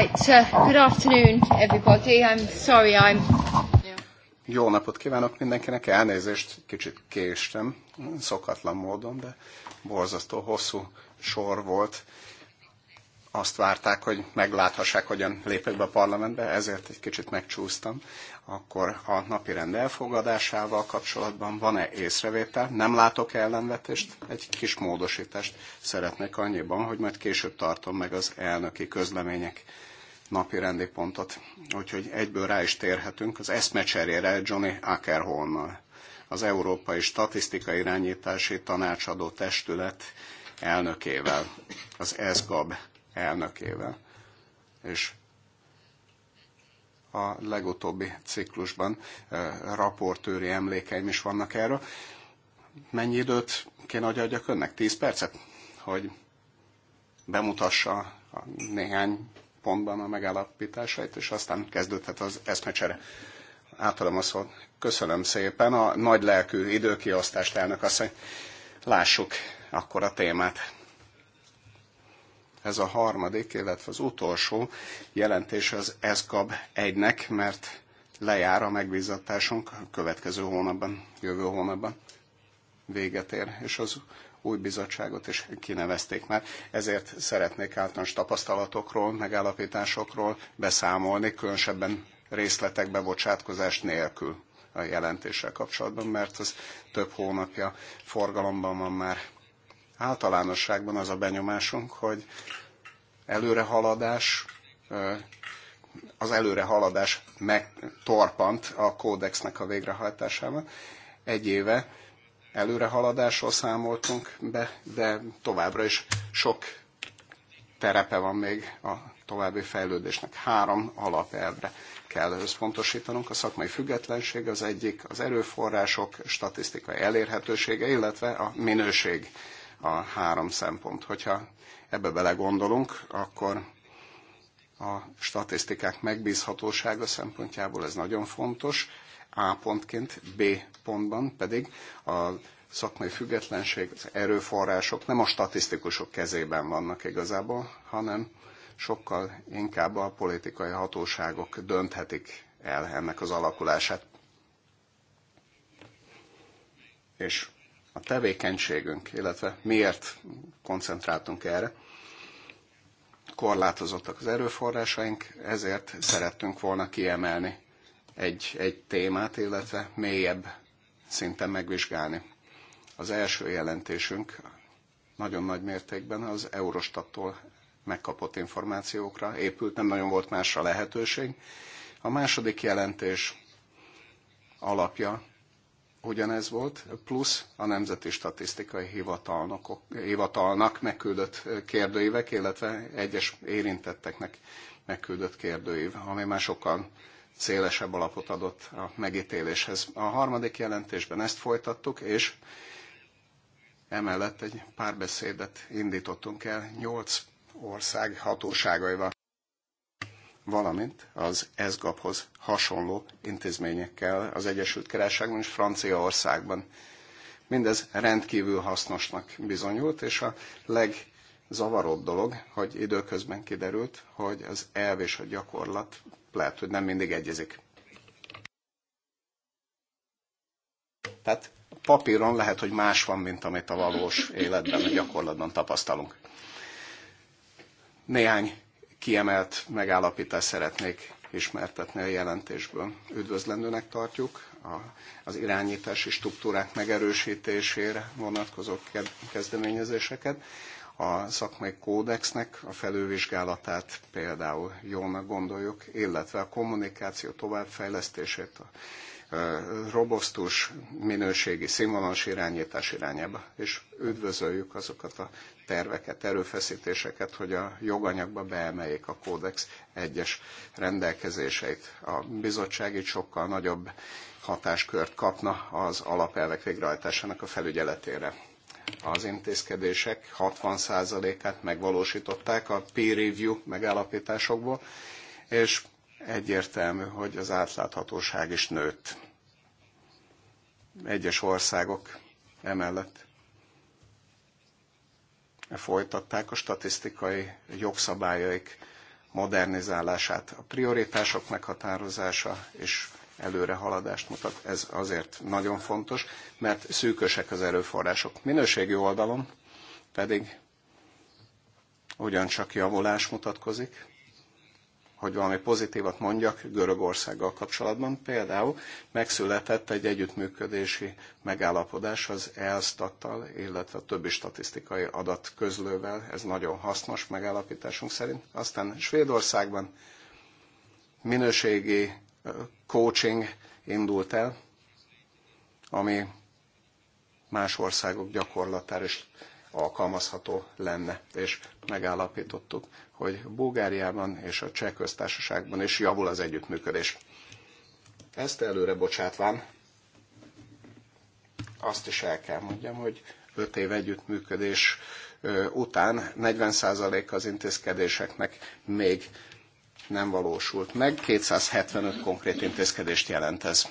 Right, uh, good afternoon everybody. I'm sorry I'm... Jó napot kívánok mindenkinek, elnézést, kicsit késtem, szokatlan módon, de borzasztó hosszú sor volt. Azt várták, hogy megláthassák, hogyan lépek be a parlamentbe, ezért egy kicsit megcsúsztam. Akkor a napi rend elfogadásával kapcsolatban van-e észrevétel? Nem látok ellenvetést, egy kis módosítást szeretnék annyiban, hogy majd később tartom meg az elnöki közlemények napi rendi pontot. Úgyhogy egyből rá is térhetünk az eszmecserére Johnny Ackerholnnal, az Európai Statisztika Irányítási Tanácsadó Testület elnökével, az ESGAB elnökével. És a legutóbbi ciklusban raportőri emlékeim is vannak erről. Mennyi időt kéne adjak önnek? Tíz percet? Hogy bemutassa a néhány pontban a megállapításait, és aztán kezdődhet az eszmecsere. Átadom a szót. Köszönöm szépen a nagy lelkű időkiosztást, elnök asszony. Lássuk akkor a témát. Ez a harmadik, illetve az utolsó jelentés az ESGAB 1-nek, mert lejár a megbízatásunk a következő hónapban, jövő hónapban véget ér, és az új bizottságot is kinevezték már, ezért szeretnék általános tapasztalatokról, megállapításokról beszámolni, különösebben részletekbe bocsátkozás nélkül a jelentéssel kapcsolatban, mert az több hónapja forgalomban van már. Általánosságban az a benyomásunk, hogy előrehaladás, az előrehaladás megtorpant a kódexnek a végrehajtásában. Egy éve előrehaladásról számoltunk be, de továbbra is sok terepe van még a további fejlődésnek. Három alapelvre kell összpontosítanunk. A szakmai függetlenség az egyik, az erőforrások statisztikai elérhetősége, illetve a minőség a három szempont. Hogyha ebbe belegondolunk, akkor a statisztikák megbízhatósága szempontjából ez nagyon fontos, a pontként, B pontban pedig a szakmai függetlenség, az erőforrások nem a statisztikusok kezében vannak igazából, hanem sokkal inkább a politikai hatóságok dönthetik el ennek az alakulását. És a tevékenységünk, illetve miért koncentráltunk erre, korlátozottak az erőforrásaink, ezért szerettünk volna kiemelni egy, egy témát, illetve mélyebb szinten megvizsgálni. Az első jelentésünk nagyon nagy mértékben az Eurostattól megkapott információkra épült, nem nagyon volt másra lehetőség. A második jelentés alapja ugyanez volt, plusz a Nemzeti Statisztikai Hivatalnak megküldött kérdőívek, illetve egyes érintetteknek megküldött kérdőív, ami már sokkal szélesebb alapot adott a megítéléshez. A harmadik jelentésben ezt folytattuk, és emellett egy párbeszédet indítottunk el nyolc ország hatóságaival, valamint az ESGAP-hoz hasonló intézményekkel az Egyesült Királyságban és Franciaországban. Mindez rendkívül hasznosnak bizonyult, és a legzavaróbb dolog, hogy időközben kiderült, hogy az elv és a gyakorlat lehet, hogy nem mindig egyezik. Tehát papíron lehet, hogy más van, mint amit a valós életben, a gyakorlatban tapasztalunk. Néhány kiemelt megállapítást szeretnék ismertetni a jelentésből. Üdvözlendőnek tartjuk a, az irányítási struktúrák megerősítésére vonatkozó kezdeményezéseket, a szakmai kódexnek a felülvizsgálatát például jónak gondoljuk, illetve a kommunikáció továbbfejlesztését, a robosztus minőségi színvonalas irányítás irányába, és üdvözöljük azokat a terveket, erőfeszítéseket, hogy a joganyagba beemeljék a kódex egyes rendelkezéseit. A bizottság itt sokkal nagyobb hatáskört kapna az alapelvek végrehajtásának a felügyeletére az intézkedések 60%-át megvalósították a peer review megállapításokból, és egyértelmű, hogy az átláthatóság is nőtt. Egyes országok emellett folytatták a statisztikai jogszabályaik modernizálását, a prioritások meghatározása és előre haladást mutat. Ez azért nagyon fontos, mert szűkösek az erőforrások. Minőségi oldalon pedig ugyancsak javulás mutatkozik, hogy valami pozitívat mondjak Görögországgal kapcsolatban. Például megszületett egy együttműködési megállapodás az ELSZTAT-tal, illetve a többi statisztikai adat közlővel. Ez nagyon hasznos megállapításunk szerint. Aztán Svédországban minőségi coaching indult el, ami más országok gyakorlatára is alkalmazható lenne. És megállapítottuk, hogy Bulgáriában és a Cseh köztársaságban is javul az együttműködés. Ezt előre bocsátván azt is el kell mondjam, hogy 5 év együttműködés után 40% az intézkedéseknek még nem valósult meg, 275 konkrét intézkedést jelent ez.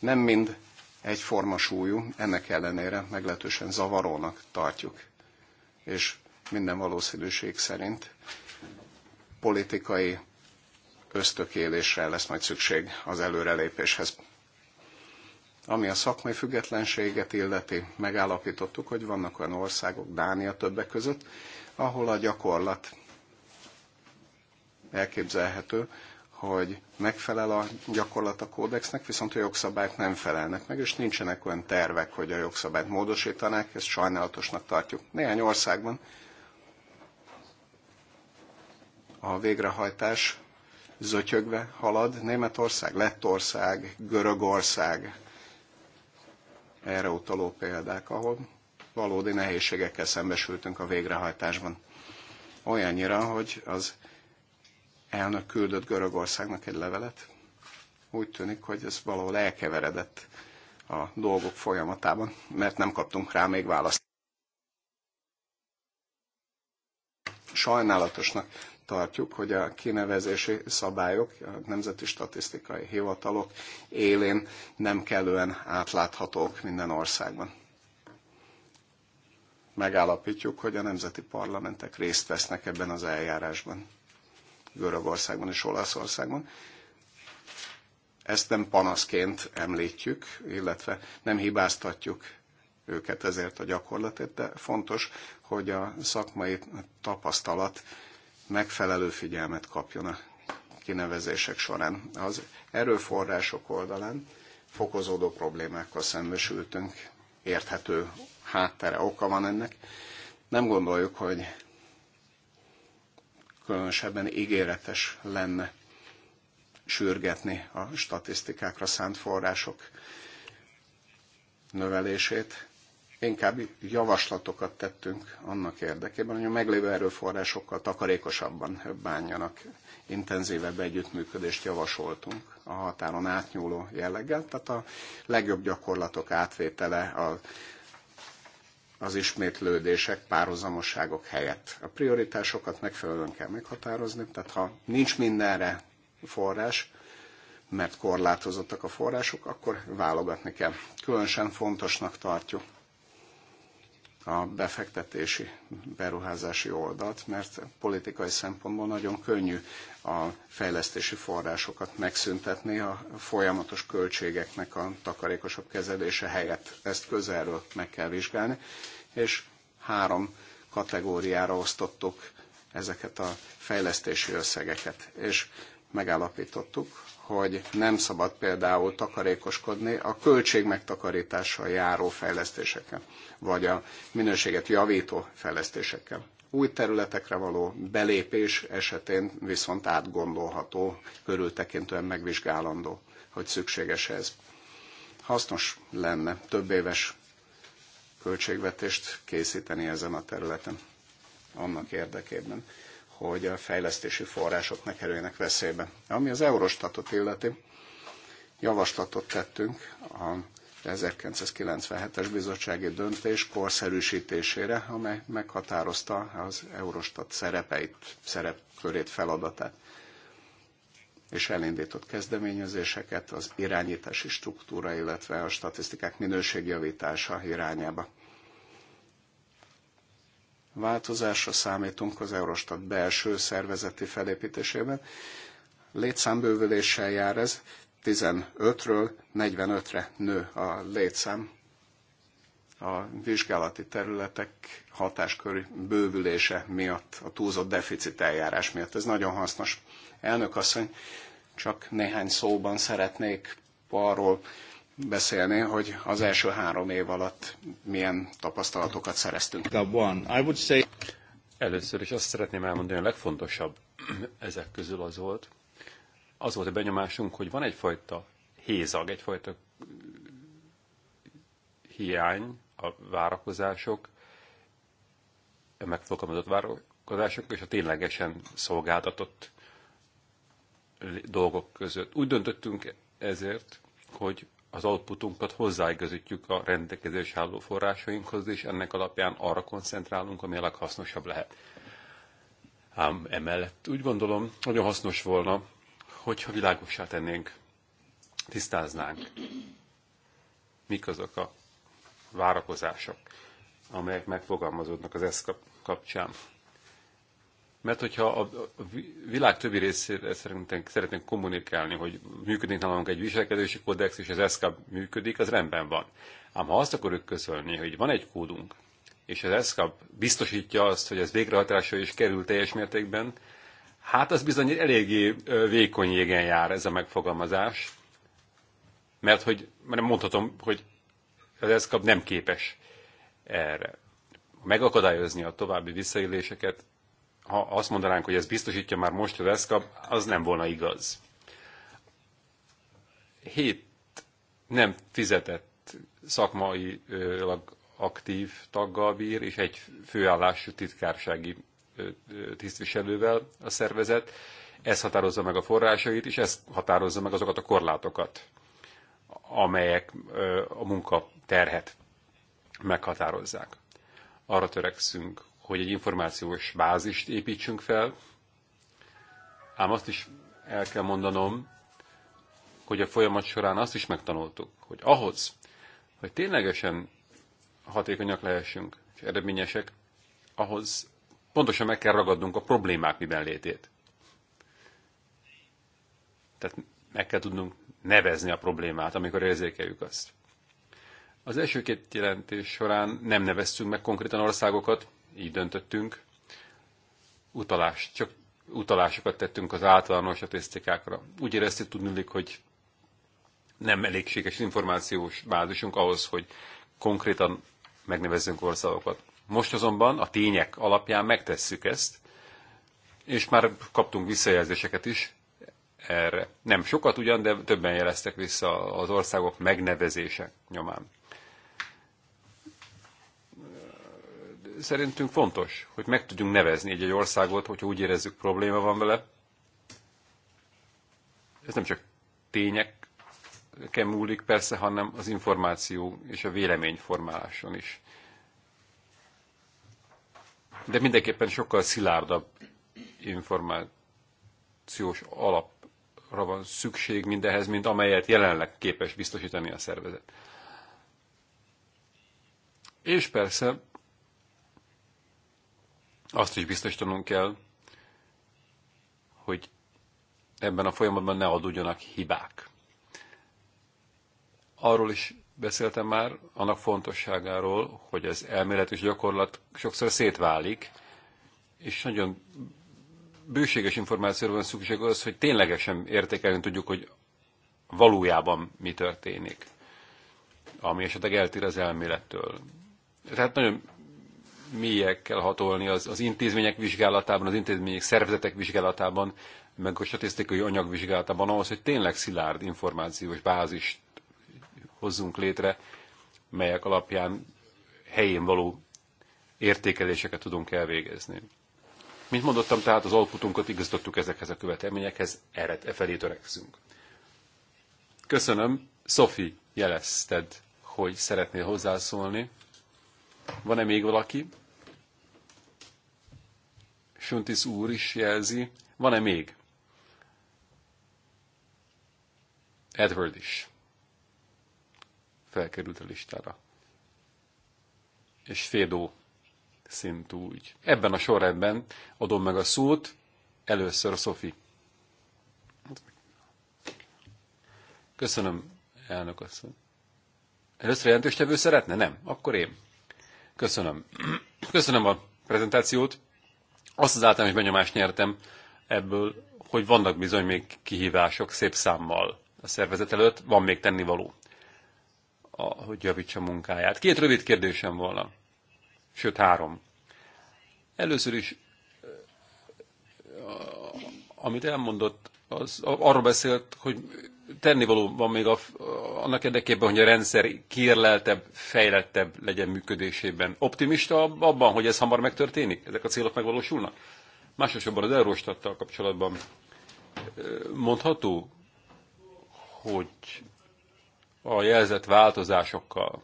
Nem mind egyforma súlyú, ennek ellenére meglehetősen zavarónak tartjuk, és minden valószínűség szerint politikai ösztökélésre lesz majd szükség az előrelépéshez. Ami a szakmai függetlenséget illeti, megállapítottuk, hogy vannak olyan országok, Dánia többek között, ahol a gyakorlat elképzelhető, hogy megfelel a gyakorlat a kódexnek, viszont a jogszabályok nem felelnek meg, és nincsenek olyan tervek, hogy a jogszabályt módosítanák, ezt sajnálatosnak tartjuk. Néhány országban a végrehajtás zötyögve halad, Németország, Lettország, Görögország, erre utaló példák, ahol valódi nehézségekkel szembesültünk a végrehajtásban. Olyannyira, hogy az elnök küldött Görögországnak egy levelet, úgy tűnik, hogy ez valahol elkeveredett a dolgok folyamatában, mert nem kaptunk rá még választ. Sajnálatosnak tartjuk, hogy a kinevezési szabályok, a nemzeti statisztikai hivatalok élén nem kellően átláthatók minden országban megállapítjuk, hogy a nemzeti parlamentek részt vesznek ebben az eljárásban. Görögországban és Olaszországban. Ezt nem panaszként említjük, illetve nem hibáztatjuk őket ezért a gyakorlatért, de fontos, hogy a szakmai tapasztalat megfelelő figyelmet kapjon a kinevezések során. Az erőforrások oldalán fokozódó problémákkal szembesültünk, érthető háttere, oka van ennek. Nem gondoljuk, hogy különösebben ígéretes lenne sürgetni a statisztikákra szánt források növelését. Inkább javaslatokat tettünk annak érdekében, hogy a meglévő erőforrásokkal takarékosabban bánjanak, intenzívebb együttműködést javasoltunk a határon átnyúló jelleggel, tehát a legjobb gyakorlatok átvétele, a az ismétlődések, párhuzamosságok helyett. A prioritásokat megfelelően kell meghatározni, tehát ha nincs mindenre forrás, mert korlátozottak a források, akkor válogatni kell. Különösen fontosnak tartjuk a befektetési, beruházási oldalt, mert politikai szempontból nagyon könnyű a fejlesztési forrásokat megszüntetni a folyamatos költségeknek a takarékosabb kezelése helyett. Ezt közelről meg kell vizsgálni, és három kategóriára osztottuk ezeket a fejlesztési összegeket, és megállapítottuk, hogy nem szabad például takarékoskodni a költség megtakarítással járó fejlesztésekkel, vagy a minőséget javító fejlesztésekkel. Új területekre való belépés esetén viszont átgondolható, körültekintően megvizsgálandó, hogy szükséges ez. Hasznos lenne több éves költségvetést készíteni ezen a területen annak érdekében, hogy a fejlesztési források ne kerüljenek veszélybe. Ami az Eurostatot illeti, javaslatot tettünk a 1997-es bizottsági döntés korszerűsítésére, amely meghatározta az Eurostat szerepeit, szerepkörét, feladatát, és elindított kezdeményezéseket az irányítási struktúra, illetve a statisztikák minőségjavítása irányába változásra számítunk az Eurostat belső szervezeti felépítésében. Létszámbővüléssel jár ez, 15-ről 45-re nő a létszám a vizsgálati területek hatáskör bővülése miatt, a túlzott deficit eljárás miatt. Ez nagyon hasznos. Elnök asszony, csak néhány szóban szeretnék arról beszélni, hogy az első három év alatt milyen tapasztalatokat szereztünk. Először is azt szeretném elmondani, a legfontosabb ezek közül az volt, az volt a benyomásunk, hogy van egyfajta hézag, egyfajta hiány a várakozások, a megfogalmazott várakozások és a ténylegesen szolgáltatott dolgok között. Úgy döntöttünk ezért, hogy az outputunkat hozzáigazítjuk a rendelkezés álló forrásainkhoz, és ennek alapján arra koncentrálunk, ami a leghasznosabb lehet. Ám emellett úgy gondolom, nagyon hasznos volna, hogyha világosá tennénk, tisztáznánk, mik azok a várakozások, amelyek megfogalmazódnak az ESZ kapcsán mert hogyha a világ többi részére szeretnénk, szeretnénk kommunikálni, hogy működik nálunk egy viselkedési kódex, és az SZKAP működik, az rendben van. Ám ha azt akarjuk közölni, hogy van egy kódunk, és az SZKAP biztosítja azt, hogy ez végrehatásra is kerül teljes mértékben, hát az bizony eléggé vékony jégen jár ez a megfogalmazás, mert hogy mert mondhatom, hogy az SZKAP nem képes erre megakadályozni a további visszaéléseket, ha azt mondanánk, hogy ez biztosítja már most az ESCAP, az nem volna igaz. Hét nem fizetett szakmai aktív taggal bír, és egy főállású titkársági tisztviselővel a szervezet. Ez határozza meg a forrásait, és ez határozza meg azokat a korlátokat, amelyek a munka terhet meghatározzák. Arra törekszünk, hogy egy információs bázist építsünk fel, ám azt is el kell mondanom, hogy a folyamat során azt is megtanultuk, hogy ahhoz, hogy ténylegesen hatékonyak lehessünk és eredményesek, ahhoz pontosan meg kell ragadnunk a problémák miben létét. Tehát meg kell tudnunk nevezni a problémát, amikor érzékeljük azt. Az első két jelentés során nem neveztünk meg konkrétan országokat, így döntöttünk. Utalás, csak utalásokat tettünk az általános statisztikákra. Úgy éreztük tudni, hogy nem elégséges információs bázisunk ahhoz, hogy konkrétan megnevezzünk országokat. Most azonban a tények alapján megtesszük ezt, és már kaptunk visszajelzéseket is erre. Nem sokat ugyan, de többen jeleztek vissza az országok megnevezése nyomán. szerintünk fontos, hogy meg tudjunk nevezni egy-egy országot, hogyha úgy érezzük probléma van vele. Ez nem csak tényeken múlik persze, hanem az információ és a vélemény formáláson is. De mindenképpen sokkal szilárdabb információs alapra van szükség mindehhez, mint amelyet jelenleg képes biztosítani a szervezet. És persze azt is biztosítanunk kell, hogy ebben a folyamatban ne adódjanak hibák. Arról is beszéltem már, annak fontosságáról, hogy az elmélet és gyakorlat sokszor szétválik, és nagyon bőséges információra van szükség az, hogy ténylegesen értékelni tudjuk, hogy valójában mi történik, ami esetleg eltér az elmélettől. Tehát nagyon mélyekkel hatolni az, az intézmények vizsgálatában, az intézmények szervezetek vizsgálatában, meg a statisztikai anyag vizsgálatában ahhoz, hogy tényleg szilárd információs bázist hozzunk létre, melyek alapján helyén való értékeléseket tudunk elvégezni. Mint mondottam, tehát az alputunkat igazítottuk ezekhez a követelményekhez, erre e felé törekszünk. Köszönöm, Sophie jelezted, hogy szeretnél hozzászólni. Van-e még valaki? Suntis úr is jelzi. Van-e még? Edward is felkerült a listára. És Fédó szintúgy. Ebben a sorrendben adom meg a szót, először a Szofi. Köszönöm, elnök asszony. Először jelentős tevő szeretne? Nem. Akkor én. Köszönöm. Köszönöm a prezentációt. Azt az általános benyomást nyertem ebből, hogy vannak bizony még kihívások szép számmal a szervezet előtt, van még tennivaló, hogy javítsa munkáját. Két rövid kérdésem volna, sőt három. Először is, eh, amit elmondott, az arról beszélt, hogy tennivaló van még a, annak érdekében, hogy a rendszer kérleltebb, fejlettebb legyen működésében. Optimista abban, hogy ez hamar megtörténik? Ezek a célok megvalósulnak? Másosabban az Eurostattal kapcsolatban mondható, hogy a jelzett változásokkal,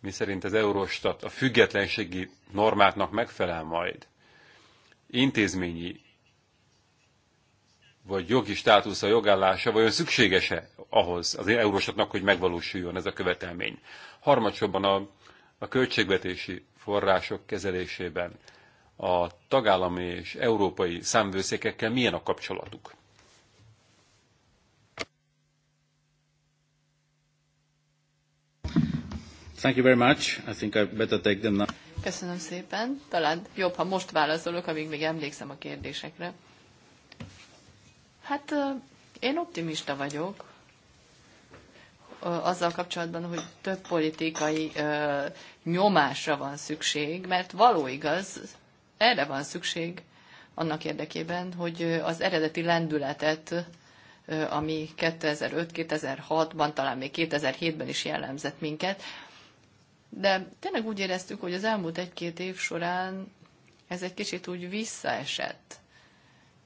mi szerint az Eurostat a függetlenségi normáknak megfelel majd, intézményi vagy jogi a jogállása vajon szükséges-e ahhoz az eurósoknak, hogy megvalósuljon ez a követelmény. Harmadsorban a, a költségvetési források kezelésében a tagállami és európai számvőszékekkel milyen a kapcsolatuk? Thank you very much. I think I better take them now. Köszönöm szépen. Talán jobb, ha most válaszolok, amíg még emlékszem a kérdésekre. Hát én optimista vagyok azzal kapcsolatban, hogy több politikai nyomásra van szükség, mert való igaz, erre van szükség annak érdekében, hogy az eredeti lendületet, ami 2005-2006-ban, talán még 2007-ben is jellemzett minket, de tényleg úgy éreztük, hogy az elmúlt egy-két év során ez egy kicsit úgy visszaesett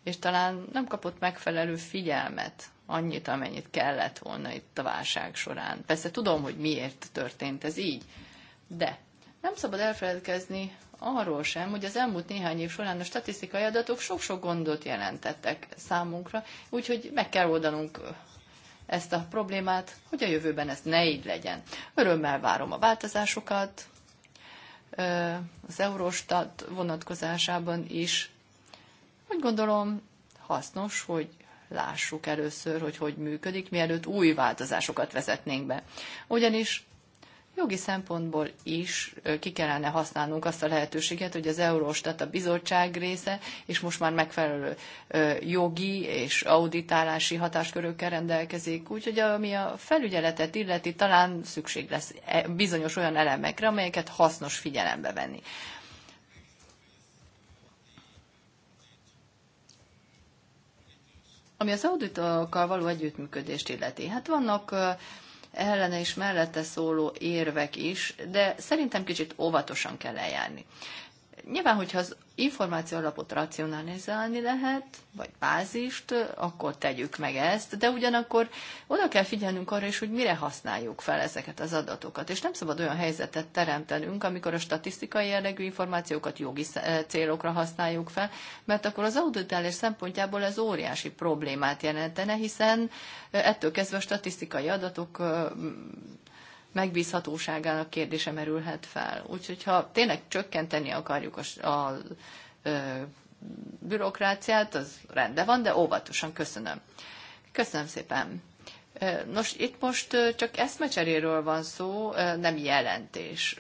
és talán nem kapott megfelelő figyelmet, annyit, amennyit kellett volna itt a válság során. Persze tudom, hogy miért történt ez így, de nem szabad elfeledkezni arról sem, hogy az elmúlt néhány év során a statisztikai adatok sok-sok gondot jelentettek számunkra, úgyhogy meg kell oldanunk ezt a problémát, hogy a jövőben ez ne így legyen. Örömmel várom a változásokat, az Eurostat vonatkozásában is úgy gondolom hasznos, hogy lássuk először, hogy hogy működik, mielőtt új változásokat vezetnénk be. Ugyanis jogi szempontból is ki kellene használnunk azt a lehetőséget, hogy az Euróstat a bizottság része, és most már megfelelő jogi és auditálási hatáskörökkel rendelkezik, úgyhogy ami a felügyeletet illeti, talán szükség lesz e, bizonyos olyan elemekre, amelyeket hasznos figyelembe venni. Ami az auditokkal való együttműködést illeti, hát vannak ellene és mellette szóló érvek is, de szerintem kicsit óvatosan kell eljárni. Nyilván, hogyha az információ alapot racionalizálni lehet, vagy bázist, akkor tegyük meg ezt, de ugyanakkor oda kell figyelnünk arra is, hogy mire használjuk fel ezeket az adatokat. És nem szabad olyan helyzetet teremtenünk, amikor a statisztikai jellegű információkat jogi eh, célokra használjuk fel, mert akkor az auditálás szempontjából ez óriási problémát jelentene, hiszen eh, ettől kezdve a statisztikai adatok eh, megbízhatóságának kérdése merülhet fel. Úgyhogy ha tényleg csökkenteni akarjuk a, a a bürokráciát, az rendben van, de óvatosan köszönöm. Köszönöm szépen. Nos, itt most csak eszmecseréről van szó, nem jelentés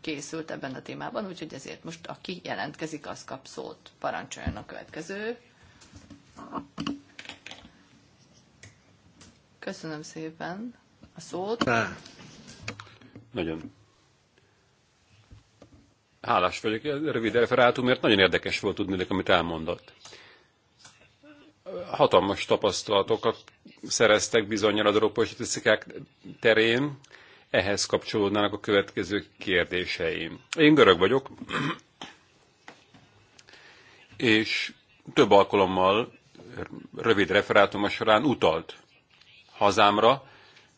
készült ebben a témában, úgyhogy ezért most aki jelentkezik, az kap szót. Parancsoljon a következő. Köszönöm szépen a szót. Nagyon hálás vagyok a rövid referátumért, nagyon érdekes volt tudni, amit elmondott. Hatalmas tapasztalatokat szereztek bizonyal a drogos terén, ehhez kapcsolódnának a következő kérdéseim. Én görög vagyok, és több alkalommal rövid referátum során utalt hazámra,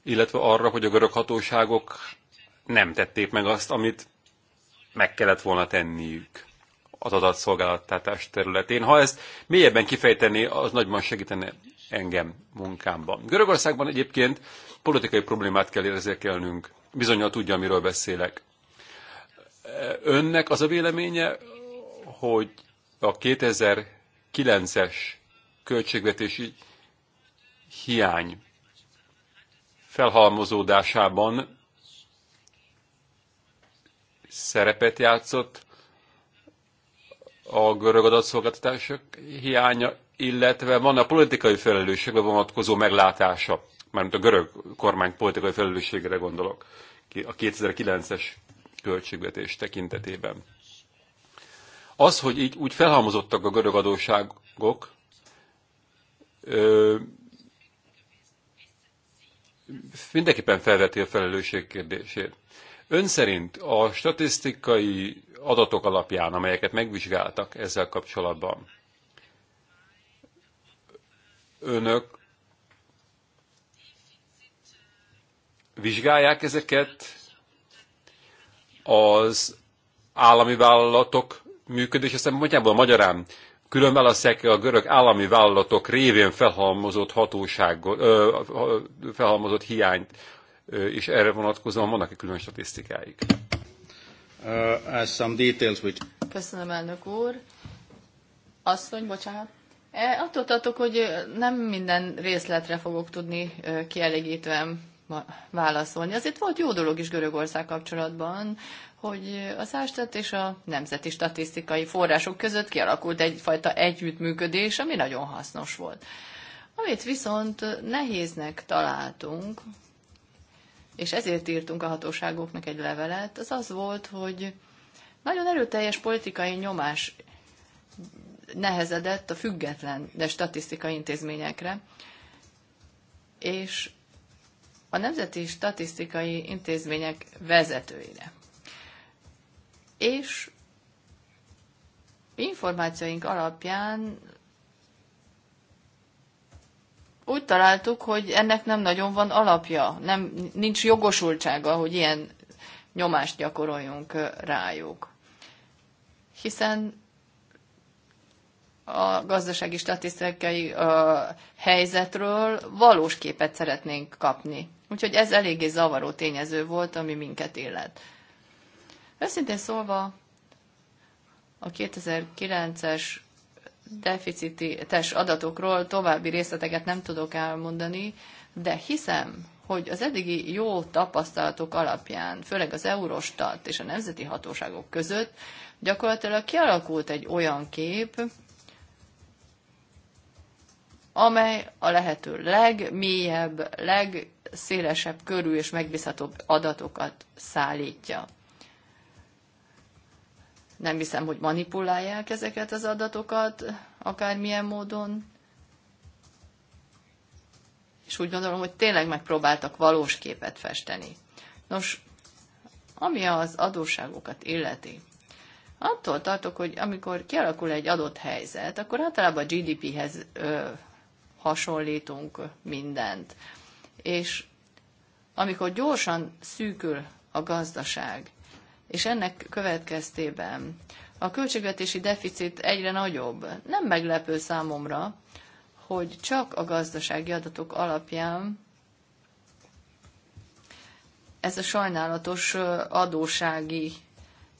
illetve arra, hogy a görög hatóságok nem tették meg azt, amit meg kellett volna tenniük az adatszolgáltatás területén. Ha ezt mélyebben kifejteni, az nagyban segítene engem munkámban. Görögországban egyébként politikai problémát kell érzékelnünk. Bizonyal tudja, miről beszélek. Önnek az a véleménye, hogy a 2009-es költségvetési hiány felhalmozódásában szerepet játszott a görög adatszolgáltatások hiánya, illetve van a politikai felelősségre vonatkozó meglátása, mármint a görög kormány politikai felelősségre gondolok, a 2009-es költségvetés tekintetében. Az, hogy így úgy felhalmozottak a görög adóságok, ö, mindenképpen felveti a felelősség kérdését. Ön szerint a statisztikai adatok alapján, amelyeket megvizsgáltak ezzel kapcsolatban, önök vizsgálják ezeket az állami vállalatok működése szempontjából magyarán külön választják a görög állami vállalatok révén felhalmozott hatóságot, ö, felhalmozott hiányt és erre vonatkozóan vannak-e külön statisztikáik? Uh, some details which... Köszönöm, elnök úr. Asszony, bocsánat. E, attól tartok, hogy nem minden részletre fogok tudni kielégítően válaszolni. Azért volt jó dolog is Görögország kapcsolatban, hogy az Ástat és a nemzeti statisztikai források között kialakult egyfajta együttműködés, ami nagyon hasznos volt. Amit viszont nehéznek találtunk, és ezért írtunk a hatóságoknak egy levelet, az az volt, hogy nagyon erőteljes politikai nyomás nehezedett a független, de statisztikai intézményekre, és a nemzeti statisztikai intézmények vezetőire. És információink alapján úgy találtuk, hogy ennek nem nagyon van alapja, nem, nincs jogosultsága, hogy ilyen nyomást gyakoroljunk rájuk. Hiszen a gazdasági statisztikai a helyzetről valós képet szeretnénk kapni. Úgyhogy ez eléggé zavaró tényező volt, ami minket illet. Őszintén szólva, a 2009-es deficites adatokról további részleteket nem tudok elmondani, de hiszem, hogy az eddigi jó tapasztalatok alapján, főleg az Eurostat és a nemzeti hatóságok között gyakorlatilag kialakult egy olyan kép, amely a lehető legmélyebb, legszélesebb körű és megbízhatóbb adatokat szállítja. Nem hiszem, hogy manipulálják ezeket az adatokat akármilyen módon. És úgy gondolom, hogy tényleg megpróbáltak valós képet festeni. Nos, ami az adósságokat illeti, attól tartok, hogy amikor kialakul egy adott helyzet, akkor általában a GDP-hez hasonlítunk mindent. És amikor gyorsan szűkül a gazdaság, és ennek következtében a költségvetési deficit egyre nagyobb. Nem meglepő számomra, hogy csak a gazdasági adatok alapján ez a sajnálatos adósági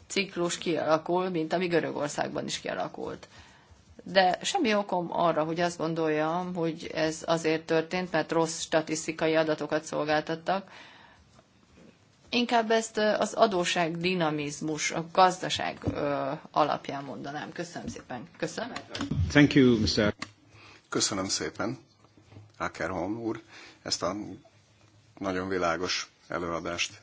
ciklus kialakul, mint ami Görögországban is kialakult. De semmi okom arra, hogy azt gondoljam, hogy ez azért történt, mert rossz statisztikai adatokat szolgáltattak, Inkább ezt az adóság dinamizmus, a gazdaság alapján mondanám. Köszönöm szépen. Köszönöm. Thank you, Mr. Köszönöm szépen, Ackerholm úr, ezt a nagyon világos előadást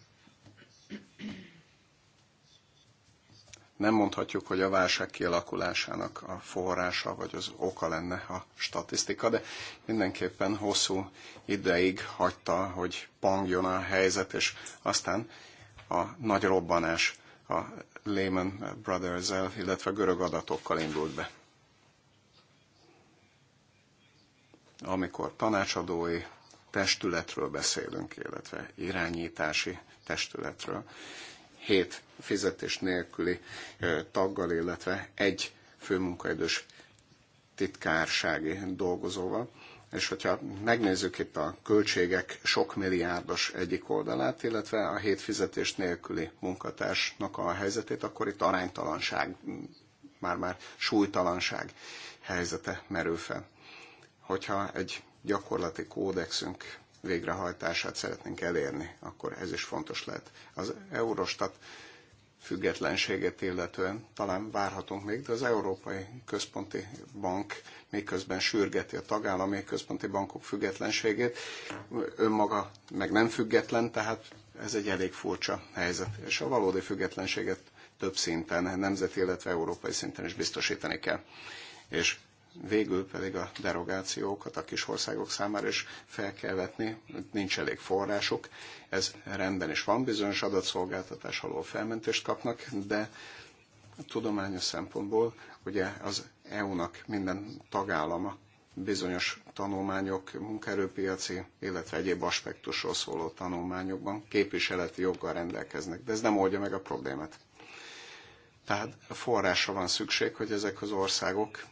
nem mondhatjuk, hogy a válság kialakulásának a forrása vagy az oka lenne a statisztika, de mindenképpen hosszú ideig hagyta, hogy pangjon a helyzet, és aztán a nagy robbanás a Lehman Brothers-el, illetve görög adatokkal indult be. Amikor tanácsadói testületről beszélünk, illetve irányítási testületről, hét fizetés nélküli taggal, illetve egy főmunkaidős titkársági dolgozóval. És hogyha megnézzük itt a költségek sok milliárdos egyik oldalát, illetve a hét fizetés nélküli munkatársnak a helyzetét, akkor itt aránytalanság, már-már súlytalanság helyzete merül fel. Hogyha egy gyakorlati kódexünk végrehajtását szeretnénk elérni, akkor ez is fontos lehet. Az Eurostat függetlenséget illetően talán várhatunk még, de az Európai Központi Bank miközben sürgeti a tagállami központi bankok függetlenségét, önmaga meg nem független, tehát ez egy elég furcsa helyzet. És a valódi függetlenséget több szinten, nemzeti, illetve európai szinten is biztosítani kell. És végül pedig a derogációkat a kis országok számára is fel kell vetni, nincs elég forrásuk. Ez rendben is van, bizonyos adatszolgáltatás alól felmentést kapnak, de tudományos szempontból ugye az EU-nak minden tagállama bizonyos tanulmányok, munkaerőpiaci, illetve egyéb aspektusról szóló tanulmányokban képviseleti joggal rendelkeznek, de ez nem oldja meg a problémát. Tehát forrásra van szükség, hogy ezek az országok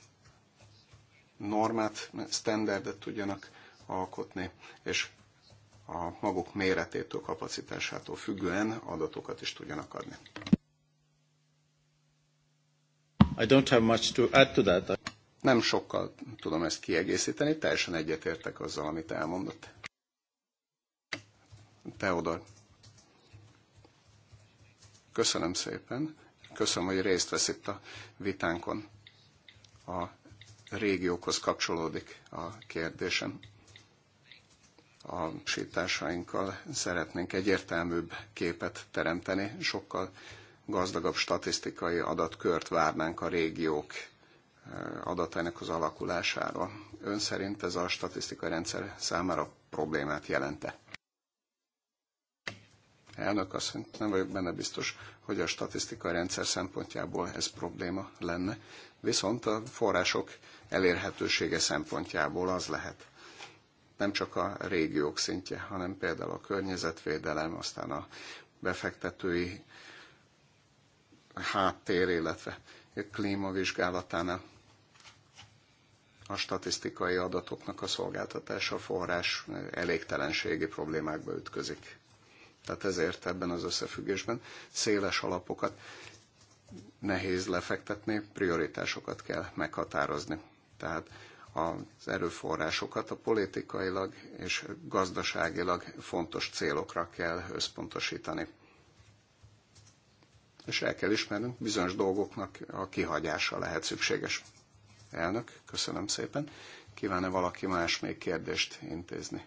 normát, standardet tudjanak alkotni, és a maguk méretétől, kapacitásától függően adatokat is tudjanak adni. I don't have much to add to that. Nem sokkal tudom ezt kiegészíteni, teljesen egyetértek azzal, amit elmondott. Teodor. Köszönöm szépen. Köszönöm, hogy részt vesz itt a vitánkon. A régiókhoz kapcsolódik a kérdésem. A sításainkkal szeretnénk egyértelműbb képet teremteni, sokkal gazdagabb statisztikai adatkört várnánk a régiók eh, adatainak az alakulásáról. Ön szerint ez a statisztikai rendszer számára problémát jelente? Elnök asszony, nem vagyok benne biztos, hogy a statisztikai rendszer szempontjából ez probléma lenne, viszont a források elérhetősége szempontjából az lehet nem csak a régiók szintje, hanem például a környezetvédelem, aztán a befektetői háttér, illetve a klímavizsgálatánál a statisztikai adatoknak a szolgáltatása forrás elégtelenségi problémákba ütközik. Tehát ezért ebben az összefüggésben széles alapokat nehéz lefektetni, prioritásokat kell meghatározni tehát az erőforrásokat a politikailag és gazdaságilag fontos célokra kell összpontosítani. És el kell ismernünk, bizonyos dolgoknak a kihagyása lehet szükséges. Elnök, köszönöm szépen. Kívánne valaki más még kérdést intézni?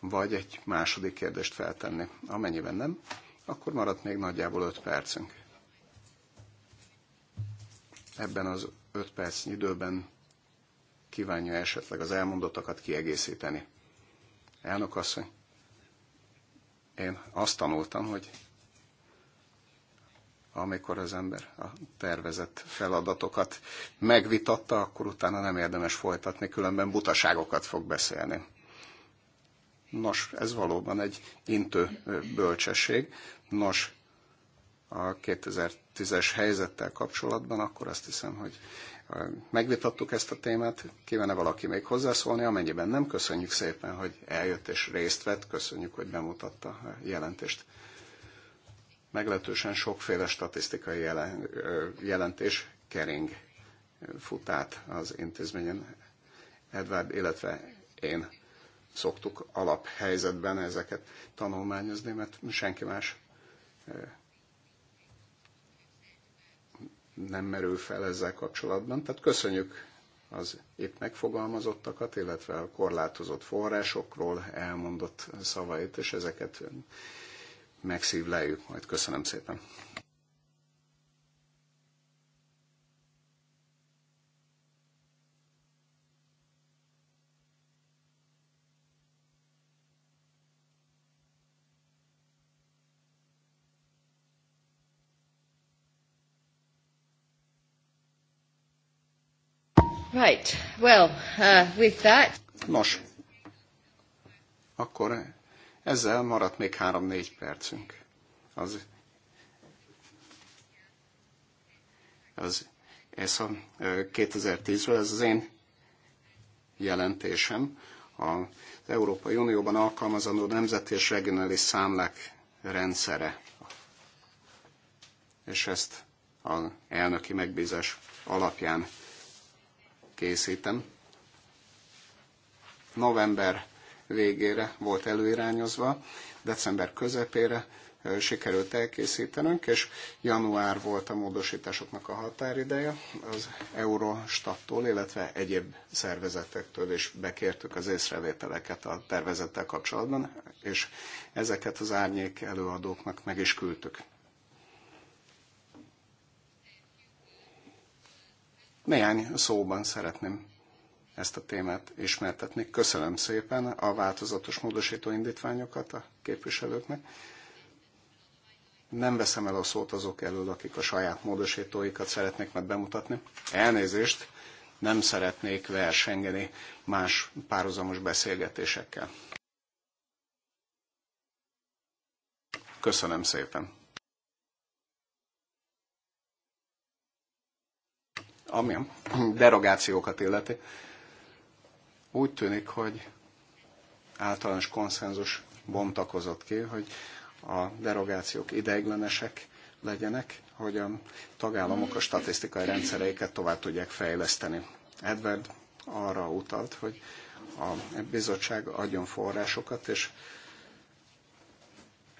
Vagy egy második kérdést feltenni? Amennyiben nem, akkor maradt még nagyjából 5 percünk. Ebben az 5 percnyi időben kívánja esetleg az elmondottakat kiegészíteni. Elnök asszony, én azt tanultam, hogy amikor az ember a tervezett feladatokat megvitatta, akkor utána nem érdemes folytatni, különben butaságokat fog beszélni. Nos, ez valóban egy intő bölcsesség. Nos, a 2000 2010 helyzettel kapcsolatban, akkor azt hiszem, hogy megvitattuk ezt a témát. Kívánne valaki még hozzászólni? Amennyiben nem, köszönjük szépen, hogy eljött és részt vett, köszönjük, hogy bemutatta a jelentést. Meglehetősen sokféle statisztikai jelentés kering futát az intézményen. Edward, illetve én szoktuk alaphelyzetben ezeket tanulmányozni, mert senki más nem merül fel ezzel kapcsolatban. Tehát köszönjük az itt megfogalmazottakat, illetve a korlátozott forrásokról elmondott szavait, és ezeket megszívleljük majd. Köszönöm szépen. Right. Well, uh, with that... Nos, akkor ezzel maradt még három-négy percünk. Az, az, ez a 2010-ről, ez az én jelentésem. Az Európai Unióban alkalmazandó nemzeti és regionális számlák rendszere. És ezt az elnöki megbízás alapján készítem. November végére volt előirányozva, december közepére sikerült elkészítenünk, és január volt a módosításoknak a határideje. Az Eurostattól, illetve egyéb szervezetektől is bekértük az észrevételeket a tervezettel kapcsolatban, és ezeket az árnyék előadóknak meg is küldtük. Néhány szóban szeretném ezt a témát ismertetni. Köszönöm szépen a változatos módosító indítványokat a képviselőknek. Nem veszem el a szót azok elől, akik a saját módosítóikat szeretnék meg bemutatni. Elnézést, nem szeretnék versengeni más párhuzamos beszélgetésekkel. Köszönöm szépen. Ami a derogációkat illeti, úgy tűnik, hogy általános konszenzus bontakozott ki, hogy a derogációk ideiglenesek legyenek, hogy a tagállamok a statisztikai rendszereiket tovább tudják fejleszteni. Edward arra utalt, hogy a bizottság adjon forrásokat és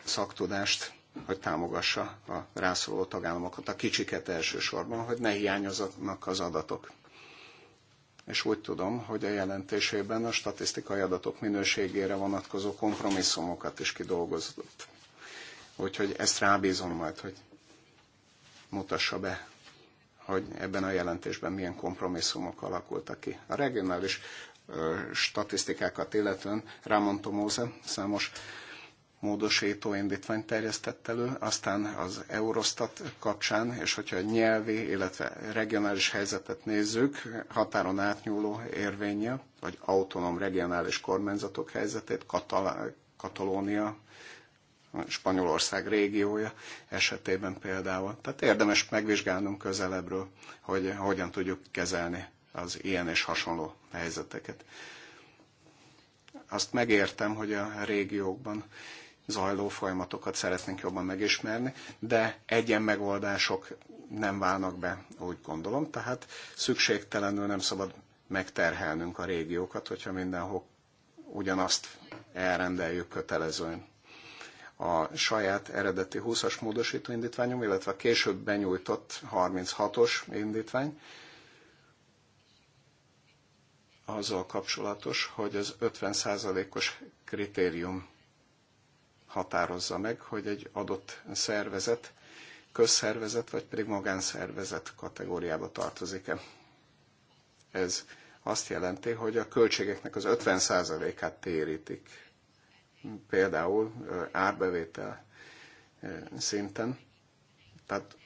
szaktudást hogy támogassa a rászoruló tagállamokat, a kicsiket elsősorban, hogy ne hiányozatnak az adatok. És úgy tudom, hogy a jelentésében a statisztikai adatok minőségére vonatkozó kompromisszumokat is kidolgozott. Úgyhogy ezt rábízom majd, hogy mutassa be, hogy ebben a jelentésben milyen kompromisszumok alakultak ki. A regionális ö, statisztikákat illetően Ramon Tomóze számos módosító indítványt terjesztett elő, aztán az Eurostat kapcsán, és hogyha a nyelvi, illetve regionális helyzetet nézzük, határon átnyúló érvénye, vagy autonóm regionális kormányzatok helyzetét, Katal- Katalónia, Spanyolország régiója esetében például. Tehát érdemes megvizsgálnunk közelebbről, hogy hogyan tudjuk kezelni az ilyen és hasonló helyzeteket. Azt megértem, hogy a régiókban zajló folyamatokat szeretnénk jobban megismerni, de egyen megoldások nem válnak be, úgy gondolom, tehát szükségtelenül nem szabad megterhelnünk a régiókat, hogyha mindenhol ugyanazt elrendeljük kötelezően. A saját eredeti 20-as módosító indítványom, illetve a később benyújtott 36-os indítvány, azzal kapcsolatos, hogy az 50%-os kritérium határozza meg, hogy egy adott szervezet közszervezet vagy pedig magánszervezet kategóriába tartozik-e. Ez azt jelenti, hogy a költségeknek az 50%-át térítik. Például árbevétel szinten. Tehát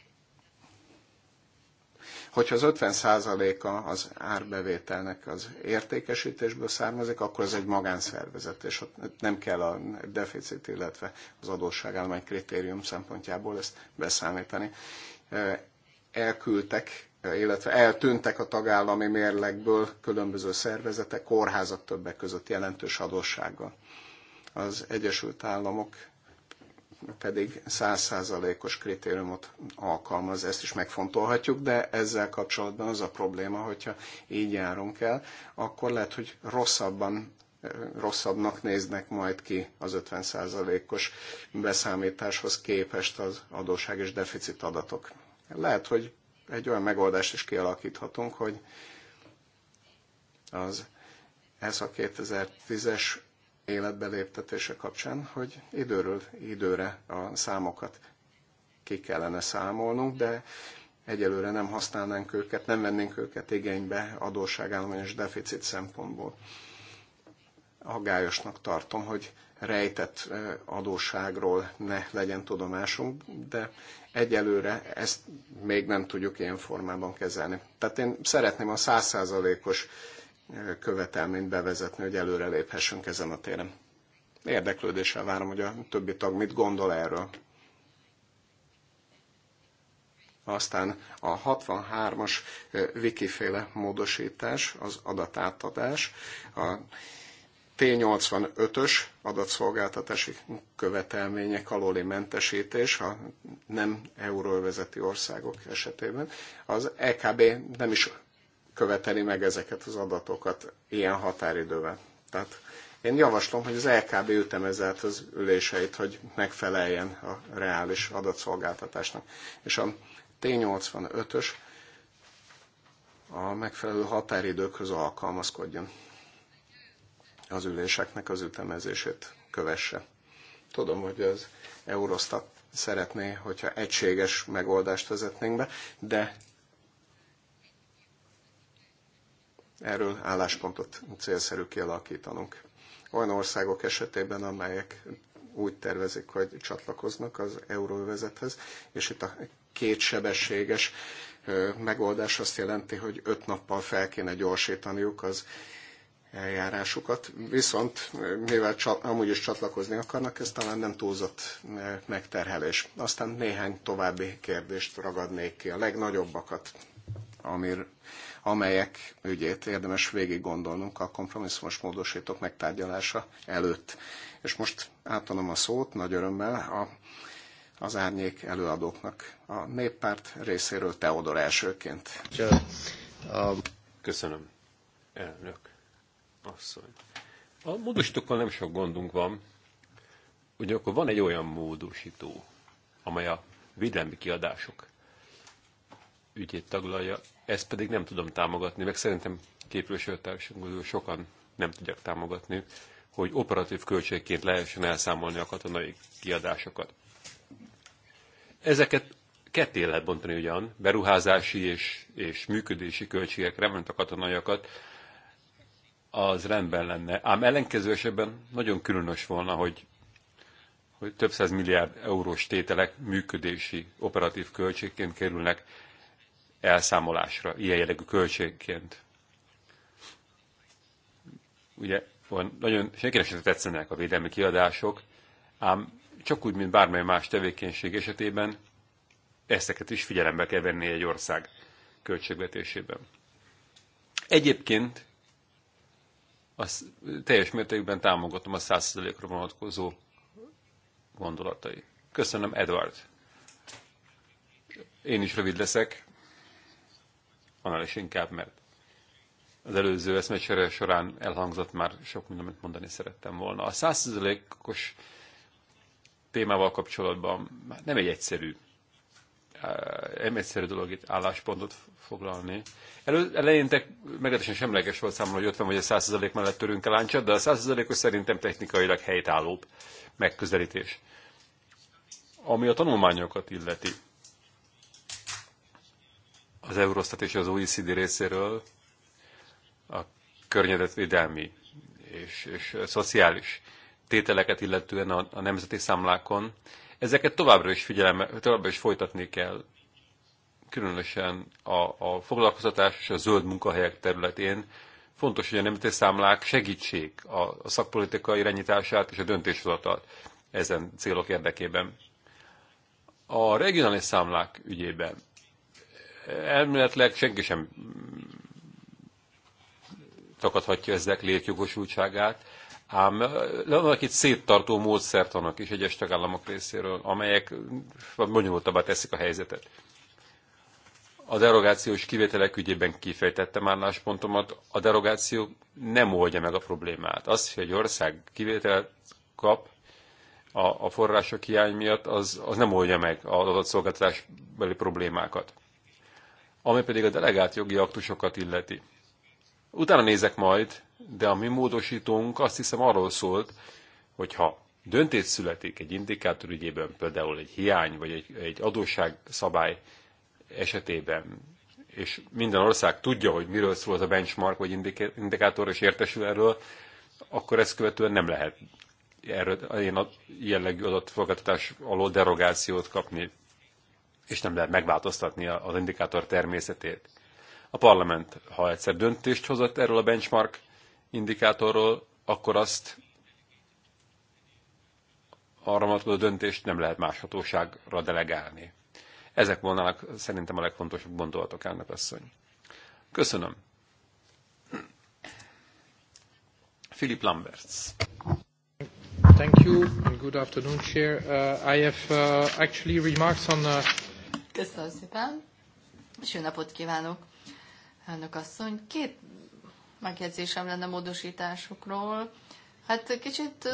Hogyha az 50%-a az árbevételnek az értékesítésből származik, akkor ez egy magánszervezet, és ott nem kell a deficit, illetve az adósságállomány kritérium szempontjából ezt beszámítani. Elküldtek illetve eltűntek a tagállami mérlekből különböző szervezetek, kórházak többek között jelentős adóssággal. Az Egyesült Államok pedig százszázalékos kritériumot alkalmaz, ezt is megfontolhatjuk, de ezzel kapcsolatban az a probléma, hogyha így járunk el, akkor lehet, hogy rosszabban rosszabbnak néznek majd ki az 50%-os beszámításhoz képest az adóság és deficit adatok. Lehet, hogy egy olyan megoldást is kialakíthatunk, hogy az ez a 2010-es életbe léptetése kapcsán, hogy időről időre a számokat ki kellene számolnunk, de egyelőre nem használnánk őket, nem vennénk őket igénybe adósságállományos deficit szempontból. Aggályosnak tartom, hogy rejtett adósságról ne legyen tudomásunk, de egyelőre ezt még nem tudjuk ilyen formában kezelni. Tehát én szeretném a százszázalékos os követelményt bevezetni, hogy előre léphessünk ezen a téren. Érdeklődéssel várom, hogy a többi tag mit gondol erről. Aztán a 63-as wikiféle módosítás, az adatátadás, a T85-ös adatszolgáltatási követelmények alóli mentesítés a nem euróvezeti országok esetében. Az EKB nem is követeli meg ezeket az adatokat ilyen határidővel. Tehát én javaslom, hogy az LKB ütemezelt az üléseit, hogy megfeleljen a reális adatszolgáltatásnak. És a T85-ös a megfelelő határidőkhöz alkalmazkodjon. Az üléseknek az ütemezését kövesse. Tudom, hogy az Eurostat szeretné, hogyha egységes megoldást vezetnénk be, de Erről álláspontot célszerű kialakítanunk. Olyan országok esetében, amelyek úgy tervezik, hogy csatlakoznak az euróvezethez, és itt a kétsebességes megoldás azt jelenti, hogy öt nappal fel kéne gyorsítaniuk az eljárásukat. Viszont mivel amúgy is csatlakozni akarnak, ez talán nem túlzott megterhelés. Aztán néhány további kérdést ragadnék ki, a legnagyobbakat, amir, amelyek ügyét érdemes végig gondolnunk a kompromisszumos módosítók megtárgyalása előtt. És most átadom a szót nagy örömmel a, az árnyék előadóknak. A néppárt részéről Teodor elsőként. Um, Köszönöm, elnök asszony. A hm? módosítókkal nem sok gondunk van, ugyanakkor van egy olyan módosító, amely a védelmi kiadások ügyét taglalja, ezt pedig nem tudom támogatni, meg szerintem képviselőtársunkból sokan nem tudják támogatni, hogy operatív költségként lehessen elszámolni a katonai kiadásokat. Ezeket ketté lehet bontani ugyan, beruházási és, és működési költségekre, mint a katonaiakat, az rendben lenne. Ám ellenkező esetben nagyon különös volna, hogy, hogy több száz milliárd eurós tételek működési operatív költségként kerülnek elszámolásra, ilyen jellegű költségként. Ugye van, nagyon senkinek sem tetszenek a védelmi kiadások, ám csak úgy, mint bármely más tevékenység esetében, ezteket is figyelembe kell venni egy ország költségvetésében. Egyébként az teljes mértékben támogatom a 100%-ra vonatkozó gondolatai. Köszönöm, Edward. Én is rövid leszek annál is inkább, mert az előző eszmecsere során elhangzott már sok mindent mondani szerettem volna. A százszerzelékos témával kapcsolatban nem egy egyszerű, eh, nem egyszerű dolog itt álláspontot foglalni. Elő, te meglehetősen semleges volt számomra, hogy 50 vagy a 100% mellett törünk el láncsat, de a 100%-os szerintem technikailag helytállóbb megközelítés. Ami a tanulmányokat illeti, az Eurostat és az OECD részéről a környezetvédelmi és, és szociális tételeket illetően a, a nemzeti számlákon. Ezeket továbbra is figyelme, továbbra is folytatni kell, különösen a, a foglalkoztatás és a zöld munkahelyek területén. Fontos, hogy a nemzeti számlák segítsék a, a szakpolitika irányítását és a döntéshozatalt ezen célok érdekében. A regionális számlák ügyében elméletileg senki sem takadhatja ezek létjogosultságát, ám vannak itt széttartó módszertanak is egyes tagállamok részéről, amelyek bonyolultabbá teszik a helyzetet. A derogációs kivételek ügyében kifejtettem álláspontomat, a derogáció nem oldja meg a problémát. Az, hogy egy ország kivételt kap a, a források hiány miatt, az, az nem oldja meg az adatszolgáltatásbeli problémákat ami pedig a delegált jogi aktusokat illeti. Utána nézek majd, de a mi módosítónk azt hiszem arról szólt, hogy ha döntés születik egy indikátor ügyében, például egy hiány vagy egy, egy szabály esetében, és minden ország tudja, hogy miről szól az a benchmark vagy indikátor, és értesül erről, akkor ezt követően nem lehet erről a jellegű adatfogadatás alól derogációt kapni és nem lehet megváltoztatni az indikátor természetét. A parlament, ha egyszer döntést hozott erről a benchmark indikátorról, akkor azt arra vonatkozó döntést nem lehet más hatóságra delegálni. Ezek volnának szerintem a legfontosabb gondolatok, elnök asszony. Köszönöm. Philip Lamberts. Thank you and good afternoon, Chair. Uh, I have uh, actually remarks on uh, Köszönöm szépen, és jó napot kívánok, elnök asszony. Két megjegyzésem lenne módosításokról. Hát kicsit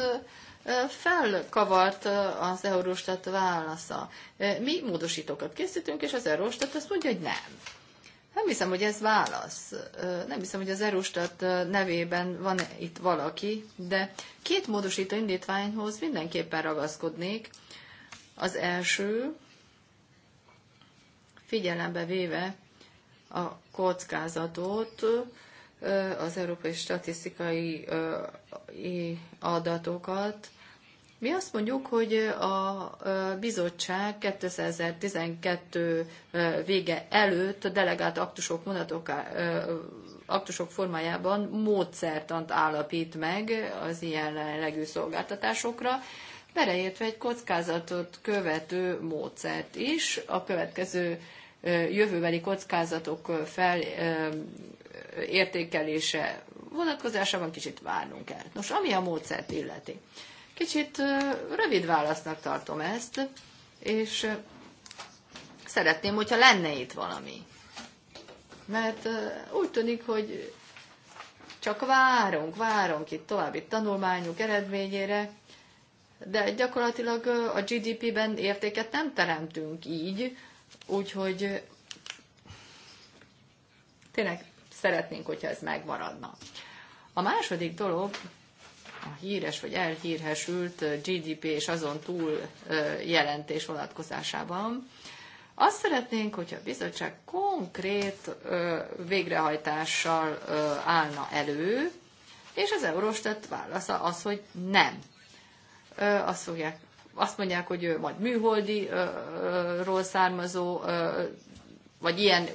felkavart az Eurostat válasza. Mi módosítókat készítünk, és az Eurostat azt mondja, hogy nem. Nem hiszem, hogy ez válasz. Nem hiszem, hogy az Eurostat nevében van itt valaki, de két módosító indítványhoz mindenképpen ragaszkodnék. Az első figyelembe véve a kockázatot, az európai statisztikai adatokat. Mi azt mondjuk, hogy a bizottság 2012 vége előtt a delegált aktusok, mondatok, aktusok formájában módszertant állapít meg az ilyen legű szolgáltatásokra, beleértve egy kockázatot követő módszert is a következő jövőbeli kockázatok fel, értékelése vonatkozásában kicsit várnunk kell. Nos, ami a módszert illeti. Kicsit rövid válasznak tartom ezt, és szeretném, hogyha lenne itt valami. Mert úgy tűnik, hogy csak várunk, várunk itt további tanulmányok eredményére, de gyakorlatilag a GDP-ben értéket nem teremtünk így, Úgyhogy tényleg szeretnénk, hogyha ez megmaradna. A második dolog, a híres vagy elhírhesült GDP és azon túl jelentés vonatkozásában, azt szeretnénk, hogyha a bizottság konkrét végrehajtással állna elő, és az Eurostat válasza az, hogy nem. Azt fogják azt mondják, hogy ő vagy műholdiról származó, vagy ilyen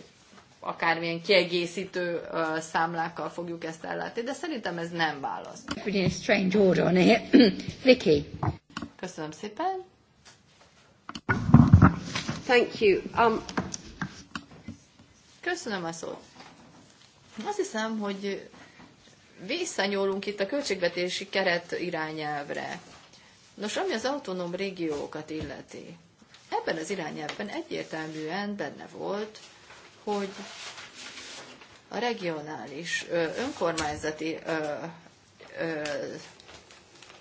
akármilyen kiegészítő számlákkal fogjuk ezt ellátni, de szerintem ez nem válasz. strange order Vicky. Köszönöm szépen. Thank you. Um... Köszönöm a szót. Azt hiszem, hogy visszanyúlunk itt a költségvetési keret irányelvre. Nos, ami az autonóm régiókat illeti, ebben az irányában egyértelműen benne volt, hogy a regionális önkormányzati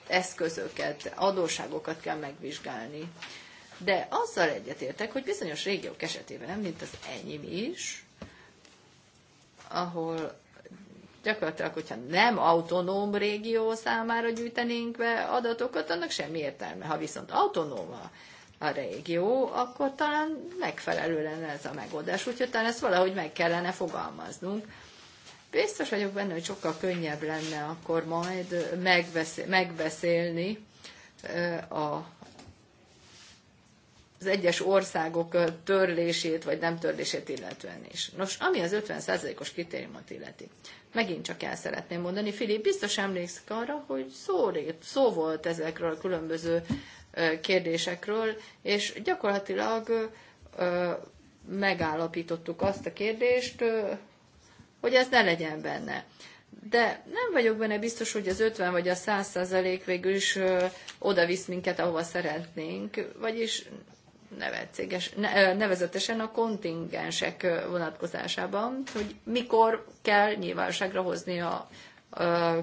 eszközöket, adóságokat kell megvizsgálni. De azzal egyetértek, hogy bizonyos régiók esetében, mint az enyém is, ahol Gyakorlatilag, hogyha nem autonóm régió számára gyűjtenénk be adatokat, annak semmi értelme. Ha viszont autonóm a, a régió, akkor talán megfelelő lenne ez a megoldás. Úgyhogy talán ezt valahogy meg kellene fogalmaznunk. Biztos vagyok benne, hogy sokkal könnyebb lenne akkor majd megbeszél, megbeszélni a az egyes országok törlését, vagy nem törlését illetően is. Nos, ami az 50%-os kritériumot illeti. Megint csak el szeretném mondani, Filip, biztos emlékszik arra, hogy szó, szó volt ezekről a különböző kérdésekről, és gyakorlatilag megállapítottuk azt a kérdést, hogy ez ne legyen benne. De nem vagyok benne biztos, hogy az 50 vagy a 100 százalék végül is oda visz minket, ahova szeretnénk. Vagyis nevetséges, nevezetesen a kontingensek vonatkozásában, hogy mikor kell nyilvánosságra hozni a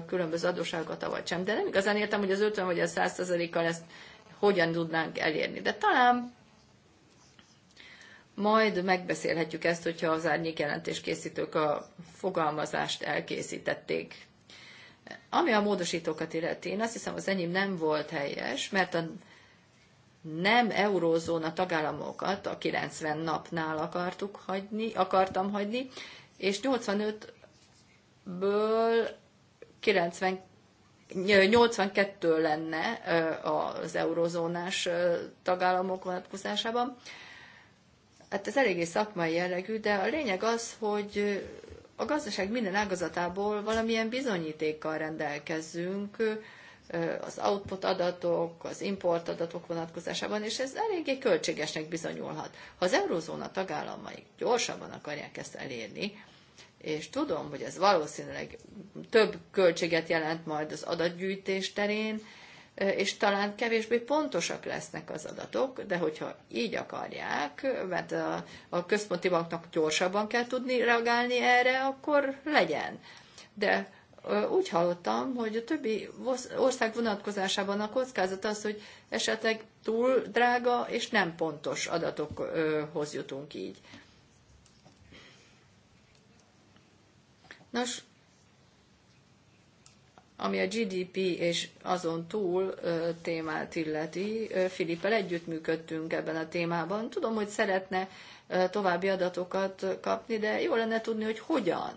különböző adóságokat, vagy sem. De nem igazán értem, hogy az 50 vagy a 100 kal ezt hogyan tudnánk elérni. De talán majd megbeszélhetjük ezt, hogyha az árnyék jelentés készítők a fogalmazást elkészítették. Ami a módosítókat illeti, én azt hiszem az enyém nem volt helyes, mert a nem eurózóna tagállamokat a 90 napnál akartuk hagyni, akartam hagyni, és 85-ből 90 82 lenne az eurozónás tagállamok vonatkozásában. Hát ez eléggé szakmai jellegű, de a lényeg az, hogy a gazdaság minden ágazatából valamilyen bizonyítékkal rendelkezzünk, az output adatok, az import adatok vonatkozásában, és ez eléggé költségesnek bizonyulhat. Ha az eurozóna tagállamai gyorsabban akarják ezt elérni, és tudom, hogy ez valószínűleg több költséget jelent majd az adatgyűjtés terén, és talán kevésbé pontosak lesznek az adatok, de hogyha így akarják, mert a, a központi banknak gyorsabban kell tudni reagálni erre, akkor legyen. De úgy hallottam, hogy a többi ország vonatkozásában a kockázat az, hogy esetleg túl drága és nem pontos adatokhoz jutunk így. Nos, ami a GDP és azon túl témát illeti, Filippel együttműködtünk ebben a témában. Tudom, hogy szeretne további adatokat kapni, de jó lenne tudni, hogy hogyan.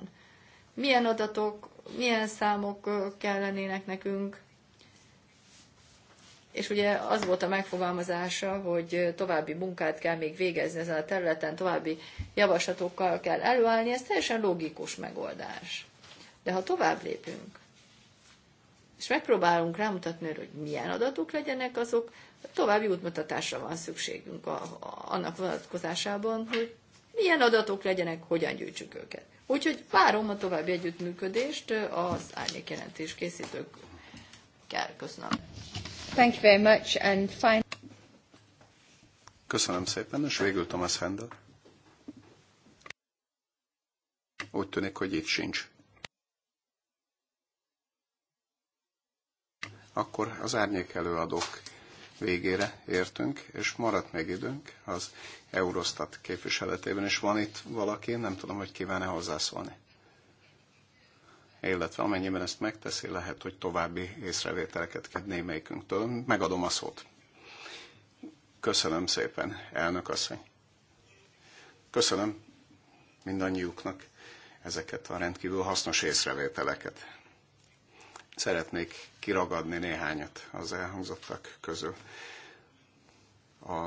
Milyen adatok, milyen számok kellenének nekünk. És ugye az volt a megfogalmazása, hogy további munkát kell még végezni ezen a területen, további javaslatokkal kell előállni, ez teljesen logikus megoldás. De ha tovább lépünk, és megpróbálunk rámutatni, hogy milyen adatok legyenek azok, további útmutatásra van szükségünk a, a, annak vonatkozásában, hogy milyen adatok legyenek, hogyan gyűjtsük őket. Úgyhogy várom a további együttműködést az árnyékjelentés készítőkkel. Köszönöm. Thank you very much and fine. Köszönöm szépen, és végül Thomas Handel. Úgy tűnik, hogy itt sincs. Akkor az árnyék előadók végére értünk, és maradt még időnk az Eurostat képviseletében, és van itt valaki, nem tudom, hogy kíván-e hozzászólni. Illetve amennyiben ezt megteszi, lehet, hogy további észrevételeket kell némelyikünktől. Megadom a szót. Köszönöm szépen, elnök asszony. Köszönöm mindannyiuknak ezeket a rendkívül hasznos észrevételeket. Szeretnék kiragadni néhányat az elhangzottak közül. A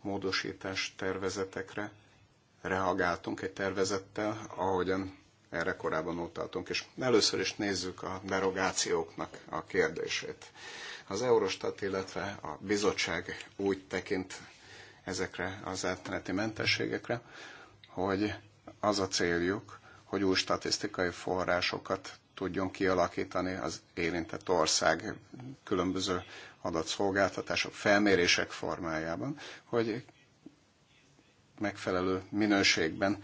módosítás tervezetekre reagáltunk egy tervezettel, ahogyan erre korábban utaltunk. És először is nézzük a derogációknak a kérdését. Az Eurostat, illetve a bizottság úgy tekint ezekre az átmeneti mentességekre, hogy az a céljuk, hogy új statisztikai forrásokat tudjon kialakítani az érintett ország különböző adatszolgáltatások, felmérések formájában, hogy megfelelő minőségben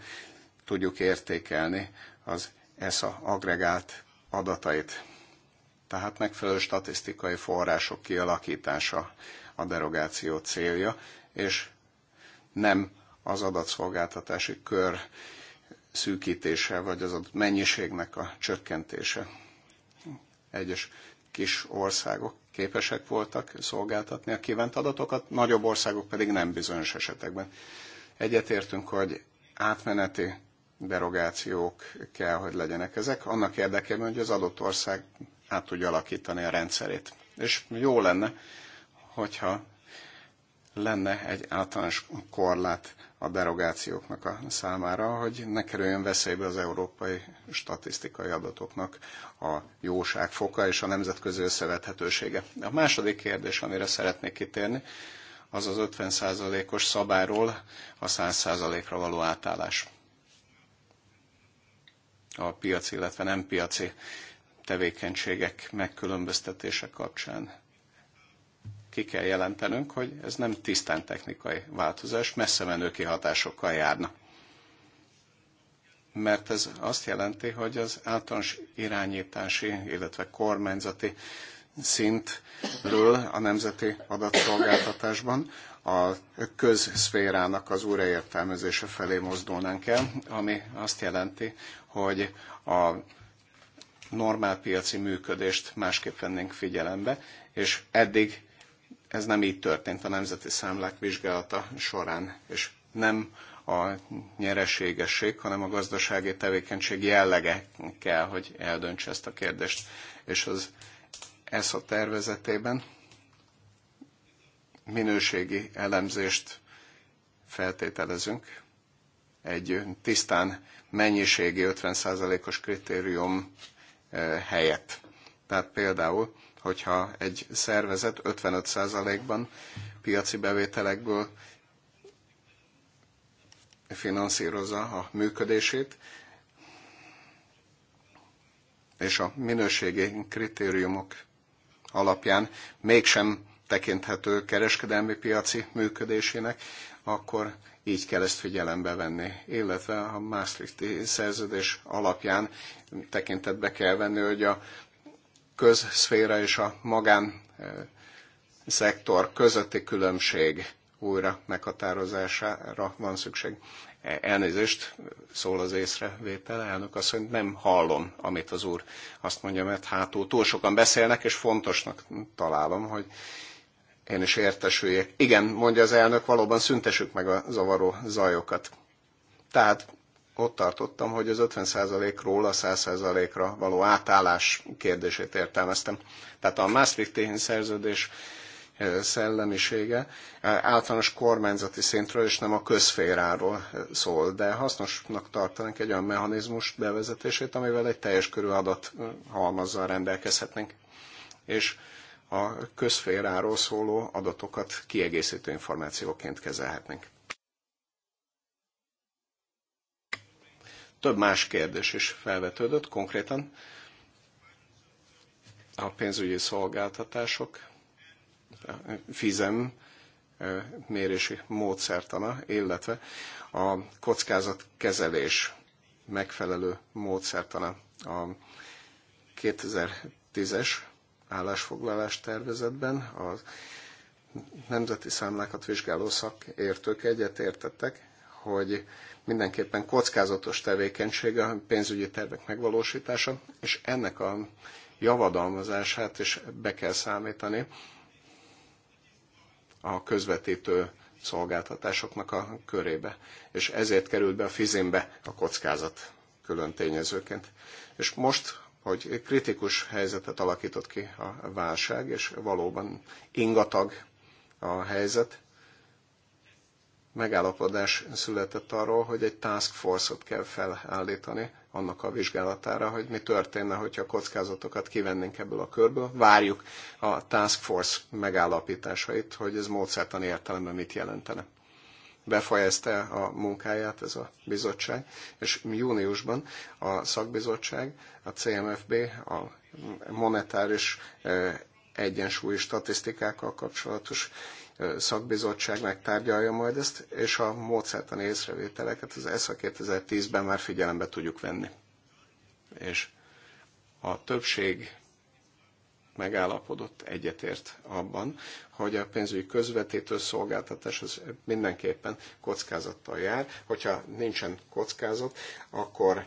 tudjuk értékelni az ESA agregált adatait. Tehát megfelelő statisztikai források kialakítása a derogáció célja, és nem az adatszolgáltatási kör szűkítése, vagy az adott mennyiségnek a csökkentése. Egyes kis országok képesek voltak szolgáltatni a kívánt adatokat, nagyobb országok pedig nem bizonyos esetekben. Egyetértünk, hogy átmeneti derogációk kell, hogy legyenek ezek, annak érdekében, hogy az adott ország át tudja alakítani a rendszerét. És jó lenne, hogyha lenne egy általános korlát a derogációknak a számára, hogy ne kerüljön veszélybe az európai statisztikai adatoknak a jóság foka és a nemzetközi összevethetősége. A második kérdés, amire szeretnék kitérni, az az 50%-os szabályról a 100%-ra való átállás. A piaci, illetve nem piaci tevékenységek megkülönböztetése kapcsán ki kell jelentenünk, hogy ez nem tisztán technikai változás, messze menő kihatásokkal járna. Mert ez azt jelenti, hogy az általános irányítási, illetve kormányzati szintről a nemzeti adatszolgáltatásban a közszférának az újraértelmezése felé mozdulnánk el, ami azt jelenti, hogy a normál piaci működést másképp vennénk figyelembe, és eddig ez nem így történt a nemzeti számlák vizsgálata során, és nem a nyereségesség, hanem a gazdasági tevékenység jellege kell, hogy eldöntse ezt a kérdést. És az ESZA a tervezetében minőségi elemzést feltételezünk. Egy tisztán mennyiségi 50%-os kritérium eh, helyett. Tehát például hogyha egy szervezet 55%-ban piaci bevételekből finanszírozza a működését, és a minőségi kritériumok alapján mégsem tekinthető kereskedelmi piaci működésének, akkor így kell ezt figyelembe venni. Illetve a Maastrichti szerződés alapján tekintetbe kell venni, hogy a közszféra és a magán szektor közötti különbség újra meghatározására van szükség. E, elnézést szól az észrevétel, elnök azt, hogy nem hallom, amit az úr azt mondja, mert hátul túl sokan beszélnek, és fontosnak találom, hogy én is értesüljek. Igen, mondja az elnök, valóban szüntessük meg a zavaró zajokat. Tehát ott tartottam, hogy az 50%-ról a 100%-ra való átállás kérdését értelmeztem. Tehát a Maastrichti szerződés eh, szellemisége eh, általános kormányzati szintről és nem a közféráról eh, szól, de hasznosnak tartanak egy olyan mechanizmus bevezetését, amivel egy teljes körű adat halmazzal rendelkezhetnénk. És a közféráról szóló adatokat kiegészítő információként kezelhetnénk. több más kérdés is felvetődött, konkrétan a pénzügyi szolgáltatások, a fizem mérési módszertana, illetve a kockázatkezelés megfelelő módszertana. A 2010-es állásfoglalás tervezetben a nemzeti számlákat vizsgáló szakértők egyetértettek, hogy mindenképpen kockázatos tevékenysége, a pénzügyi tervek megvalósítása, és ennek a javadalmazását is be kell számítani a közvetítő szolgáltatásoknak a körébe. És ezért került be a fizimbe a kockázat külön tényezőként. És most, hogy kritikus helyzetet alakított ki a válság, és valóban ingatag a helyzet, megállapodás született arról, hogy egy task force-ot kell felállítani annak a vizsgálatára, hogy mi történne, hogyha a kockázatokat kivennénk ebből a körből. Várjuk a task force megállapításait, hogy ez módszertani értelemben mit jelentene. Befejezte a munkáját ez a bizottság, és júniusban a szakbizottság, a CMFB, a monetáris eh, egyensúlyi statisztikákkal kapcsolatos szakbizottság megtárgyalja majd ezt, és a módszertani észrevételeket az ESZA 2010-ben már figyelembe tudjuk venni. És a többség megállapodott, egyetért abban, hogy a pénzügyi közvetítő szolgáltatás az mindenképpen kockázattal jár. Hogyha nincsen kockázat, akkor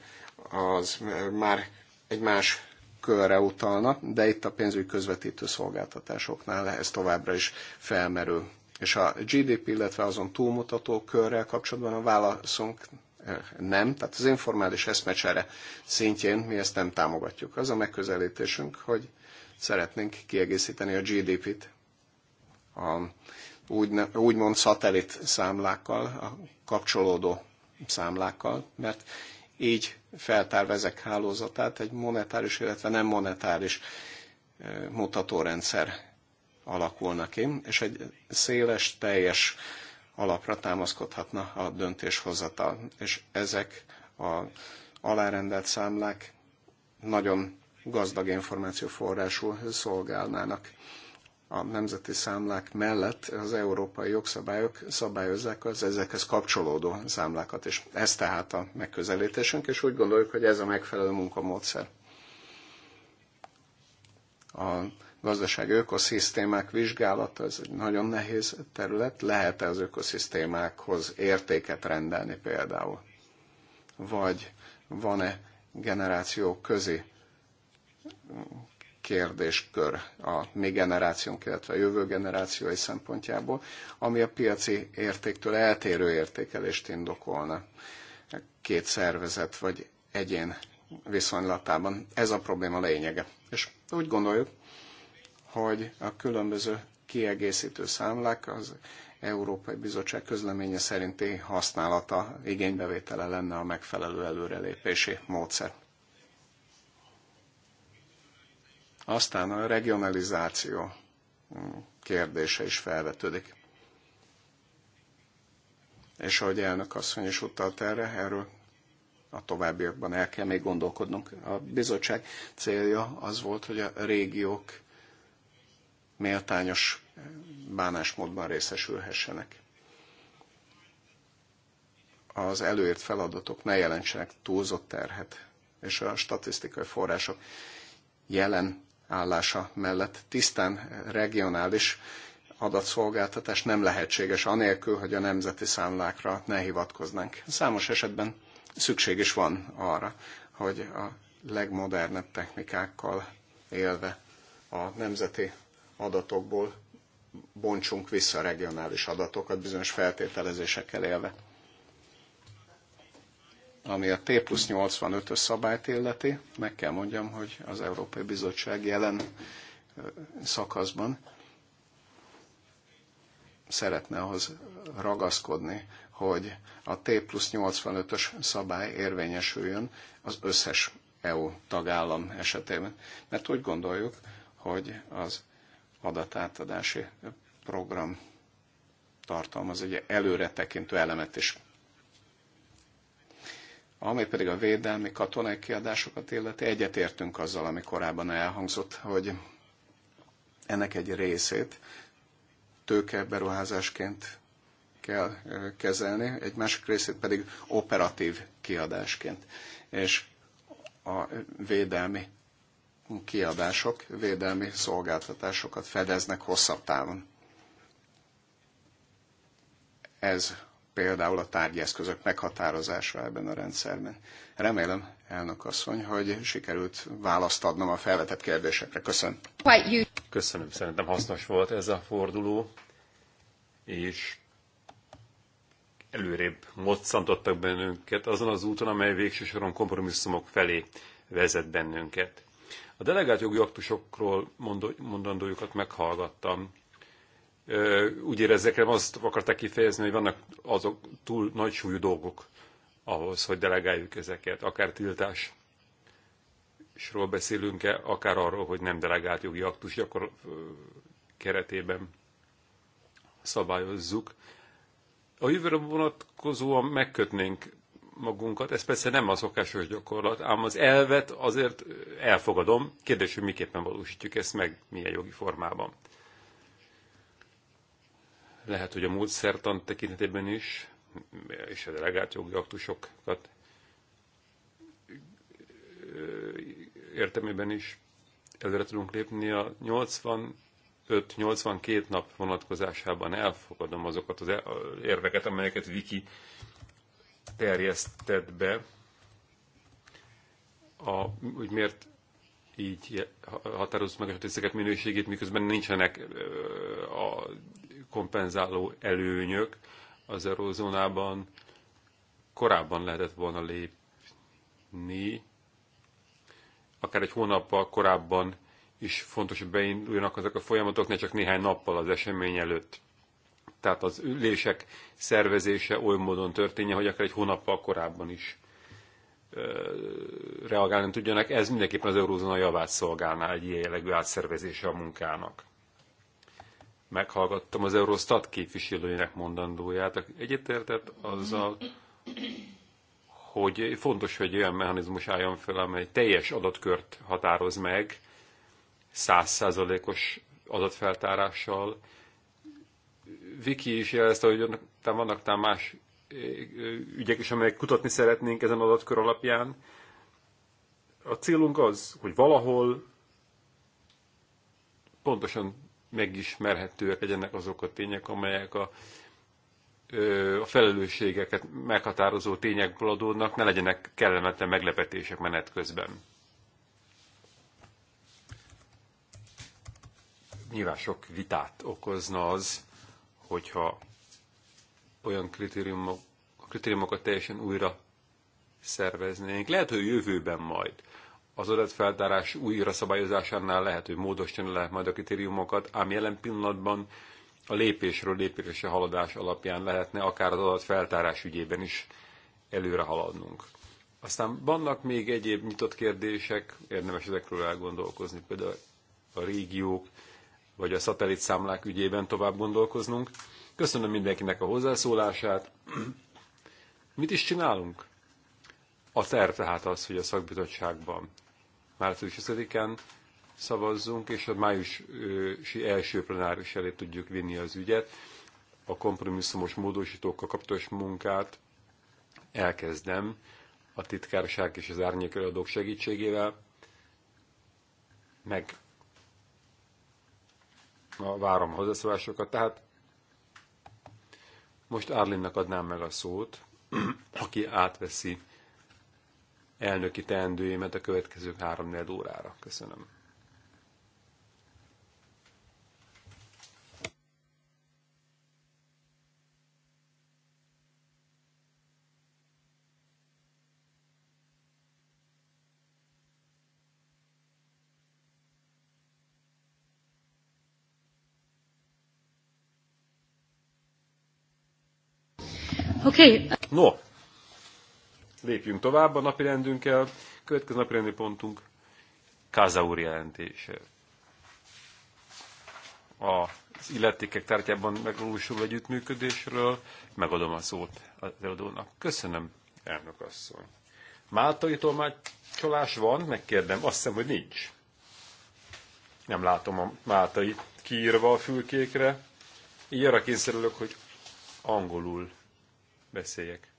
az már egy más körre utalna, de itt a pénzügyi közvetítő szolgáltatásoknál ez továbbra is felmerül. És a GDP, illetve azon túlmutató körrel kapcsolatban a válaszunk eh, nem, tehát az informális eszmecsere szintjén mi ezt nem támogatjuk. Az a megközelítésünk, hogy szeretnénk kiegészíteni a GDP-t a úgy, úgymond szatellit számlákkal, a kapcsolódó számlákkal, mert így feltárva ezek hálózatát egy monetáris, illetve nem monetáris mutatórendszer alakulna ki, és egy széles, teljes alapra támaszkodhatna a döntéshozatal. És ezek a alárendelt számlák nagyon gazdag információforrású szolgálnának a nemzeti számlák mellett az európai jogszabályok szabályozzák az ezekhez kapcsolódó számlákat is. Ez tehát a megközelítésünk, és úgy gondoljuk, hogy ez a megfelelő munkamódszer. A gazdaság ökoszisztémák vizsgálata, ez egy nagyon nehéz terület. Lehet-e az ökoszisztémákhoz értéket rendelni például? Vagy van-e generációk közi kérdéskör a mi generációnk, illetve a jövő generációi szempontjából, ami a piaci értéktől eltérő értékelést indokolna két szervezet vagy egyén viszonylatában. Ez a probléma lényege. És úgy gondoljuk, hogy a különböző kiegészítő számlák az Európai Bizottság közleménye szerinti használata igénybevétele lenne a megfelelő előrelépési módszer. Aztán a regionalizáció mm, kérdése is felvetődik. És ahogy elnök asszony is utalt erre, erről a továbbiakban el kell még gondolkodnunk. A bizottság célja az volt, hogy a régiók méltányos bánásmódban részesülhessenek. Az előírt feladatok ne jelentsenek túlzott terhet, és a statisztikai források jelen állása mellett tisztán regionális adatszolgáltatás nem lehetséges anélkül, hogy a nemzeti számlákra ne hivatkoznánk. Számos esetben szükség is van arra, hogy a legmodernebb technikákkal élve a nemzeti adatokból bontsunk vissza regionális adatokat bizonyos feltételezésekkel élve ami a T plusz 85-ös szabályt illeti, meg kell mondjam, hogy az Európai Bizottság jelen szakaszban szeretne ahhoz ragaszkodni, hogy a T plusz 85-ös szabály érvényesüljön az összes EU tagállam esetében. Mert úgy gondoljuk, hogy az adatátadási program tartalmaz egy előre tekintő elemet is. Ami pedig a védelmi katonai kiadásokat illeti, egyetértünk azzal, ami korábban elhangzott, hogy ennek egy részét tőkeberuházásként kell kezelni, egy másik részét pedig operatív kiadásként. És a védelmi kiadások, védelmi szolgáltatásokat fedeznek hosszabb távon. Ez például a tárgyeszközök meghatározása ebben a rendszerben. Remélem, elnök asszony, hogy sikerült választ adnom a felvetett kérdésekre. Köszönöm. Köszönöm, szerintem hasznos volt ez a forduló, és előrébb moccantottak bennünket azon az úton, amely végső soron kompromisszumok felé vezet bennünket. A delegált jogi aktusokról mondandójukat meghallgattam, úgy érezzek, hanem azt akarták kifejezni, hogy vannak azok túl nagy súlyú dolgok ahhoz, hogy delegáljuk ezeket, akár tiltás ról beszélünk-e, akár arról, hogy nem delegált jogi aktus gyakor keretében szabályozzuk. A jövőre vonatkozóan megkötnénk magunkat, ez persze nem a szokásos gyakorlat, ám az elvet azért elfogadom, kérdés, hogy miképpen valósítjuk ezt meg, milyen jogi formában. Lehet, hogy a módszertan tekintetében is, és a delegált jogi aktusokat értelmében is előre tudunk lépni a 85, 82 nap vonatkozásában elfogadom azokat az e- érveket, amelyeket Viki terjesztett be, a, hogy miért így határozott meg a statisztikák minőségét, miközben nincsenek a kompenzáló előnyök az eurózónában korábban lehetett volna lépni, akár egy hónappal korábban is fontos, hogy beinduljanak azok a folyamatok, ne csak néhány nappal az esemény előtt. Tehát az ülések szervezése oly módon történje, hogy akár egy hónappal korábban is reagálni tudjanak. Ez mindenképpen az eurózóna javát szolgálná egy ilyen jellegű átszervezése a munkának meghallgattam az Eurostat képviselőjének mondandóját. Egyetértett azzal, hogy fontos, hogy olyan mechanizmus álljon fel, amely teljes adatkört határoz meg, százszázalékos adatfeltárással. Viki is jelezte, hogy vannak tám más eh, eh, ügyek is, amelyek kutatni szeretnénk ezen adatkör alapján. A célunk az, hogy valahol pontosan megismerhetőek legyenek azok a tények, amelyek a, a felelősségeket meghatározó tényekből adódnak, ne legyenek kellemetlen meglepetések menet közben. Nyilván sok vitát okozna az, hogyha olyan kritériumok, kritériumokat teljesen újra szerveznénk. Lehet, hogy jövőben majd az adatfeltárás újra szabályozásánál lehet, hogy módosítani lehet majd a kritériumokat, ám jelen pillanatban a lépésről lépésre haladás alapján lehetne akár az adatfeltárás ügyében is előre haladnunk. Aztán vannak még egyéb nyitott kérdések, érdemes ezekről elgondolkozni, például a régiók vagy a számlák ügyében tovább gondolkoznunk. Köszönöm mindenkinek a hozzászólását. Mit is csinálunk? A terv tehát az, hogy a szakbizottságban március 20-án szavazzunk, és a májusi első plenáris elé tudjuk vinni az ügyet. A kompromisszumos módosítókkal kapcsolatos munkát elkezdem a titkárság és az árnyékeladók segítségével, meg a várom hozzászólásokat. Tehát most Árlinnak adnám meg a szót, aki átveszi elnöki teendőjémet a következő három órára. Köszönöm. Okay. No, Lépjünk tovább a napirendünkkel. Következő napirendi pontunk Káza úr jelentése. Az illetékek tárgyában megvalósuló együttműködésről megadom a szót az előadónak. Köszönöm, elnök asszony. Máltai tolmácsolás van? Megkérdem, azt hiszem, hogy nincs. Nem látom a máltai kiírva a fülkékre. Így arra kényszerülök, hogy angolul beszéljek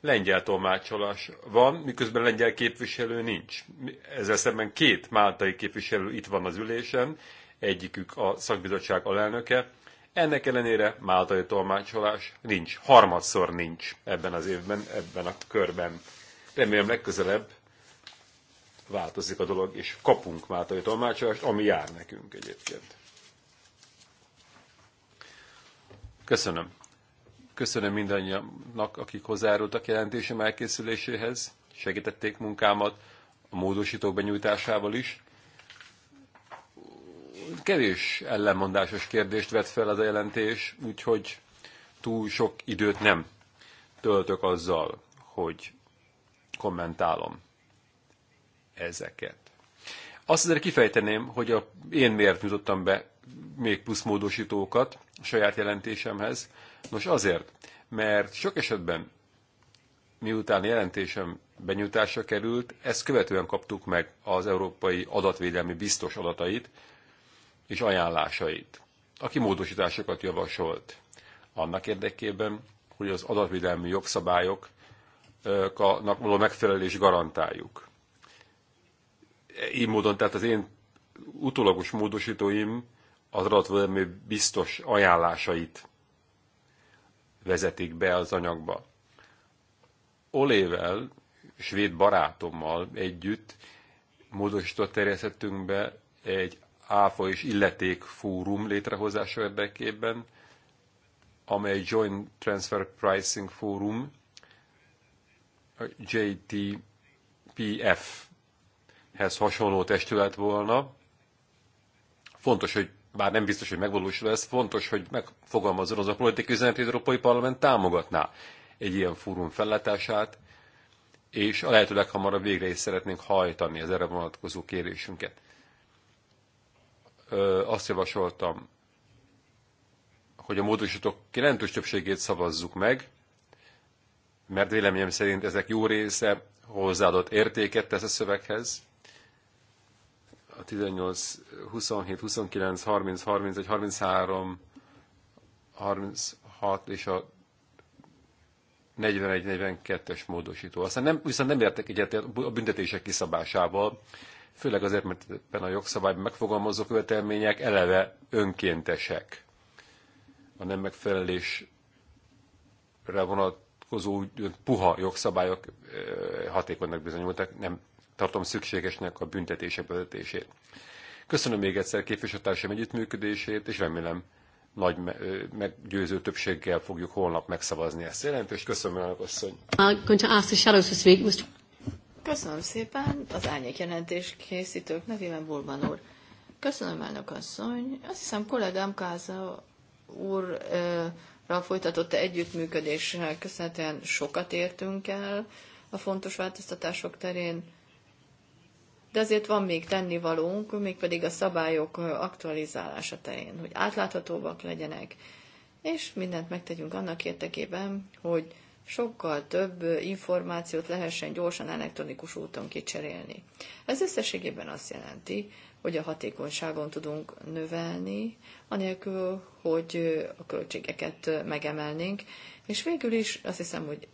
lengyel tolmácsolás van, miközben lengyel képviselő nincs. Ezzel szemben két máltai képviselő itt van az ülésen, egyikük a szakbizottság alelnöke, ennek ellenére máltai tolmácsolás nincs, harmadszor nincs ebben az évben, ebben a körben. Remélem legközelebb változik a dolog, és kapunk máltai tolmácsolást, ami jár nekünk egyébként. Köszönöm. Köszönöm mindannyiaknak, akik hozzájárultak jelentésem elkészüléséhez, segítették munkámat a módosítók benyújtásával is. Kevés ellenmondásos kérdést vett fel az a jelentés, úgyhogy túl sok időt nem töltök azzal, hogy kommentálom ezeket. Azt azért kifejteném, hogy a, én miért nyújtottam be még plusz módosítókat a saját jelentésemhez. Nos azért, mert sok esetben miután jelentésem benyújtásra került, ezt követően kaptuk meg az Európai Adatvédelmi Biztos adatait és ajánlásait, aki módosításokat javasolt annak érdekében, hogy az adatvédelmi jogszabályoknak való megfelelés garantáljuk. Így módon, tehát az én utólagos módosítóim az adatvédelmi biztos ajánlásait vezetik be az anyagba. Olével, svéd barátommal együtt módosított terjesztettünk be egy áfa és illeték fórum létrehozása érdekében, amely Joint Transfer Pricing Fórum, a JTPF-hez hasonló testület volna. Fontos, hogy bár nem biztos, hogy megvalósul ez, fontos, hogy megfogalmazzon az a politikai üzenet, hogy az Európai Parlament támogatná egy ilyen fórum fellátását, és a lehető leghamarabb végre is szeretnénk hajtani az erre vonatkozó kérésünket. Ö, azt javasoltam, hogy a módosítók jelentős többségét szavazzuk meg, mert véleményem szerint ezek jó része hozzáadott értéket tesz a szöveghez, a 18, 27, 29, 30, 31, 33, 36 és a 41-42-es módosító. Aztán nem, viszont nem értek egyet a büntetések kiszabásával, főleg azért, mert ebben a jogszabály megfogalmazó követelmények eleve önkéntesek. A nem megfelelésre vonatkozó puha jogszabályok eh, hatékonynak bizonyultak, nem tartom szükségesnek a büntetések vezetését. Köszönöm még egyszer képviselőtársam együttműködését, és remélem nagy meggyőző többséggel fogjuk holnap megszavazni ezt jelentést. Köszönöm, a asszony. Uh, köszönöm szépen az árnyék jelentés készítők nevében Bulban úr. Köszönöm, elnök asszony. Azt hiszem kollégám Káza úrra folytatott együttműködésnek köszönhetően sokat értünk el a fontos változtatások terén de azért van még tennivalónk, mégpedig a szabályok aktualizálása terén, hogy átláthatóbbak legyenek, és mindent megtegyünk annak érdekében, hogy sokkal több információt lehessen gyorsan elektronikus úton kicserélni. Ez összességében azt jelenti, hogy a hatékonyságon tudunk növelni, anélkül, hogy a költségeket megemelnénk, és végül is azt hiszem, hogy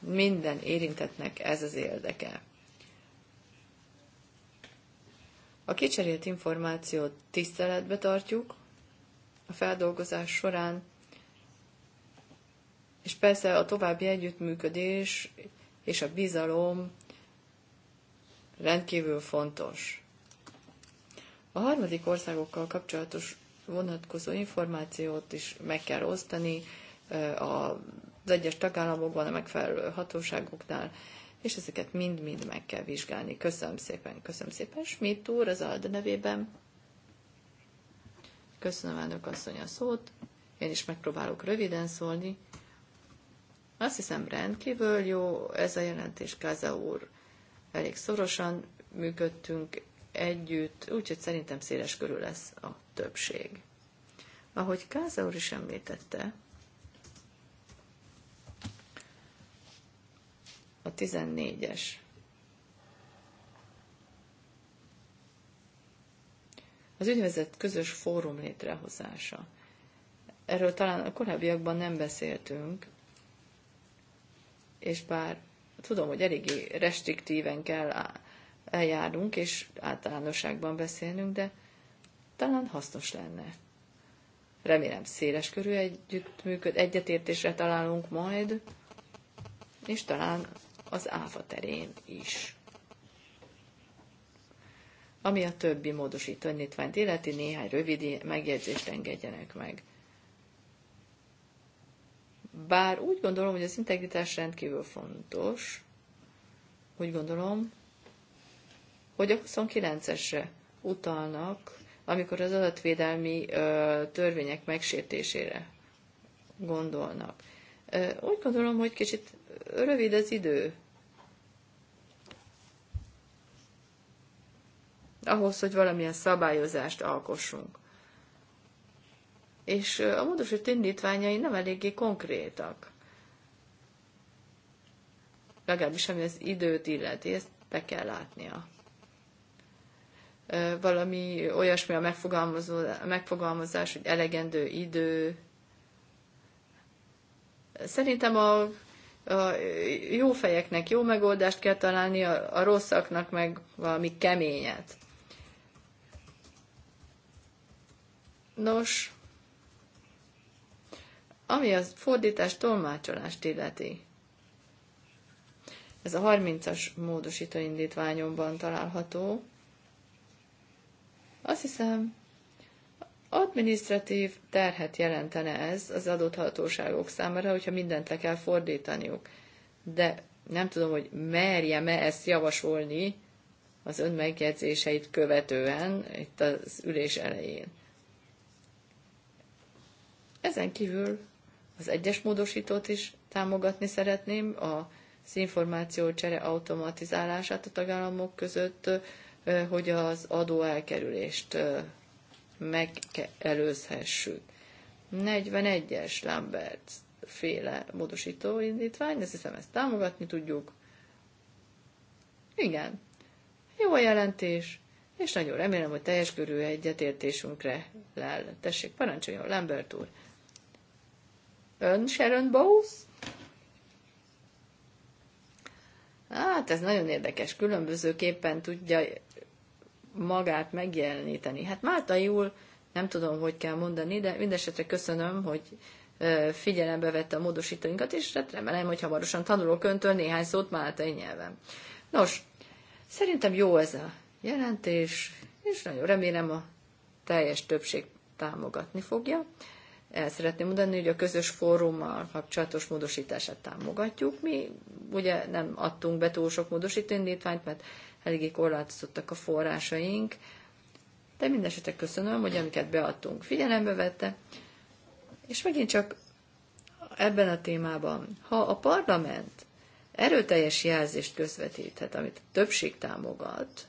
minden érintetnek ez az érdeke. A kicserélt információt tiszteletbe tartjuk a feldolgozás során, és persze a további együttműködés és a bizalom rendkívül fontos. A harmadik országokkal kapcsolatos vonatkozó információt is meg kell osztani a az egyes tagállamokban, a megfelelő hatóságoknál, és ezeket mind-mind meg kell vizsgálni. Köszönöm szépen, köszönöm szépen. Schmidt úr, az ALD nevében. Köszönöm elnök asszony a szót. Én is megpróbálok röviden szólni. Azt hiszem rendkívül jó ez a jelentés, Káza úr. Elég szorosan működtünk együtt, úgyhogy szerintem széles körül lesz a többség. Ahogy Káza úr is említette, a 14-es. Az úgynevezett közös fórum létrehozása. Erről talán a korábbiakban nem beszéltünk, és bár tudom, hogy eléggé restriktíven kell eljárnunk, és általánosságban beszélnünk, de talán hasznos lenne. Remélem széles körű együttműköd, egyetértésre találunk majd, és talán az áfa terén is. Ami a többi módosító indítványt illeti, néhány rövid megjegyzést engedjenek meg. Bár úgy gondolom, hogy az integritás rendkívül fontos, úgy gondolom, hogy a 29-esre utalnak, amikor az adatvédelmi ö, törvények megsértésére gondolnak. Ö, úgy gondolom, hogy kicsit rövid az idő. Ahhoz, hogy valamilyen szabályozást alkossunk. És a módosít indítványai nem eléggé konkrétak. Legalábbis ami az időt illeti, ezt be kell látnia valami olyasmi a megfogalmazás, hogy elegendő idő. Szerintem a jó fejeknek jó megoldást kell találni, a rosszaknak meg valami keményet. Nos, ami a fordítás tolmácsolást illeti, ez a 30-as módosítóindítványomban található. Azt hiszem, Administratív terhet jelentene ez az adott hatóságok számára, hogyha mindent le kell fordítaniuk. De nem tudom, hogy merjem-e ezt javasolni az ön megjegyzéseit követően itt az ülés elején. Ezen kívül az egyes módosítót is támogatni szeretném, az csere automatizálását a tagállamok között, hogy az adó elkerülést megelőzhessük. 41-es Lambert féle módosító indítvány, ezt hiszem ezt támogatni tudjuk. Igen, jó a jelentés, és nagyon remélem, hogy teljes körű egyetértésünkre lel. Tessék, parancsoljon, Lambert úr. Ön Sharon Bowles? Hát ez nagyon érdekes, különbözőképpen tudja magát megjeleníteni. Hát Málta Júl, nem tudom, hogy kell mondani, de mindesetre köszönöm, hogy figyelembe vette a módosítóinkat, és hát remélem, hogy hamarosan tanulok öntől néhány szót máltai nyelven. Nos, szerintem jó ez a jelentés, és nagyon remélem a teljes többség támogatni fogja. El szeretném mondani, hogy a közös fórummal kapcsolatos módosítását támogatjuk. Mi ugye nem adtunk be túl sok módosítóindítványt, mert eléggé korlátozottak a forrásaink, de mindesetre köszönöm, hogy amiket beadtunk, figyelembe vette, és megint csak ebben a témában, ha a parlament erőteljes jelzést közvetíthet, amit a többség támogat,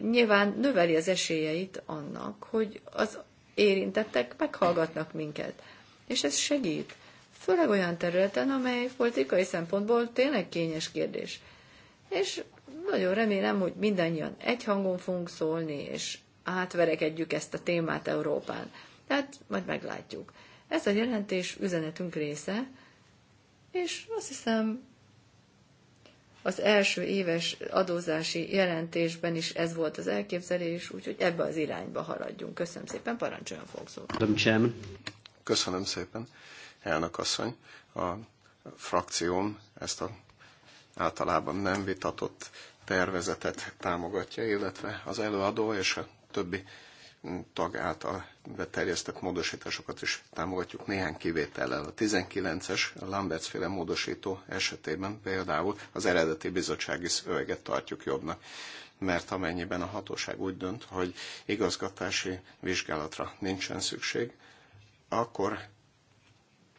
nyilván növeli az esélyeit annak, hogy az érintettek meghallgatnak minket. És ez segít, főleg olyan területen, amely politikai szempontból tényleg kényes kérdés. És nagyon remélem, hogy mindannyian egy hangon fogunk szólni, és átverekedjük ezt a témát Európán. Tehát majd meglátjuk. Ez a jelentés üzenetünk része, és azt hiszem, az első éves adózási jelentésben is ez volt az elképzelés, úgyhogy ebbe az irányba haladjunk. Köszönöm szépen, parancsoljon fogszó. Köszönöm szépen, elnök asszony. A frakcióm ezt a általában nem vitatott tervezetet támogatja, illetve az előadó és a többi tag által beterjesztett módosításokat is támogatjuk néhány kivétellel. A 19-es Lamberts-féle módosító esetében például az eredeti bizottsági szöveget tartjuk jobbnak, mert amennyiben a hatóság úgy dönt, hogy igazgatási vizsgálatra nincsen szükség, akkor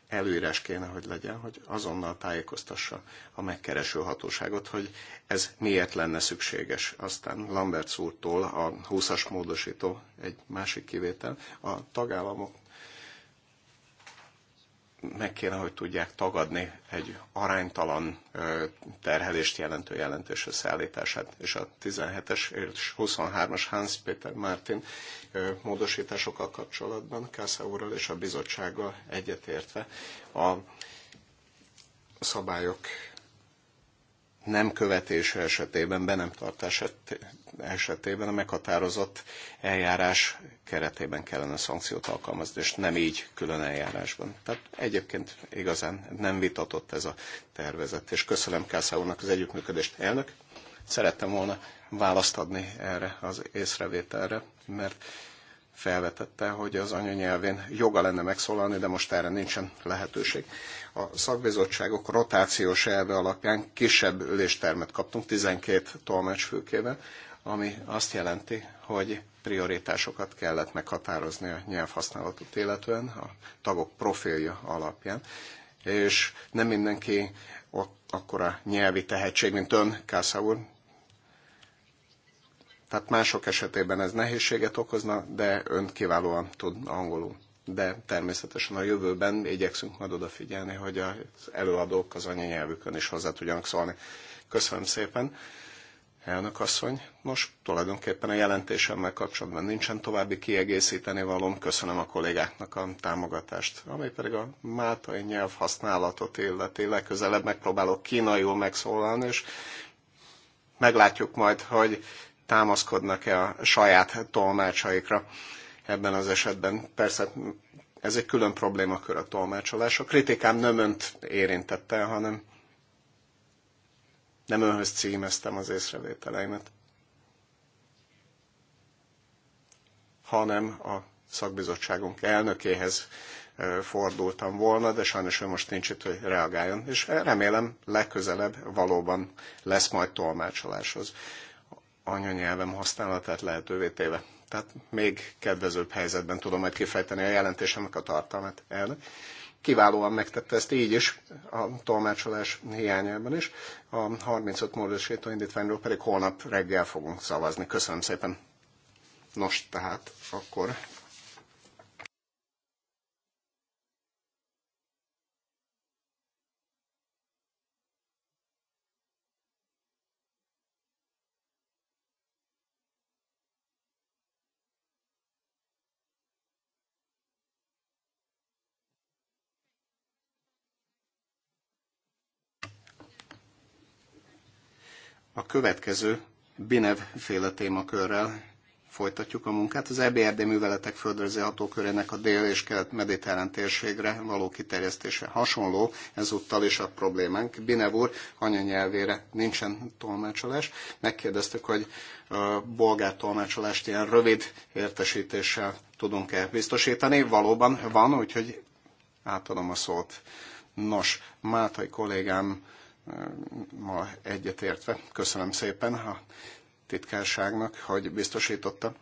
előírás kéne, hogy legyen, hogy azonnal tájékoztassa a megkereső hatóságot, hogy ez miért lenne szükséges. Aztán Lambert úrtól a 20-as módosító egy másik kivétel, a tagállamok meg kéne, hogy tudják tagadni egy aránytalan terhelést jelentő jelentős összeállítását, és a 17-es és 23-as Hans Peter Martin módosításokkal kapcsolatban Kásza úrral és a bizottsággal egyetértve a szabályok nem követése esetében, be nem tartás esetében a meghatározott eljárás keretében kellene szankciót alkalmazni, és nem így külön eljárásban. Tehát egyébként igazán nem vitatott ez a tervezet, és köszönöm Kászáónak az együttműködést. Elnök, szerettem volna választ adni erre az észrevételre, mert felvetette, hogy az anyanyelvén joga lenne megszólalni, de most erre nincsen lehetőség. A szakbizottságok rotációs elve alapján kisebb üléstermet kaptunk, 12 főkével, ami azt jelenti, hogy prioritásokat kellett meghatározni a nyelvhasználatot illetően, a tagok profilja alapján, és nem mindenki ott akkora nyelvi tehetség, mint ön, Kásza úr, tehát mások esetében ez nehézséget okozna, de ön kiválóan tud angolul. De természetesen a jövőben igyekszünk majd odafigyelni, hogy az előadók az anyanyelvükön is hozzá tudjanak szólni. Köszönöm szépen. Elnök asszony, nos, tulajdonképpen a jelentésemmel kapcsolatban nincsen további kiegészíteni valom. Köszönöm a kollégáknak a támogatást, ami pedig a máltai nyelv használatot illeti. Legközelebb megpróbálok kínaiul megszólalni, és meglátjuk majd, hogy támaszkodnak-e a saját tolmácsaikra ebben az esetben. Persze ez egy külön problémakör a tolmácsolás. A kritikám nem önt érintette, hanem nem önhöz címeztem az észrevételeimet, hanem a szakbizottságunk elnökéhez fordultam volna, de sajnos ő most nincs itt, hogy reagáljon, és remélem legközelebb valóban lesz majd tolmácsoláshoz anyanyelvem használatát lehetővé téve. Tehát még kedvezőbb helyzetben tudom majd kifejteni a jelentésemnek a tartalmát. el. kiválóan megtette ezt így is, a tolmácsolás hiányában is. A 35 módosító indítványról pedig holnap reggel fogunk szavazni. Köszönöm szépen. Nos, tehát akkor A következő Binev féle témakörrel folytatjuk a munkát. Az EBRD műveletek földrajzi hatókörének a dél- és kelet-mediterrán térségre való kiterjesztése hasonló, ezúttal is a problémánk. Binev úr anyanyelvére nincsen tolmácsolás. Megkérdeztük, hogy a bolgár tolmácsolást ilyen rövid értesítéssel tudunk-e biztosítani. Valóban van, úgyhogy átadom a szót. Nos, Mátai kollégám ma egyetértve. Köszönöm szépen a titkárságnak, hogy biztosította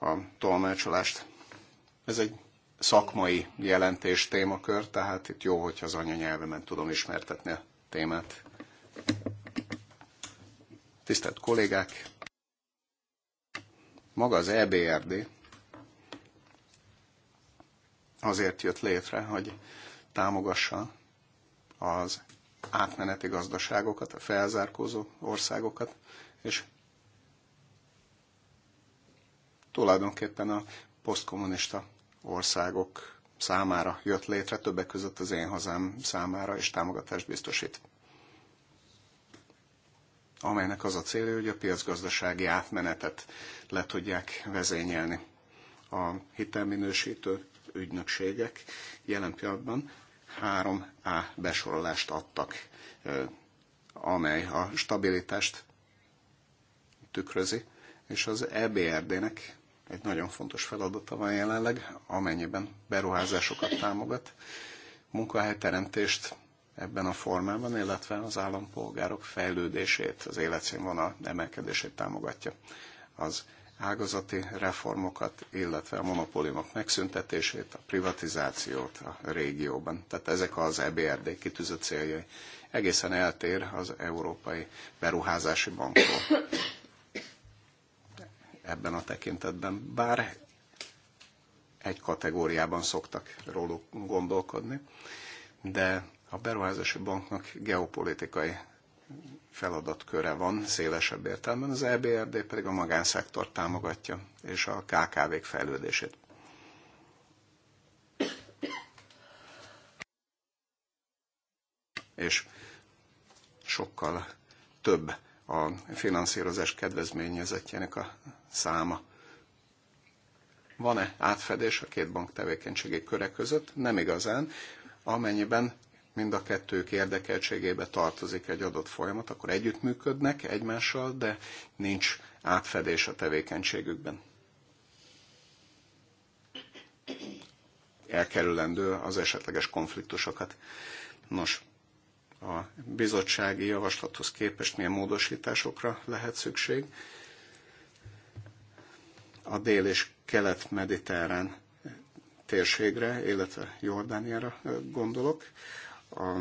a tolmácsolást. Ez egy szakmai jelentés témakör, tehát itt jó, hogyha az anyanyelvemen tudom ismertetni a témát. Tisztelt kollégák! Maga az EBRD azért jött létre, hogy támogassa az átmeneti gazdaságokat, a felzárkózó országokat, és tulajdonképpen a posztkommunista országok számára jött létre, többek között az én hazám számára, és támogatást biztosít. Amelynek az a célja, hogy a piacgazdasági átmenetet le tudják vezényelni. A hitelminősítő ügynökségek jelen pillanatban 3A besorolást adtak, amely a stabilitást tükrözi, és az EBRD-nek egy nagyon fontos feladata van jelenleg, amennyiben beruházásokat támogat, munkahelyteremtést ebben a formában, illetve az állampolgárok fejlődését, az életszínvonal emelkedését támogatja. Az ágazati reformokat, illetve a monopóliumok megszüntetését, a privatizációt a régióban. Tehát ezek az EBRD kitűzött céljai. Egészen eltér az Európai Beruházási Banktól ebben a tekintetben. Bár egy kategóriában szoktak róluk gondolkodni, de a beruházási banknak geopolitikai feladatköre van szélesebb értelemben, az EBRD pedig a magánszektor támogatja, és a KKV-k fejlődését. És sokkal több a finanszírozás kedvezményezetjének a száma. Van-e átfedés a két bank tevékenységi köre között? Nem igazán, amennyiben mind a kettők érdekeltségébe tartozik egy adott folyamat, akkor együttműködnek egymással, de nincs átfedés a tevékenységükben. Elkerülendő az esetleges konfliktusokat. Nos, a bizottsági javaslathoz képest milyen módosításokra lehet szükség? A dél- és kelet-mediterrán térségre, illetve Jordániára gondolok a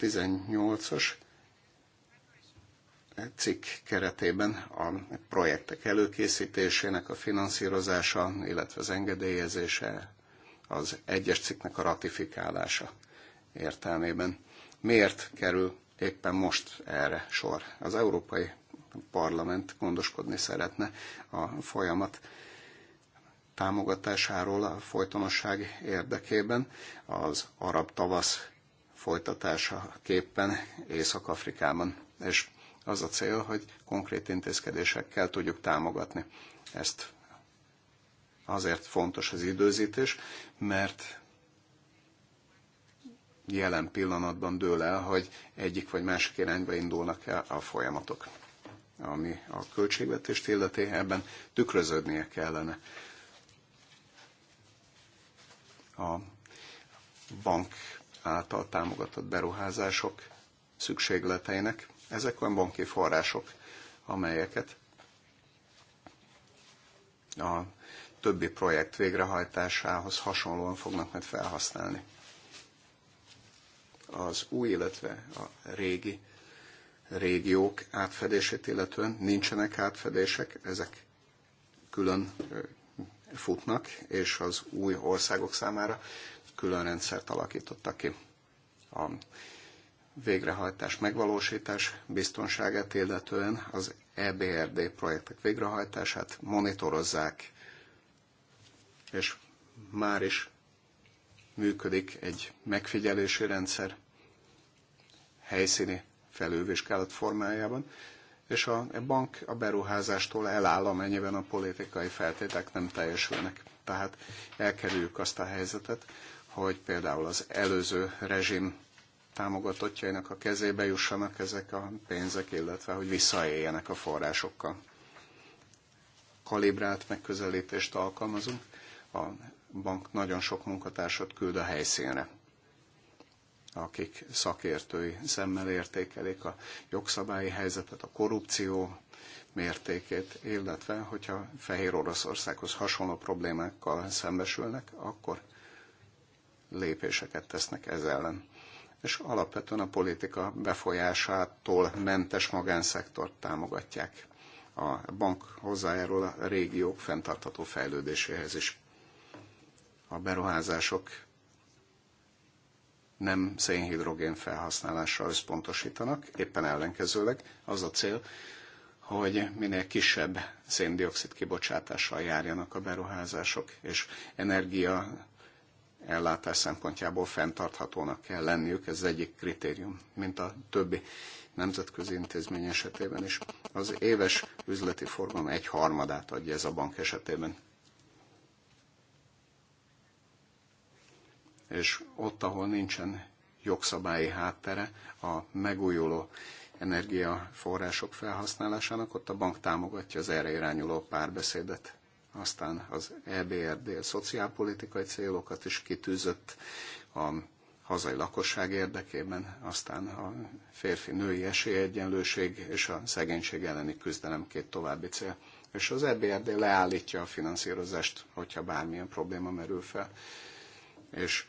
18-as cikk keretében a projektek előkészítésének a finanszírozása, illetve az engedélyezése, az egyes cikknek a ratifikálása értelmében. Miért kerül éppen most erre sor? Az Európai Parlament gondoskodni szeretne a folyamat támogatásáról a folytonosság érdekében az arab tavasz folytatásaképpen Észak-Afrikában. És az a cél, hogy konkrét intézkedésekkel tudjuk támogatni ezt. Azért fontos az időzítés, mert jelen pillanatban dől el, hogy egyik vagy másik irányba indulnak e a folyamatok. Ami a költségvetést illeti, ebben tükröződnie kellene. A bank által támogatott beruházások szükségleteinek. Ezek olyan banki források, amelyeket a többi projekt végrehajtásához hasonlóan fognak majd felhasználni. Az új, illetve a régi régiók átfedését illetően nincsenek átfedések, ezek külön futnak, és az új országok számára külön rendszert alakítottak ki. A végrehajtás, megvalósítás biztonságát illetően az EBRD projektek végrehajtását monitorozzák, és már is működik egy megfigyelési rendszer helyszíni felülvizsgálat formájában, és a bank a beruházástól eláll, amennyiben a politikai feltétek nem teljesülnek. Tehát elkerüljük azt a helyzetet, hogy például az előző rezsim támogatottjainak a kezébe jussanak ezek a pénzek, illetve hogy visszaéljenek a forrásokkal. Kalibrált megközelítést alkalmazunk. A bank nagyon sok munkatársat küld a helyszínre, akik szakértői szemmel értékelik a jogszabályi helyzetet, a korrupció mértékét, illetve hogyha Fehér Oroszországhoz hasonló problémákkal szembesülnek, akkor lépéseket tesznek ez ellen. És alapvetően a politika befolyásától mentes magánszektort támogatják. A bank hozzájárul a régiók fenntartható fejlődéséhez is. A beruházások nem szénhidrogén felhasználásra összpontosítanak, éppen ellenkezőleg az a cél, hogy minél kisebb széndiokszid kibocsátással járjanak a beruházások, és energia ellátás szempontjából fenntarthatónak kell lenniük, ez az egyik kritérium, mint a többi nemzetközi intézmény esetében is. Az éves üzleti forgalom egy harmadát adja ez a bank esetében. És ott, ahol nincsen jogszabályi háttere a megújuló energiaforrások felhasználásának, ott a bank támogatja az erre irányuló párbeszédet aztán az EBRD szociálpolitikai célokat is kitűzött a hazai lakosság érdekében, aztán a férfi-női esélyegyenlőség és a szegénység elleni küzdelem két további cél. És az EBRD leállítja a finanszírozást, hogyha bármilyen probléma merül fel. És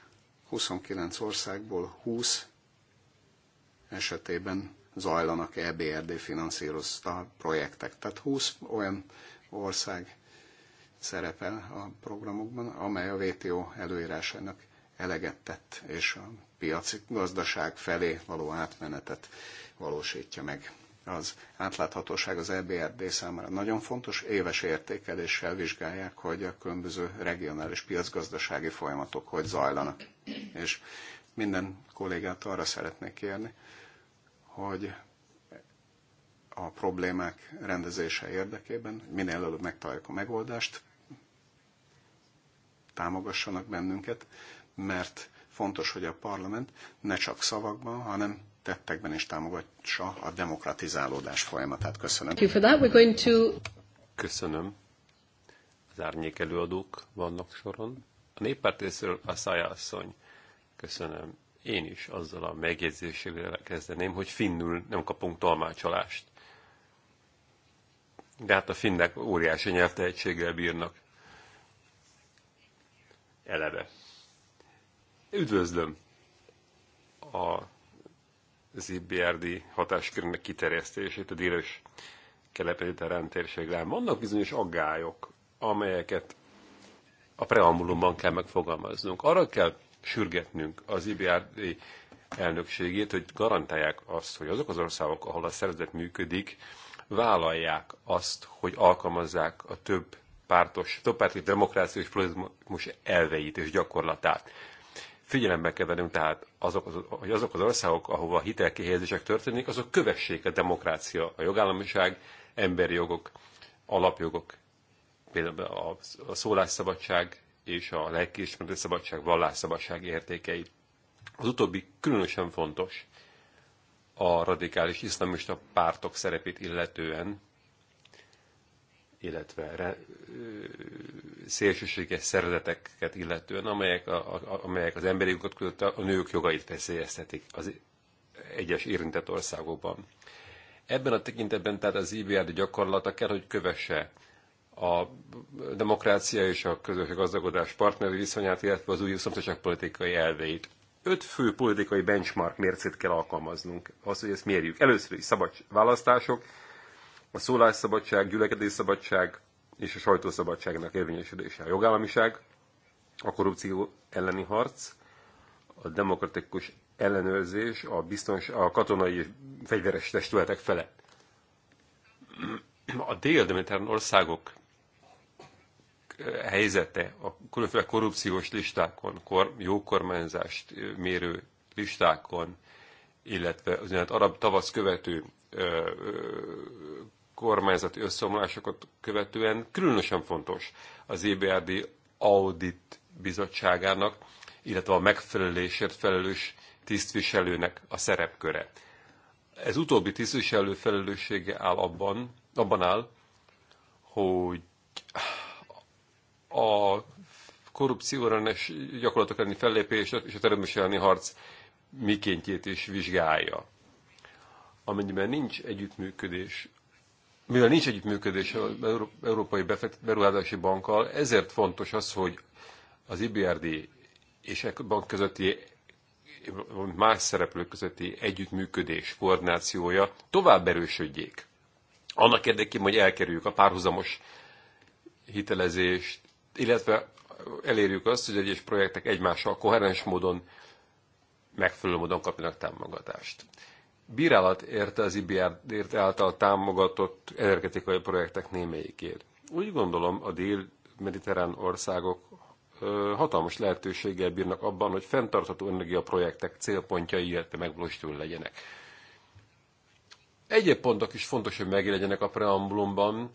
29 országból 20 esetében zajlanak EBRD finanszírozta projektek. Tehát 20 olyan ország szerepel a programokban, amely a WTO előírásának eleget tett, és a piaci gazdaság felé való átmenetet valósítja meg. Az átláthatóság az EBRD számára nagyon fontos, éves értékeléssel vizsgálják, hogy a különböző regionális piacgazdasági folyamatok hogy zajlanak. És minden kollégát arra szeretnék kérni, hogy a problémák rendezése érdekében minél előbb megtaláljuk a megoldást, támogassanak bennünket, mert fontos, hogy a parlament ne csak szavakban, hanem tettekben is támogassa a demokratizálódás folyamatát. Köszönöm. Köszönöm. Az árnyék előadók vannak soron. A néppárt részéről a szájászony. Köszönöm. Én is azzal a megjegyzésével kezdeném, hogy finnül nem kapunk tolmácsolást. De hát a finnek óriási nyelvtehetséggel bírnak eleve. Üdvözlöm a az hatáskörnek kiterjesztését a díros kelepediterrán térségre. Vannak bizonyos aggályok, amelyeket a preambulumban kell megfogalmaznunk. Arra kell sürgetnünk az IBRD elnökségét, hogy garantálják azt, hogy azok az országok, ahol a szervezet működik, vállalják azt, hogy alkalmazzák a több pártos, többpártos demokrácia és pluralizmus elveit és gyakorlatát. Figyelembe kell vennünk tehát, azok az, hogy azok az országok, ahova hitelkihelyezések történik, azok kövessék a demokrácia, a jogállamiság, emberi jogok, alapjogok, például a, a szólásszabadság és a lelkiismereti szabadság, vallásszabadság értékeit. Az utóbbi különösen fontos a radikális iszlamista pártok szerepét illetően, illetve szélsőséges szervezeteket illetően, amelyek, a, a, amelyek az emberi jogot között a nők jogait veszélyeztetik az egyes érintett országokban. Ebben a tekintetben tehát az IBRD gyakorlata kell, hogy kövesse a demokrácia és a közös gazdagodás partneri viszonyát, illetve az új szomszédságpolitikai elveit. Öt fő politikai benchmark mércét kell alkalmaznunk, az, hogy ezt mérjük. Először is szabad választások, a szólásszabadság, gyülekedésszabadság és a sajtószabadságnak érvényesülése a jogállamiság, a korrupció elleni harc, a demokratikus ellenőrzés a, biztons, a katonai és fegyveres testületek felett. A dél országok eh, helyzete a különféle korrupciós listákon, kor, jó kormányzást eh, mérő listákon, illetve az arab tavasz követő ö, eh, ö, kormányzati összeomlásokat követően különösen fontos az EBRD Audit Bizottságának, illetve a megfelelésért felelős tisztviselőnek a szerepköre. Ez utóbbi tisztviselő felelőssége áll abban, abban áll, hogy a korrupcióra gyakorlatok elleni fellépés és a teremtés elleni harc mikéntjét is vizsgálja. Amennyiben nincs együttműködés mivel nincs együttműködés az Európai Beruházási Bankkal, ezért fontos az, hogy az IBRD és a e-, bank közötti más szereplők közötti együttműködés, koordinációja tovább erősödjék. Annak érdekében, hogy elkerüljük a párhuzamos hitelezést, illetve elérjük azt, hogy egyes projektek egymással koherens módon, megfelelő módon kapjanak támogatást bírálat érte az IBR által támogatott energetikai projektek némelyikért. Úgy gondolom, a dél-mediterrán országok hatalmas lehetőséggel bírnak abban, hogy fenntartható energiaprojektek célpontjai, illetve megvalósítól legyenek. Egyéb pontok is fontos, hogy megjelenjenek a preambulumban,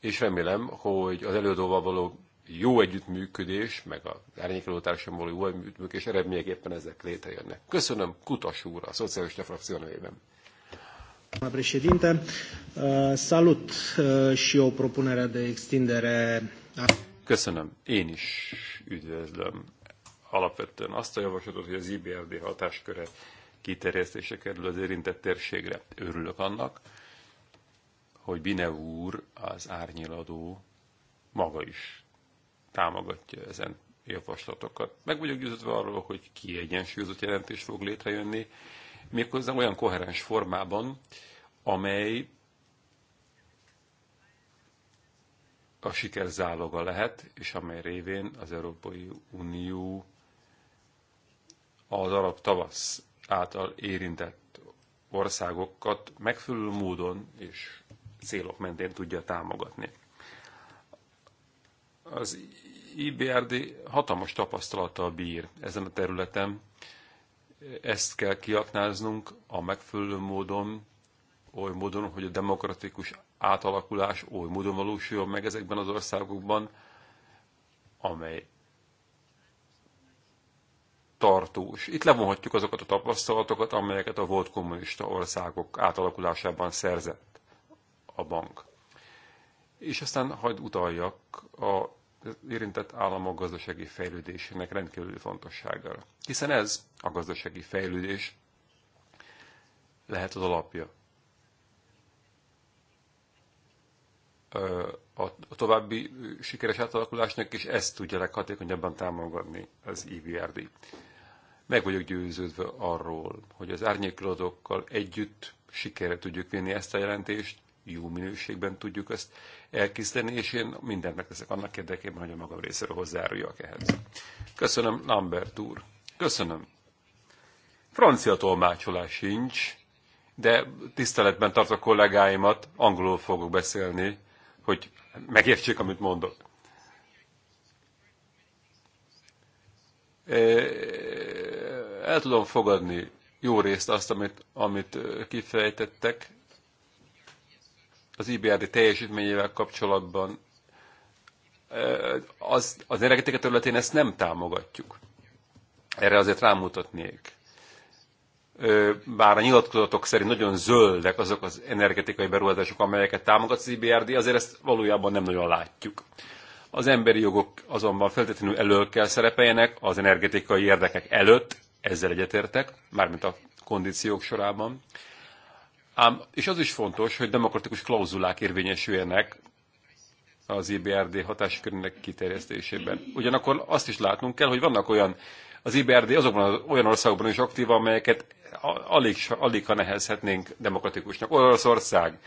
és remélem, hogy az előadóval való jó együttműködés, meg az árnyékelő való jó együttműködés eredményeképpen ezek létrejönnek. Köszönöm Kutas úr, a Szocialista Frakció nevében. Președinte, uh, salut uh, și o propunere de extindere. Köszönöm. Én is üdvözlöm alapvetően azt a javaslatot, hogy az IBRD hatásköre kiterjesztése kerül az érintett térségre. Örülök annak, hogy Bine úr, az árnyiladó maga is támogatja ezen javaslatokat. Meg vagyok győződve arról, hogy kiegyensúlyozott jelentés fog létrejönni, méghozzá olyan koherens formában, amely a siker záloga lehet, és amely révén az Európai Unió az arab tavasz által érintett országokat megfelelő módon és célok mentén tudja támogatni. Az IBRD hatalmas tapasztalattal bír ezen a területen. Ezt kell kiaknáznunk a megfelelő módon, oly módon, hogy a demokratikus átalakulás oly módon valósuljon meg ezekben az országokban, amely tartós. Itt levonhatjuk azokat a tapasztalatokat, amelyeket a volt kommunista országok átalakulásában szerzett a bank. És aztán hagyd utaljak a érintett államok gazdasági fejlődésének rendkívül fontosságára. Hiszen ez a gazdasági fejlődés lehet az alapja a további sikeres átalakulásnak, és ezt tudja leghatékonyabban támogatni az IVRD. E Meg vagyok győződve arról, hogy az árnyékladókkal együtt sikerre tudjuk vinni ezt a jelentést, jó minőségben tudjuk ezt elkészíteni, és én mindent megteszek annak érdekében, hogy a magam részéről hozzáruljak ehhez. Köszönöm, Lambert úr. Köszönöm. Francia tolmácsolás sincs, de tiszteletben tartok kollégáimat, angolul fogok beszélni, hogy megértsék, amit mondok. Eh, el tudom fogadni jó részt azt, amit, amit eh, kifejtettek, az IBRD teljesítményével kapcsolatban az, az energetika területén ezt nem támogatjuk. Erre azért rámutatnék. Bár a nyilatkozatok szerint nagyon zöldek azok az energetikai beruházások, amelyeket támogat az IBRD, azért ezt valójában nem nagyon látjuk. Az emberi jogok azonban feltétlenül elő kell szerepeljenek az energetikai érdekek előtt, ezzel egyetértek, mármint a kondíciók sorában. Ám, és az is fontos, hogy demokratikus klauzulák érvényesüljenek az IBRD hatáskörének kiterjesztésében. Ugyanakkor azt is látnunk kell, hogy vannak olyan, az IBRD azokban az, olyan országokban is aktív, amelyeket alig, alig ha nehezhetnénk demokratikusnak. Oroszország,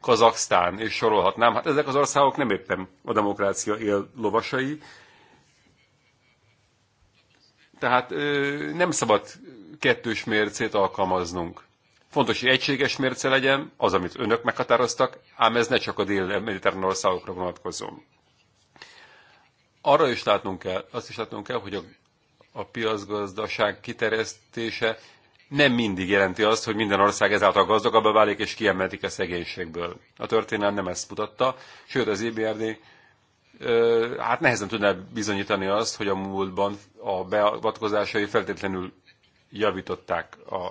Kazaksztán, és sorolhatnám. Hát ezek az országok nem éppen a demokrácia él lovasai, tehát nem szabad kettős mércét alkalmaznunk Fontos, hogy egységes mérce legyen, az, amit önök meghatároztak, ám ez ne csak a dél-mediterrán országokra vonatkozom. Arra is látnunk kell, azt is látnunk kell, hogy a, a piacgazdaság kiterjesztése nem mindig jelenti azt, hogy minden ország ezáltal gazdagabbá válik és kiemelik a szegénységből. A történelem nem ezt mutatta, sőt az IBRD hát nehezen tudná bizonyítani azt, hogy a múltban a beavatkozásai feltétlenül javították az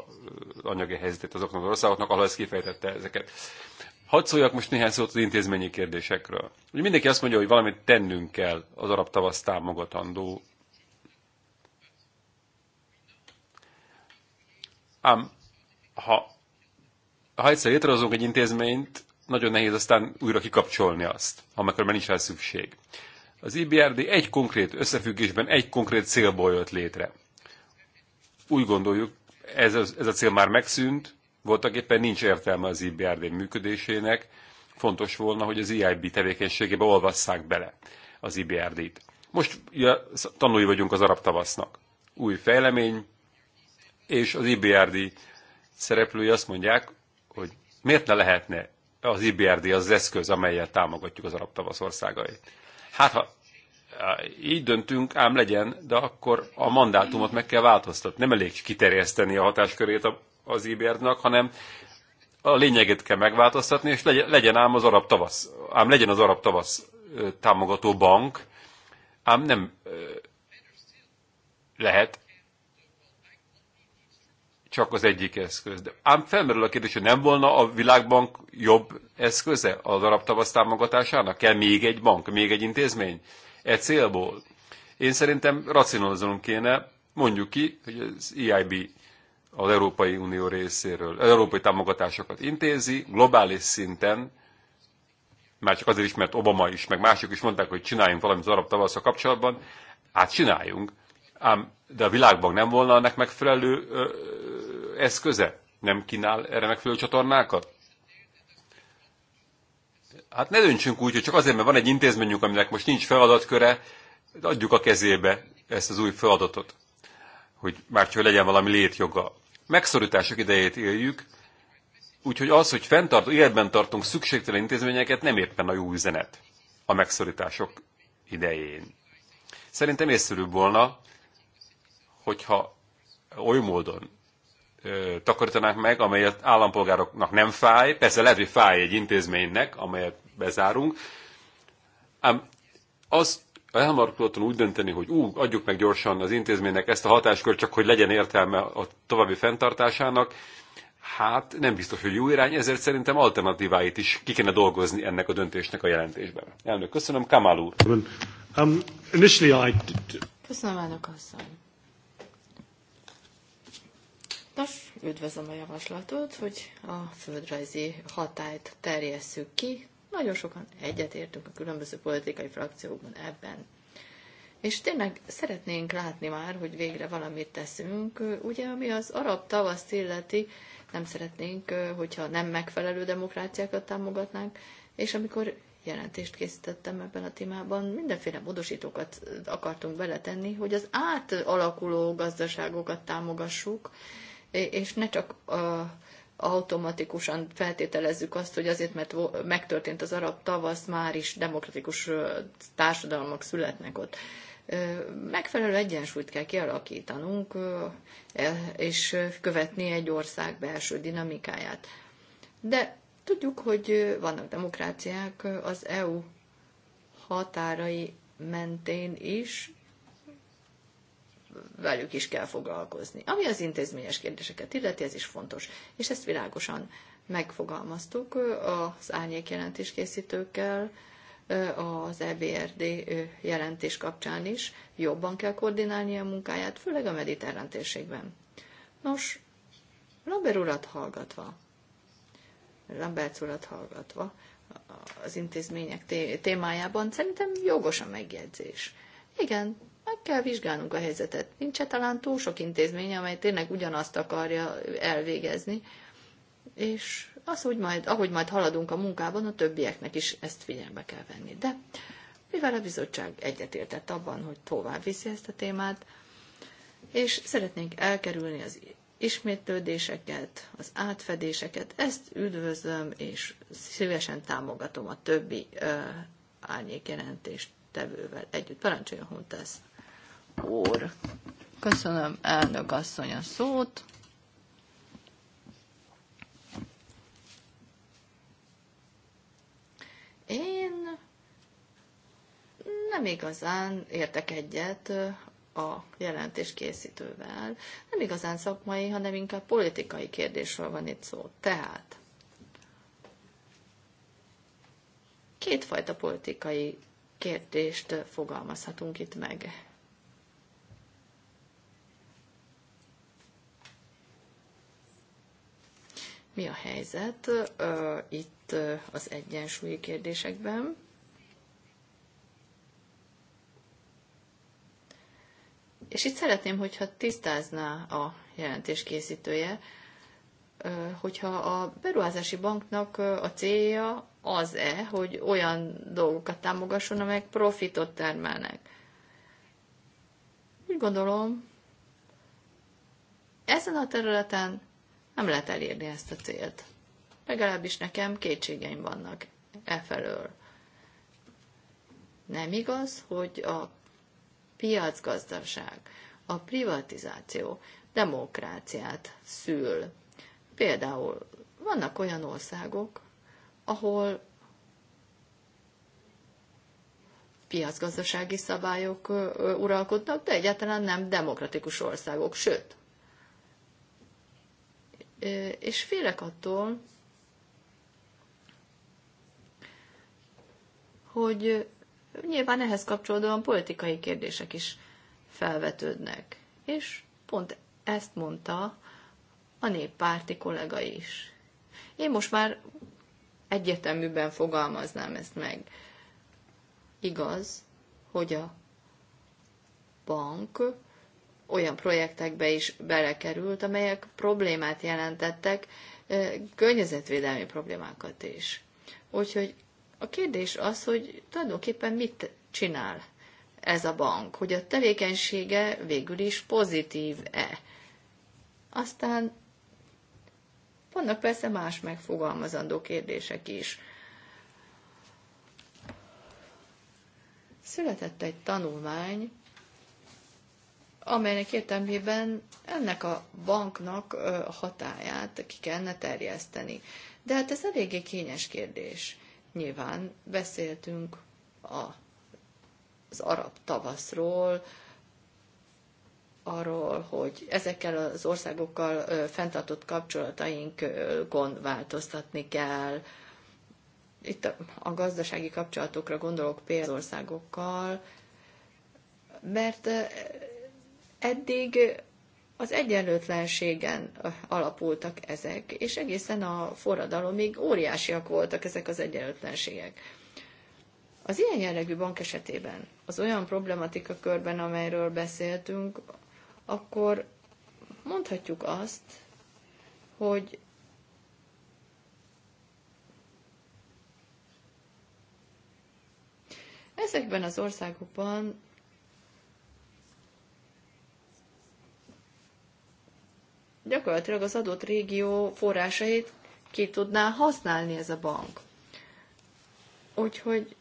anyagi helyzetét azoknak az országoknak, ahol ez kifejtette ezeket. Hadd szóljak most néhány szót az intézményi kérdésekről. Ugye mindenki azt mondja, hogy valamit tennünk kell az arab tavasz támogatandó. Ám ha, ha egyszer létrehozunk egy intézményt, nagyon nehéz aztán újra kikapcsolni azt, amikor már nincs rá szükség. Az IBRD egy konkrét összefüggésben, egy konkrét célból jött létre úgy gondoljuk, ez, az, ez a cél már megszűnt, voltak éppen nincs értelme az IBRD működésének, fontos volna, hogy az IIB tevékenységébe olvasszák bele az IBRD-t. Most ja, tanulni vagyunk az arab tavasznak. Új fejlemény, és az IBRD szereplői azt mondják, hogy miért ne lehetne az IBRD az eszköz, amelyet támogatjuk az arab tavasz országait. Hát ha így döntünk, ám legyen, de akkor a mandátumot meg kell változtatni. Nem elég kiterjeszteni a hatáskörét az IBR-nak, hanem a lényeget kell megváltoztatni, és legyen, legyen ám az arab tavasz, ám legyen az arab tavasz támogató bank, ám nem lehet csak az egyik eszköz. De ám felmerül a kérdés, hogy nem volna a világbank jobb eszköze az arab tavasz támogatásának? Kell még egy bank, még egy intézmény? e célból. Én szerintem racionalizálnunk kéne, mondjuk ki, hogy az EIB az Európai Unió részéről, az európai támogatásokat intézi, globális szinten, már csak azért is, mert Obama is, meg mások is mondták, hogy csináljunk valamit az arab tavasszal kapcsolatban, hát csináljunk, ám de a világban nem volna ennek megfelelő ö, ö, eszköze? Nem kínál erre megfelelő csatornákat? hát ne döntsünk úgy, hogy csak azért, mert van egy intézményünk, aminek most nincs feladatköre, adjuk a kezébe ezt az új feladatot, hogy már csak legyen valami létjoga. Megszorítások idejét éljük, úgyhogy az, hogy fenntart, életben tartunk szükségtelen intézményeket, nem éppen a jó üzenet a megszorítások idején. Szerintem észszerűbb volna, hogyha oly módon takarítanák meg, amely az állampolgároknak nem fáj, persze lehet, hogy fáj egy intézménynek, amelyet bezárunk, ám az elmarkolottan úgy dönteni, hogy ú, adjuk meg gyorsan az intézménynek ezt a hatáskört, csak hogy legyen értelme a további fenntartásának, hát nem biztos, hogy jó irány, ezért szerintem alternatíváit is ki kéne dolgozni ennek a döntésnek a jelentésben. Elnök, köszönöm, Kamal úr. Um, initially I... Köszönöm, elnök asszony. Nos, üdvözlöm a javaslatot, hogy a földrajzi hatályt terjesszük ki. Nagyon sokan egyetértünk a különböző politikai frakciókban ebben. És tényleg szeretnénk látni már, hogy végre valamit teszünk. Ugye, ami az arab tavaszt illeti, nem szeretnénk, hogyha nem megfelelő demokráciákat támogatnánk, és amikor jelentést készítettem ebben a témában, mindenféle módosítókat akartunk beletenni, hogy az átalakuló gazdaságokat támogassuk, és ne csak automatikusan feltételezzük azt, hogy azért, mert megtörtént az arab tavasz, már is demokratikus társadalmak születnek ott. Megfelelő egyensúlyt kell kialakítanunk, e, és követni egy ország belső dinamikáját. De tudjuk, hogy vannak demokráciák az EU határai mentén is, velük is kell foglalkozni. Ami az intézményes kérdéseket illeti, ez is fontos. És ezt világosan megfogalmaztuk az árnyék jelentéskészítőkkel, az EBRD jelentés kapcsán is jobban kell koordinálni a munkáját, főleg a mediterrán térségben. Nos, Lambert urat hallgatva, Lambert urat hallgatva az intézmények témájában szerintem jogos a megjegyzés. Igen, meg kell vizsgálnunk a helyzetet. nincs -e talán túl sok intézmény, amely tényleg ugyanazt akarja elvégezni, és az, hogy majd, ahogy majd haladunk a munkában, a többieknek is ezt figyelme kell venni. De mivel a bizottság egyetértett abban, hogy tovább viszi ezt a témát, és szeretnénk elkerülni az ismétlődéseket, az átfedéseket, ezt üdvözlöm, és szívesen támogatom a többi ö, árnyékjelentést tevővel együtt. Parancsoljon, tesz! úr. Köszönöm elnök asszony a szót. Én nem igazán értek egyet a jelentés készítővel. Nem igazán szakmai, hanem inkább politikai kérdésről van itt szó. Tehát kétfajta politikai kérdést fogalmazhatunk itt meg mi a helyzet itt az egyensúlyi kérdésekben. És itt szeretném, hogyha tisztázná a jelentés készítője, hogyha a beruházási banknak a célja az-e, hogy olyan dolgokat támogasson, amelyek profitot termelnek. Úgy gondolom, ezen a területen nem lehet elérni ezt a célt. Legalábbis nekem kétségeim vannak e felől. Nem igaz, hogy a piacgazdaság, a privatizáció demokráciát szül. Például vannak olyan országok, ahol piacgazdasági szabályok uralkodnak, de egyáltalán nem demokratikus országok, sőt, és félek attól, hogy nyilván ehhez kapcsolódóan politikai kérdések is felvetődnek. És pont ezt mondta a néppárti kollega is. Én most már egyértelműben fogalmaznám ezt meg. Igaz, hogy a bank olyan projektekbe is belekerült, amelyek problémát jelentettek, környezetvédelmi problémákat is. Úgyhogy a kérdés az, hogy tulajdonképpen mit csinál ez a bank, hogy a tevékenysége végül is pozitív-e. Aztán vannak persze más megfogalmazandó kérdések is. Született egy tanulmány, amelynek értelmében ennek a banknak a hatáját ki kellene terjeszteni. De hát ez eléggé kényes kérdés. Nyilván beszéltünk a, az arab tavaszról, arról, hogy ezekkel az országokkal fenntartott kapcsolatainkon változtatni kell. Itt a, a gazdasági kapcsolatokra gondolok például országokkal, mert Eddig az egyenlőtlenségen alapultak ezek, és egészen a forradalomig óriásiak voltak ezek az egyenlőtlenségek. Az ilyen jellegű bank esetében, az olyan problematika körben, amelyről beszéltünk, akkor mondhatjuk azt, hogy ezekben az országokban gyakorlatilag az adott régió forrásait ki tudná használni ez a bank. Úgyhogy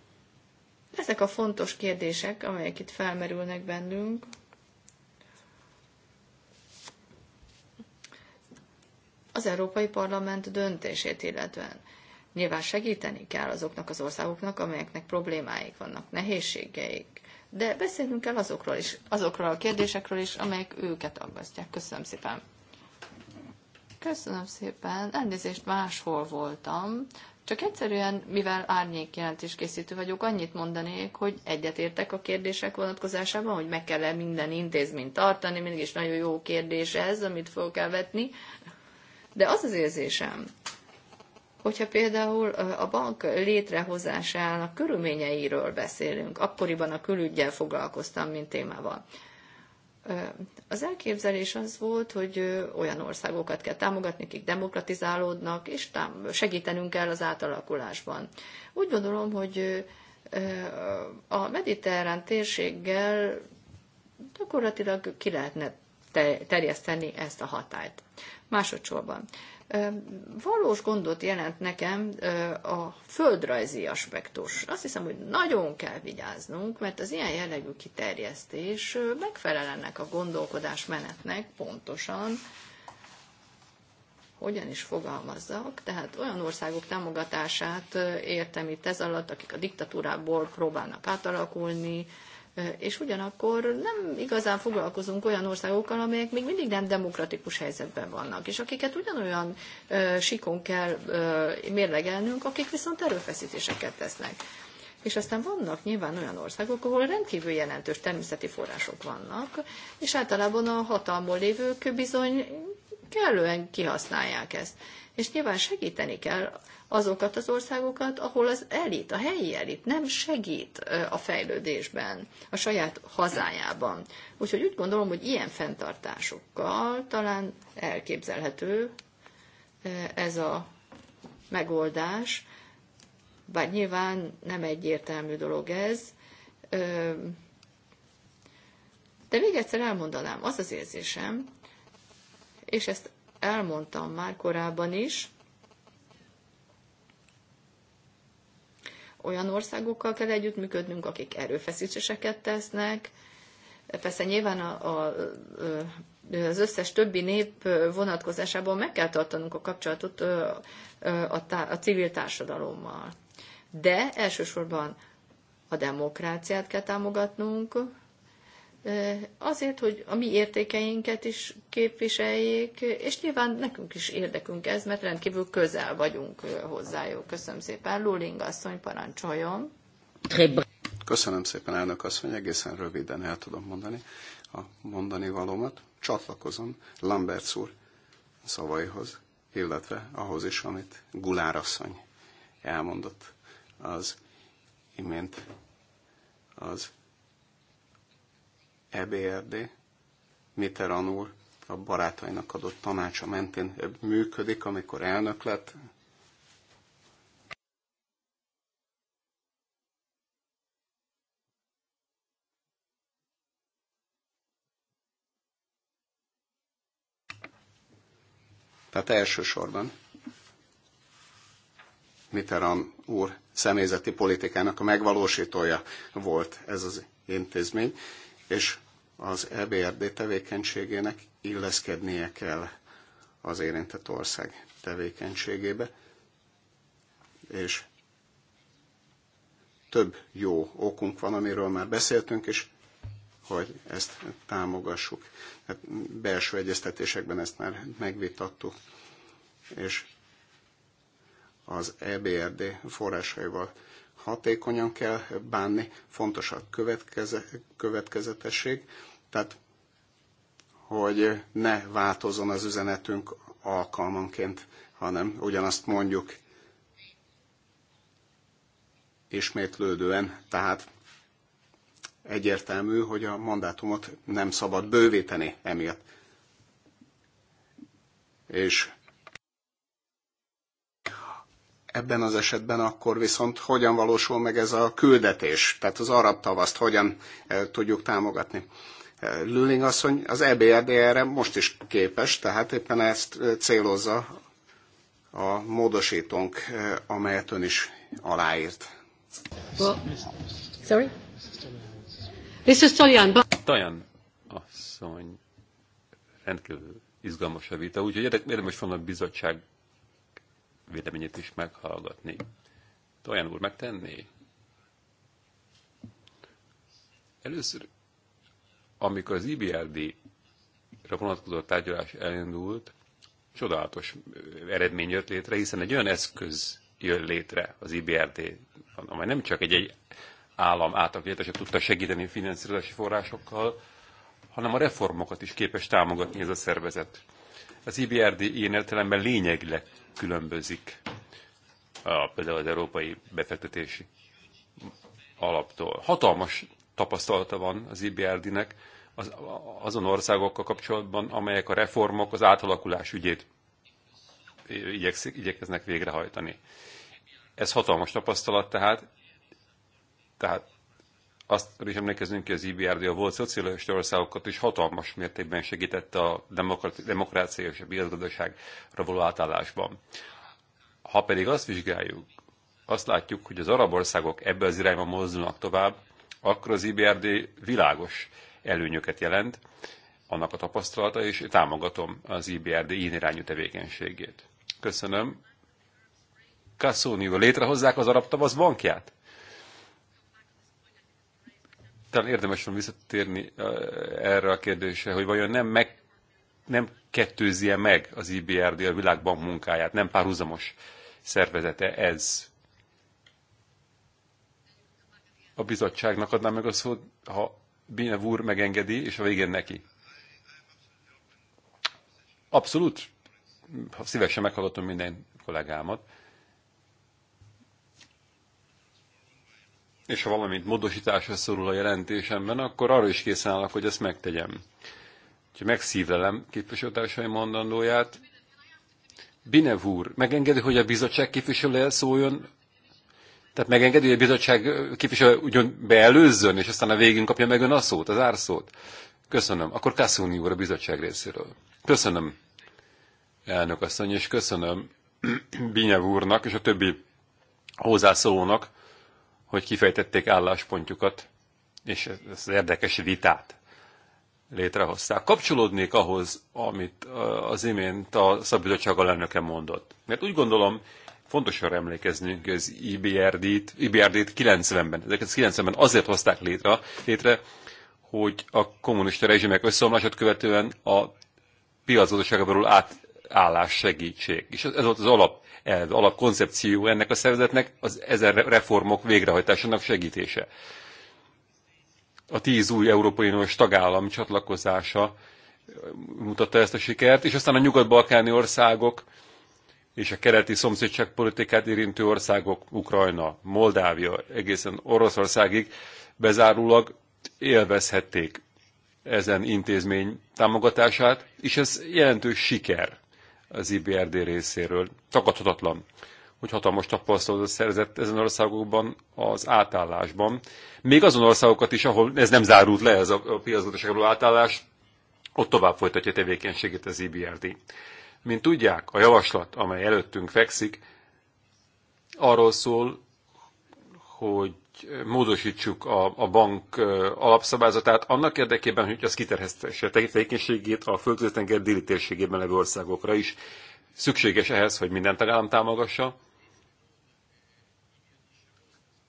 ezek a fontos kérdések, amelyek itt felmerülnek bennünk. Az Európai Parlament döntését illetően. Nyilván segíteni kell azoknak az országoknak, amelyeknek problémáik vannak, nehézségeik. De beszélnünk kell azokról is, azokról a kérdésekről is, amelyek őket aggasztják. Köszönöm szépen! Köszönöm szépen. Elnézést, máshol voltam. Csak egyszerűen, mivel árnyékjelentés készítő vagyok, annyit mondanék, hogy egyetértek a kérdések vonatkozásában, hogy meg kell-e minden intézményt tartani, mégis nagyon jó kérdés ez, amit fel kell vetni. De az az érzésem, hogyha például a bank létrehozásának körülményeiről beszélünk, akkoriban a külügyel foglalkoztam, mint témával. Az elképzelés az volt, hogy olyan országokat kell támogatni, akik demokratizálódnak, és segítenünk kell az átalakulásban. Úgy gondolom, hogy a mediterrán térséggel gyakorlatilag ki lehetne terjeszteni ezt a hatályt. Másodszorban valós gondot jelent nekem a földrajzi aspektus. Azt hiszem, hogy nagyon kell vigyáznunk, mert az ilyen jellegű kiterjesztés megfelel ennek a gondolkodás menetnek pontosan, hogyan is fogalmazzak, tehát olyan országok támogatását értem itt ez alatt, akik a diktatúrából próbálnak átalakulni, és ugyanakkor nem igazán foglalkozunk olyan országokkal, amelyek még mindig nem demokratikus helyzetben vannak, és akiket ugyanolyan sikon kell mérlegelnünk, akik viszont erőfeszítéseket tesznek. És aztán vannak nyilván olyan országok, ahol rendkívül jelentős természeti források vannak, és általában a hatalmon lévők bizony kellően kihasználják ezt. És nyilván segíteni kell azokat az országokat, ahol az elit, a helyi elit nem segít a fejlődésben, a saját hazájában. Úgyhogy úgy gondolom, hogy ilyen fenntartásokkal talán elképzelhető ez a megoldás, bár nyilván nem egyértelmű dolog ez, de még egyszer elmondanám, az az érzésem, és ezt elmondtam már korábban is, olyan országokkal kell együttműködnünk, akik erőfeszítéseket tesznek. Persze nyilván a, a, az összes többi nép vonatkozásában meg kell tartanunk a kapcsolatot a, a, a civil társadalommal. De elsősorban a demokráciát kell támogatnunk, azért, hogy a mi értékeinket is képviseljék, és nyilván nekünk is érdekünk ez, mert rendkívül közel vagyunk hozzájuk. Köszönöm szépen. Luling asszony, parancsoljon. Köszönöm szépen, elnök asszony, egészen röviden el tudom mondani a mondani valómat. Csatlakozom Lambert úr szavaihoz, illetve ahhoz is, amit Gulár asszony elmondott az imént az EBRD, Mitterrand úr a barátainak adott tanácsa mentén működik, amikor elnök lett. Tehát elsősorban Mitterrand úr személyzeti politikának a megvalósítója volt ez az intézmény, és az EBRD tevékenységének illeszkednie kell az érintett ország tevékenységébe, és több jó okunk van, amiről már beszéltünk, és hogy ezt támogassuk. Hát belső egyeztetésekben ezt már megvitattuk, és az EBRD forrásaival hatékonyan kell bánni, fontos a következe, következetesség, tehát hogy ne változon az üzenetünk alkalmanként, hanem ugyanazt mondjuk ismétlődően, tehát egyértelmű, hogy a mandátumot nem szabad bővíteni emiatt. És Ebben az esetben akkor viszont hogyan valósul meg ez a küldetés, tehát az arab tavaszt hogyan eh, tudjuk támogatni. Eh, Lüling asszony az EBRD erre most is képes, tehát éppen ezt eh, célozza a módosítónk, amelyet ön is aláírt. Well, sorry? Mr. Tajan asszony rendkívül izgalmas a vita, úgyhogy érdemes volna a bizottság véleményét is meghallgatni. Olyan úr, megtenné? Először, amikor az IBRD-re vonatkozó tárgyalás elindult, csodálatos eredmény jött létre, hiszen egy olyan eszköz jön létre az IBRD, amely nem csak egy, egy állam által létesebb tudta segíteni finanszírozási forrásokkal, hanem a reformokat is képes támogatni ez a szervezet. Az IBRD ilyen értelemben lényegileg különbözik a, például az európai befektetési alaptól. Hatalmas tapasztalata van az IBRD-nek az, azon országokkal kapcsolatban, amelyek a reformok, az átalakulás ügyét igyekszik, igyekeznek végrehajtani. Ez hatalmas tapasztalat tehát, tehát azt is emlékezünk, hogy az IBRD e a volt szociális országokat is hatalmas mértékben segítette a demokrácia és a piacgazdaságra való átállásban. Ha pedig azt vizsgáljuk, azt látjuk, hogy az arab országok ebbe az irányba mozdulnak tovább, akkor az IBRD e világos előnyöket jelent, annak a tapasztalata, és támogatom az IBRD e ilyen irányú tevékenységét. Köszönöm. Kasszónival létrehozzák az arab tavasz bankját? talán érdemes visszatérni erre a kérdésre, hogy vajon nem, meg, nem kettőzi-e meg az IBRD a világbank munkáját, nem párhuzamos szervezete ez. A bizottságnak adnám meg a szót, ha Binev úr megengedi, és a végén neki. Abszolút. Szívesen meghallgatom minden kollégámat. és ha valamint módosításra szorul a jelentésemben, akkor arra is készen állok, hogy ezt megtegyem. Ha megszívlelem képviselőtársai mondandóját. Binev úr, megengedi, hogy a bizottság képviselője szóljon? Tehát megengedi, hogy a bizottság képviselő ugyan beelőzzön, és aztán a végén kapja meg ön a szót, az árszót? Köszönöm. Akkor Kasszúni úr a bizottság részéről. Köszönöm, elnök asszony, és köszönöm Binev úrnak és a többi hozzászólónak, hogy kifejtették álláspontjukat, és ezt az érdekes vitát létrehozták. Kapcsolódnék ahhoz, amit az imént a szabbizottság alelnöke mondott. Mert úgy gondolom, fontos arra emlékeznünk, hogy az IBRD-t, IBRD-t 90-ben, ezeket 90-ben azért hozták létre, létre, hogy a kommunista rezsimek összeomlását követően a piacgazdaságra való átállás segítség. És ez volt az alap elv, alapkoncepció ennek a szervezetnek az ezen reformok végrehajtásának segítése. A tíz új Európai Uniós tagállam csatlakozása mutatta ezt a sikert, és aztán a nyugat-balkáni országok és a keleti politikát érintő országok, Ukrajna, Moldávia, egészen Oroszországig bezárólag élvezhették ezen intézmény támogatását, és ez jelentős siker az IBRD részéről. Tagadhatatlan, hogy hatalmas tapasztalatot szerzett ezen országokban az átállásban. Még azon országokat is, ahol ez nem zárult le, ez a piacgazdaságról átállás, ott tovább folytatja tevékenységét az IBRD. Mint tudják, a javaslat, amely előttünk fekszik, arról szól, hogy módosítsuk a, a bank alapszabályzatát annak érdekében, hogy az kiterhesztesse tevékenységét a földközi-tenger déli térségében levő országokra is. Szükséges ehhez, hogy minden tagállam támogassa,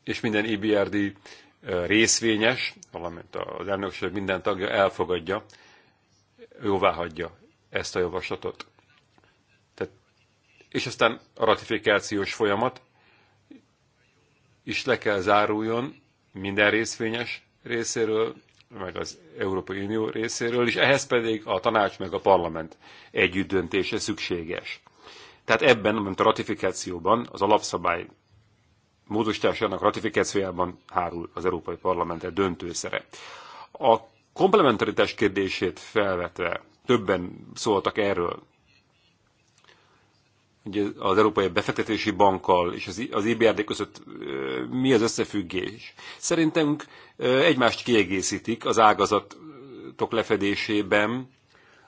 és minden EBRD részvényes, valamint az elnökség minden tagja elfogadja, hagyja ezt a javaslatot. Tehát, és aztán a ratifikációs folyamat, is le kell záruljon minden részvényes részéről, meg az Európai Unió részéről, és ehhez pedig a tanács meg a parlament együtt döntése szükséges. Tehát ebben, mint a ratifikációban, az alapszabály módosításának ratifikációjában hárul az Európai Parlament döntőszere. A komplementaritás kérdését felvetve többen szóltak erről ugye az Európai Befektetési Bankkal és az IBRD között mi az összefüggés. Szerintem egymást kiegészítik az ágazatok lefedésében,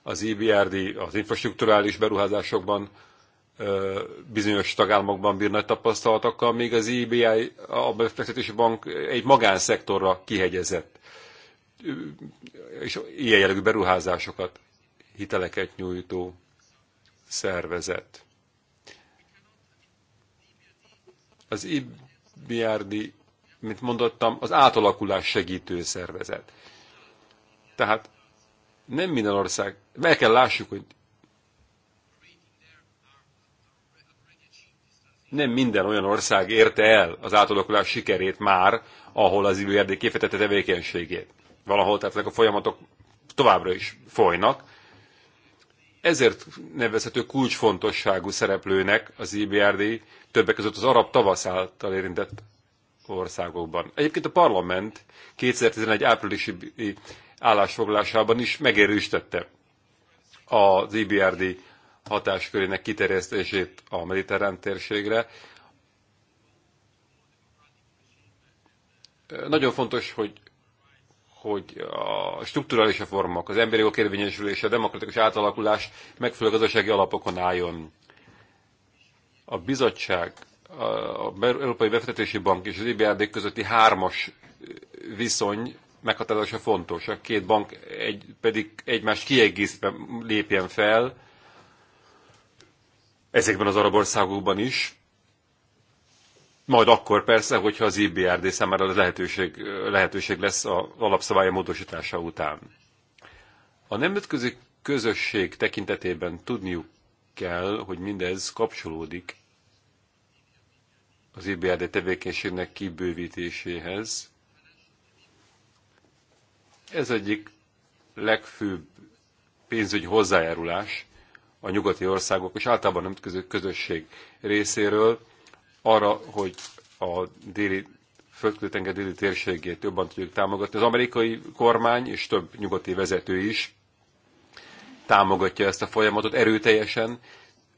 az IBRD az infrastruktúrális beruházásokban bizonyos tagállamokban bír nagy tapasztalatokkal, még az IBI, a befektetési bank egy magánszektorra kihegyezett, és ilyen jellegű beruházásokat, hiteleket nyújtó szervezet. Az IBRD, mint mondottam, az átalakulás segítő szervezet. Tehát nem minden ország, meg kell lássuk, hogy nem minden olyan ország érte el az átalakulás sikerét már, ahol az IBRD kifejtette tevékenységét. Valahol tehát a folyamatok továbbra is folynak. Ezért nevezhető kulcsfontosságú szereplőnek az IBRD többek között az arab tavasz által érintett országokban. Egyébként a parlament 2011 áprilisi állásfoglalásában is megérősítette az IBRD hatáskörének kiterjesztését a mediterrán térségre. Nagyon fontos, hogy, hogy a strukturális reformok, az emberi jogok érvényesülése, a demokratikus átalakulás megfelelő gazdasági alapokon álljon a bizottság, a Európai Befektetési Bank és az EBRD közötti hármas viszony meghatározása fontos. A két bank egy, pedig egymást kiegészítve lépjen fel, ezekben az arab országokban is, majd akkor persze, hogyha az IBRD számára lehetőség, lehetőség lesz az alapszabálya módosítása után. A nemzetközi közösség tekintetében tudniuk kell, hogy mindez kapcsolódik az IBRD tevékenységnek kibővítéséhez. Ez egyik legfőbb pénzügyi hozzájárulás a nyugati országok és általában nemzetközi közösség részéről arra, hogy a déli földkötőtenger déli térségét jobban tudjuk támogatni. Az amerikai kormány és több nyugati vezető is támogatja ezt a folyamatot erőteljesen,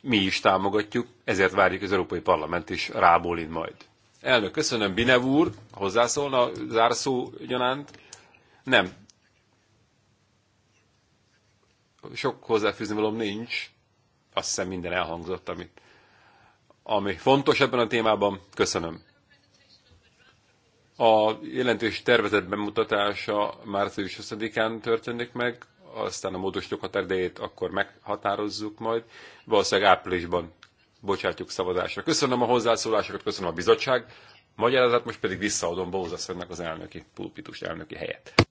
mi is támogatjuk, ezért várjuk az Európai Parlament is rábólint majd. Elnök, köszönöm, Binev úr, hozzászólna zárszó gyanánt? Nem. Sok hozzáfűzni valóm nincs. Azt hiszem minden elhangzott, amit, ami fontos ebben a témában. Köszönöm. A jelentős tervezet bemutatása március 20-án történik meg, aztán a módosítók határidejét akkor meghatározzuk majd. Valószínűleg áprilisban bocsátjuk szavazásra. Köszönöm a hozzászólásokat, köszönöm a bizottság magyarázat, most pedig visszaadom Bózaszönnek az elnöki, pulpitus elnöki helyet.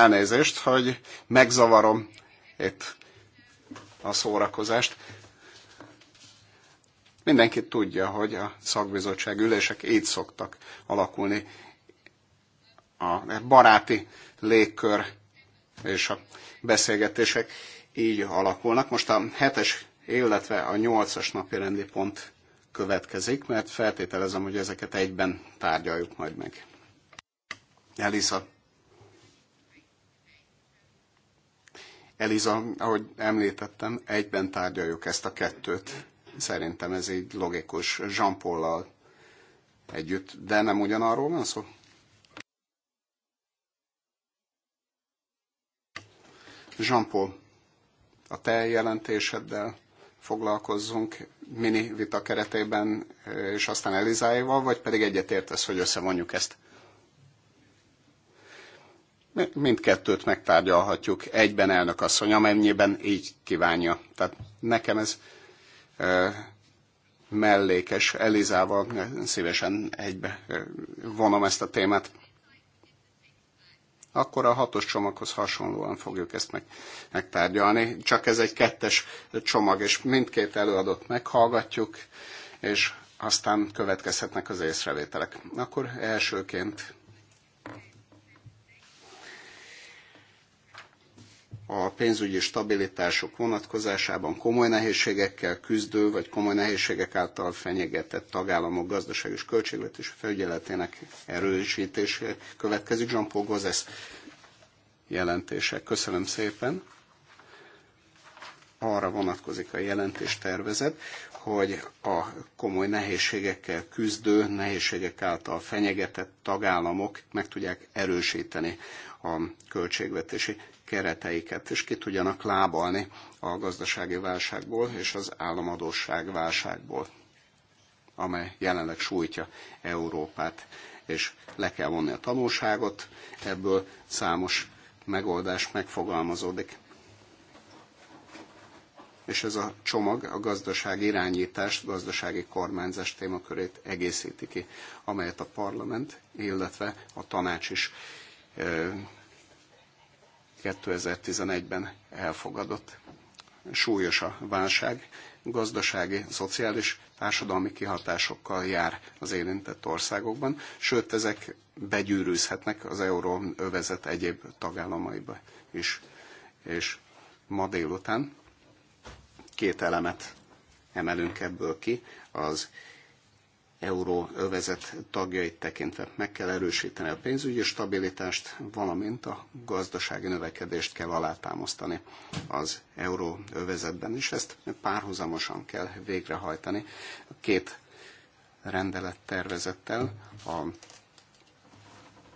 elnézést, hogy megzavarom itt a szórakozást. Mindenki tudja, hogy a szakbizottság ülések így szoktak alakulni. A baráti légkör és a beszélgetések így alakulnak. Most a hetes, illetve a nyolcas napi rendi pont következik, mert feltételezem, hogy ezeket egyben tárgyaljuk majd meg. Elisa Eliza, ahogy említettem, egyben tárgyaljuk ezt a kettőt. Szerintem ez egy logikus jean együtt, de nem ugyanarról van szó? jean -Paul, a te jelentéseddel foglalkozzunk mini vita keretében, és aztán Elizáéval, vagy pedig egyetértesz, hogy összevonjuk ezt? mindkettőt megtárgyalhatjuk egyben elnök asszony, amennyiben így kívánja. Tehát nekem ez mellékes. Elizával szívesen egybe vonom ezt a témát. Akkor a hatos csomaghoz hasonlóan fogjuk ezt meg, megtárgyalni. Csak ez egy kettes csomag, és mindkét előadót meghallgatjuk, és aztán következhetnek az észrevételek. Akkor elsőként a pénzügyi stabilitások vonatkozásában komoly nehézségekkel küzdő, vagy komoly nehézségek által fenyegetett tagállamok gazdaság és költségvetési felügyeletének erősítése következik. Jean-Paul Gozes jelentése. Köszönöm szépen. Arra vonatkozik a jelentés tervezet, hogy a komoly nehézségekkel küzdő, nehézségek által fenyegetett tagállamok meg tudják erősíteni a költségvetési kereteiket, és ki tudjanak lábalni a gazdasági válságból és az államadóság válságból, amely jelenleg sújtja Európát. És le kell vonni a tanulságot, ebből számos megoldás megfogalmazódik. És ez a csomag a gazdaság irányítást, gazdasági kormányzás témakörét egészíti ki, amelyet a parlament, illetve a tanács is 2011-ben elfogadott. Súlyos a válság, gazdasági, szociális, társadalmi kihatásokkal jár az érintett országokban, sőt, ezek begyűrűzhetnek az övezet egyéb tagállamaiba is. És ma délután két elemet emelünk ebből ki, az euróövezet tagjait tekintve meg kell erősíteni a pénzügyi stabilitást, valamint a gazdasági növekedést kell alátámasztani az euróövezetben, és ezt párhuzamosan kell végrehajtani. A két rendelettervezettel a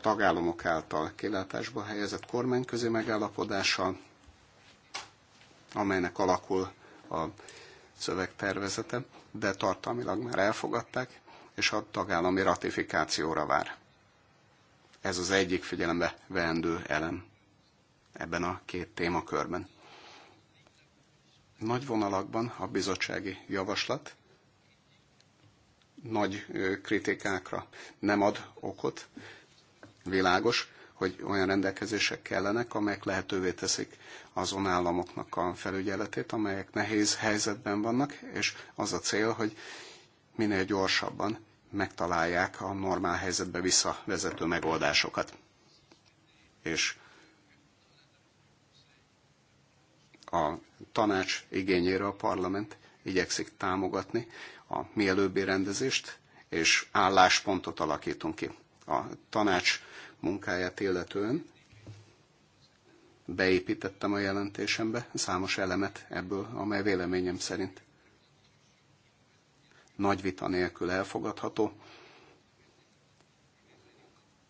tagállamok által kilátásba helyezett kormányközi megállapodással, amelynek alakul a szövegtervezete, de tartalmilag már elfogadták, és a tagállami ratifikációra vár. Ez az egyik figyelembe veendő elem ebben a két témakörben. Nagy vonalakban a bizottsági javaslat nagy kritikákra nem ad okot. Világos, hogy olyan rendelkezések kellenek, amelyek lehetővé teszik azon államoknak a felügyeletét, amelyek nehéz helyzetben vannak, és az a cél, hogy minél gyorsabban megtalálják a normál helyzetbe visszavezető megoldásokat. És a tanács igényére a parlament igyekszik támogatni a mielőbbi rendezést, és álláspontot alakítunk ki. A tanács munkáját illetően beépítettem a jelentésembe számos elemet ebből, amely véleményem szerint nagy vita nélkül elfogadható,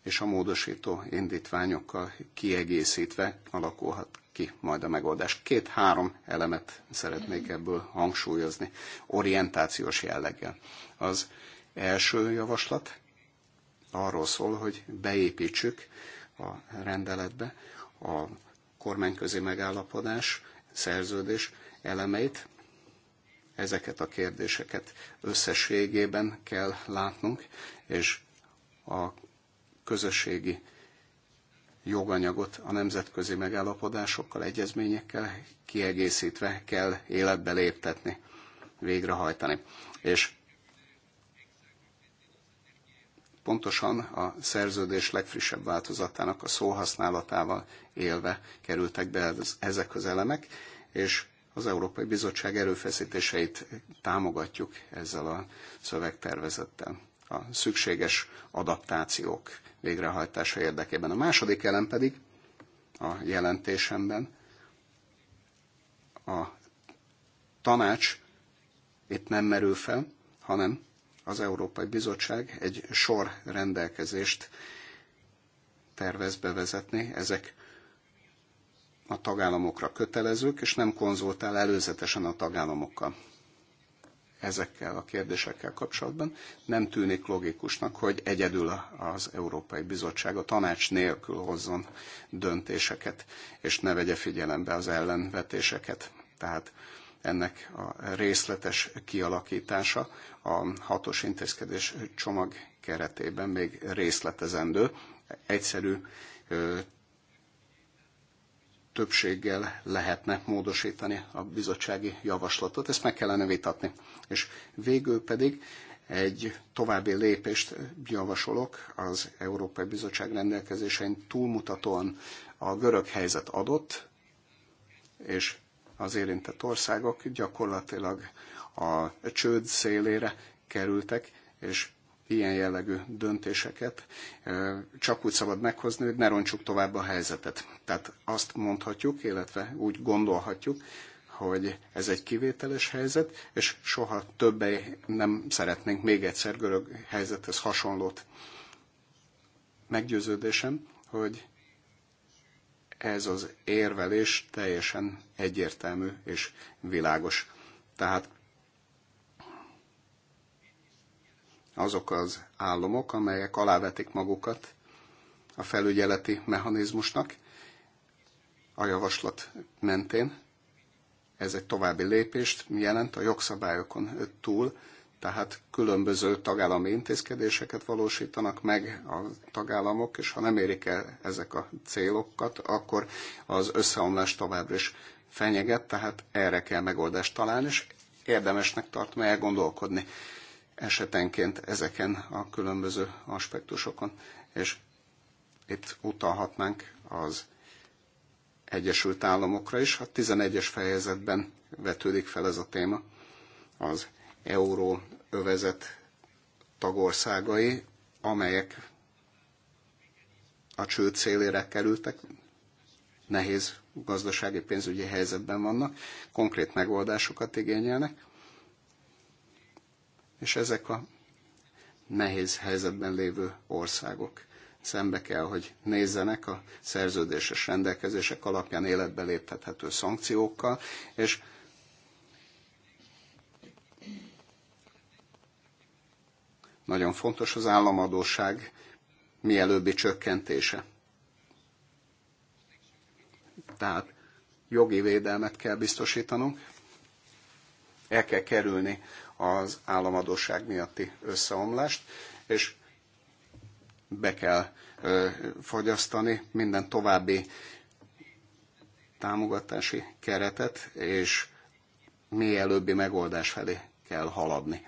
és a módosító indítványokkal kiegészítve alakulhat ki majd a megoldás. Két-három elemet szeretnék ebből hangsúlyozni, orientációs jelleggel. Az első javaslat arról szól, hogy beépítsük a rendeletbe a kormányközi megállapodás, szerződés elemeit, Ezeket a kérdéseket összességében kell látnunk, és a közösségi joganyagot a nemzetközi megállapodásokkal, egyezményekkel kiegészítve kell életbe léptetni, végrehajtani. És pontosan a szerződés legfrissebb változatának a szóhasználatával élve kerültek be ezek az elemek, és az Európai Bizottság erőfeszítéseit támogatjuk ezzel a szövegtervezettel a szükséges adaptációk végrehajtása érdekében. A második elem pedig a jelentésemben a tanács itt nem merül fel, hanem az Európai Bizottság egy sor rendelkezést tervez bevezetni. Ezek a tagállamokra kötelezők, és nem konzultál előzetesen a tagállamokkal ezekkel a kérdésekkel kapcsolatban. Nem tűnik logikusnak, hogy egyedül az Európai Bizottság a tanács nélkül hozzon döntéseket, és ne vegye figyelembe az ellenvetéseket. Tehát ennek a részletes kialakítása a hatos intézkedés csomag keretében még részletezendő. Egyszerű többséggel lehetne módosítani a bizottsági javaslatot. Ezt meg kellene vitatni. És végül pedig egy további lépést javasolok az Európai Bizottság rendelkezésein túlmutatóan a görög helyzet adott, és az érintett országok gyakorlatilag a csőd szélére kerültek, és ilyen jellegű döntéseket csak úgy szabad meghozni, hogy ne roncsuk tovább a helyzetet. Tehát azt mondhatjuk, illetve úgy gondolhatjuk, hogy ez egy kivételes helyzet, és soha többé nem szeretnénk még egyszer görög helyzethez hasonlót. Meggyőződésem, hogy ez az érvelés teljesen egyértelmű és világos. Tehát azok az államok, amelyek alávetik magukat a felügyeleti mechanizmusnak a javaslat mentén. Ez egy további lépést jelent a jogszabályokon túl, tehát különböző tagállami intézkedéseket valósítanak meg a tagállamok, és ha nem érik el ezek a célokat, akkor az összeomlás továbbra is fenyeget, tehát erre kell megoldást találni, és érdemesnek tartom elgondolkodni esetenként ezeken a különböző aspektusokon, és itt utalhatnánk az Egyesült Államokra is. A 11-es fejezetben vetődik fel ez a téma. Az euró övezet tagországai, amelyek a cső célére kerültek, nehéz gazdasági pénzügyi helyzetben vannak, konkrét megoldásokat igényelnek, és ezek a nehéz helyzetben lévő országok szembe kell, hogy nézzenek a szerződéses rendelkezések alapján életbe léptethető szankciókkal, és nagyon fontos az államadóság mielőbbi csökkentése. Tehát jogi védelmet kell biztosítanunk, el kell kerülni az államadóság miatti összeomlást, és be kell fogyasztani minden további támogatási keretet, és mielőbbi megoldás felé kell haladni.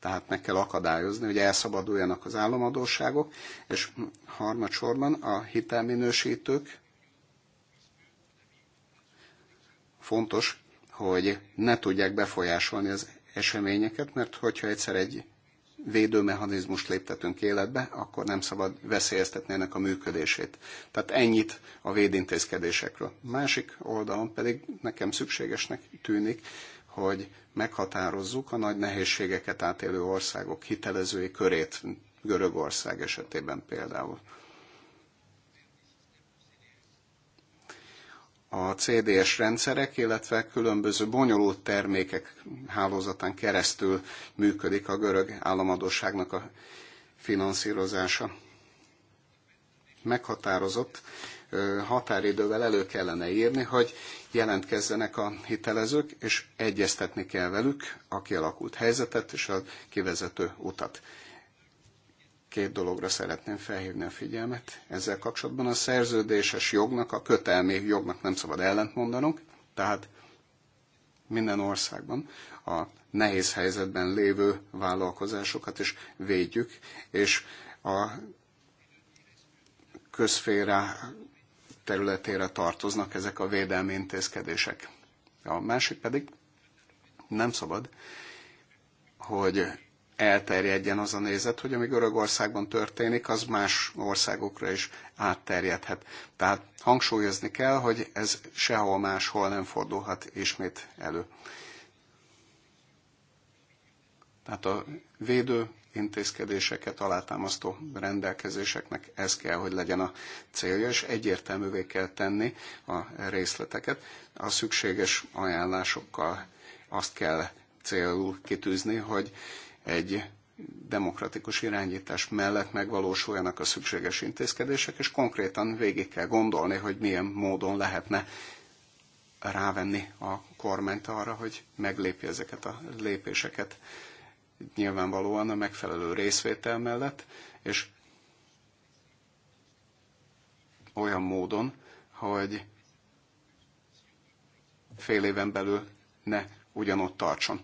Tehát meg kell akadályozni, hogy elszabaduljanak az államadóságok, és harmadsorban a hitelminősítők fontos hogy ne tudják befolyásolni az eseményeket, mert hogyha egyszer egy védőmechanizmust léptetünk életbe, akkor nem szabad veszélyeztetni ennek a működését. Tehát ennyit a védintézkedésekről. Másik oldalon pedig nekem szükségesnek tűnik, hogy meghatározzuk a nagy nehézségeket átélő országok hitelezői körét, Görögország esetében például. a CDS rendszerek, illetve különböző bonyolult termékek hálózatán keresztül működik a görög államadóságnak a finanszírozása. Meghatározott határidővel elő kellene írni, hogy jelentkezzenek a hitelezők, és egyeztetni kell velük a kialakult helyzetet és a kivezető utat két dologra szeretném felhívni a figyelmet. Ezzel kapcsolatban a szerződéses jognak, a kötelmi jognak nem szabad ellentmondanunk, tehát minden országban a nehéz helyzetben lévő vállalkozásokat is védjük, és a közféra területére tartoznak ezek a védelmi intézkedések. A másik pedig nem szabad, hogy elterjedjen az a nézet, hogy ami Görögországban történik, az más országokra is átterjedhet. Tehát hangsúlyozni kell, hogy ez sehol máshol nem fordulhat ismét elő. Tehát a védő intézkedéseket alátámasztó rendelkezéseknek ez kell, hogy legyen a célja, és egyértelművé kell tenni a részleteket. A szükséges ajánlásokkal azt kell célul kitűzni, hogy egy demokratikus irányítás mellett megvalósuljanak a szükséges intézkedések, és konkrétan végig kell gondolni, hogy milyen módon lehetne rávenni a kormányt arra, hogy meglépje ezeket a lépéseket nyilvánvalóan a megfelelő részvétel mellett, és olyan módon, hogy fél éven belül ne ugyanott tartson,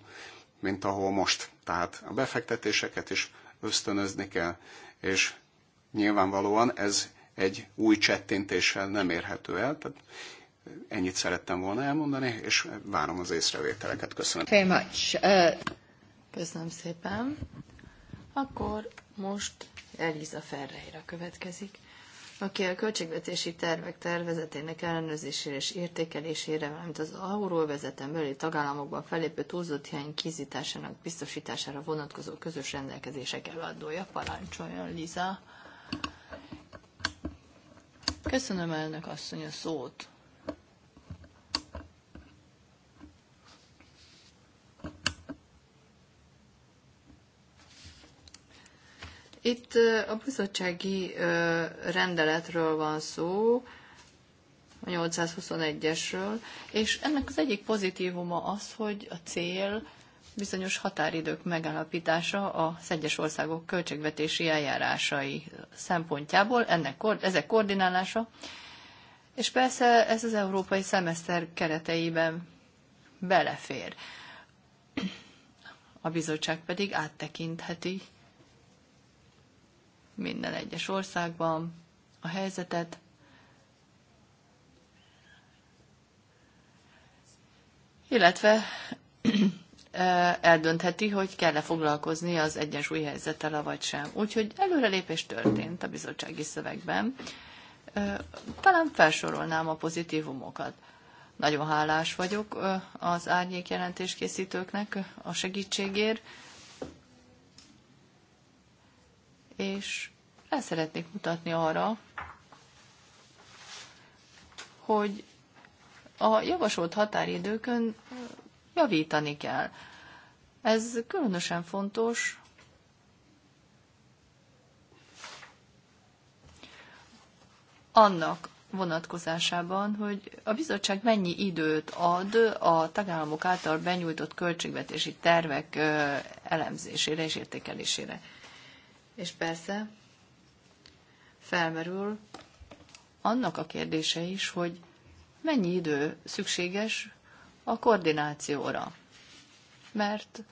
mint ahol most tehát a befektetéseket is ösztönözni kell, és nyilvánvalóan ez egy új csettintéssel nem érhető el, tehát ennyit szerettem volna elmondani, és várom az észrevételeket. Köszönöm. Very much. Uh, köszönöm szépen. Akkor most Eliza Ferreira következik aki a költségvetési tervek tervezetének ellenőrzésére és értékelésére, valamint az alulról vezetem belüli tagállamokban felépő túlzott hiány kizításának biztosítására vonatkozó közös rendelkezések eladója. Parancsoljon, Liza! Köszönöm elnök asszony a szót! Itt a bizottsági rendeletről van szó, a 821-esről, és ennek az egyik pozitívuma az, hogy a cél bizonyos határidők megállapítása az egyes országok költségvetési eljárásai szempontjából, ennek, ezek koordinálása, és persze ez az európai szemeszter kereteiben belefér. A bizottság pedig áttekintheti minden egyes országban a helyzetet, illetve eldöntheti, hogy kell-e foglalkozni az egyensúly helyzettel, vagy sem. Úgyhogy előrelépés történt a bizottsági szövegben. Talán felsorolnám a pozitívumokat. Nagyon hálás vagyok az árnyék jelentéskészítőknek a segítségért, és el szeretnék mutatni arra, hogy a javasolt határidőkön javítani kell. Ez különösen fontos annak vonatkozásában, hogy a bizottság mennyi időt ad a tagállamok által benyújtott költségvetési tervek elemzésére és értékelésére. És persze felmerül annak a kérdése is, hogy mennyi idő szükséges a koordinációra. Mert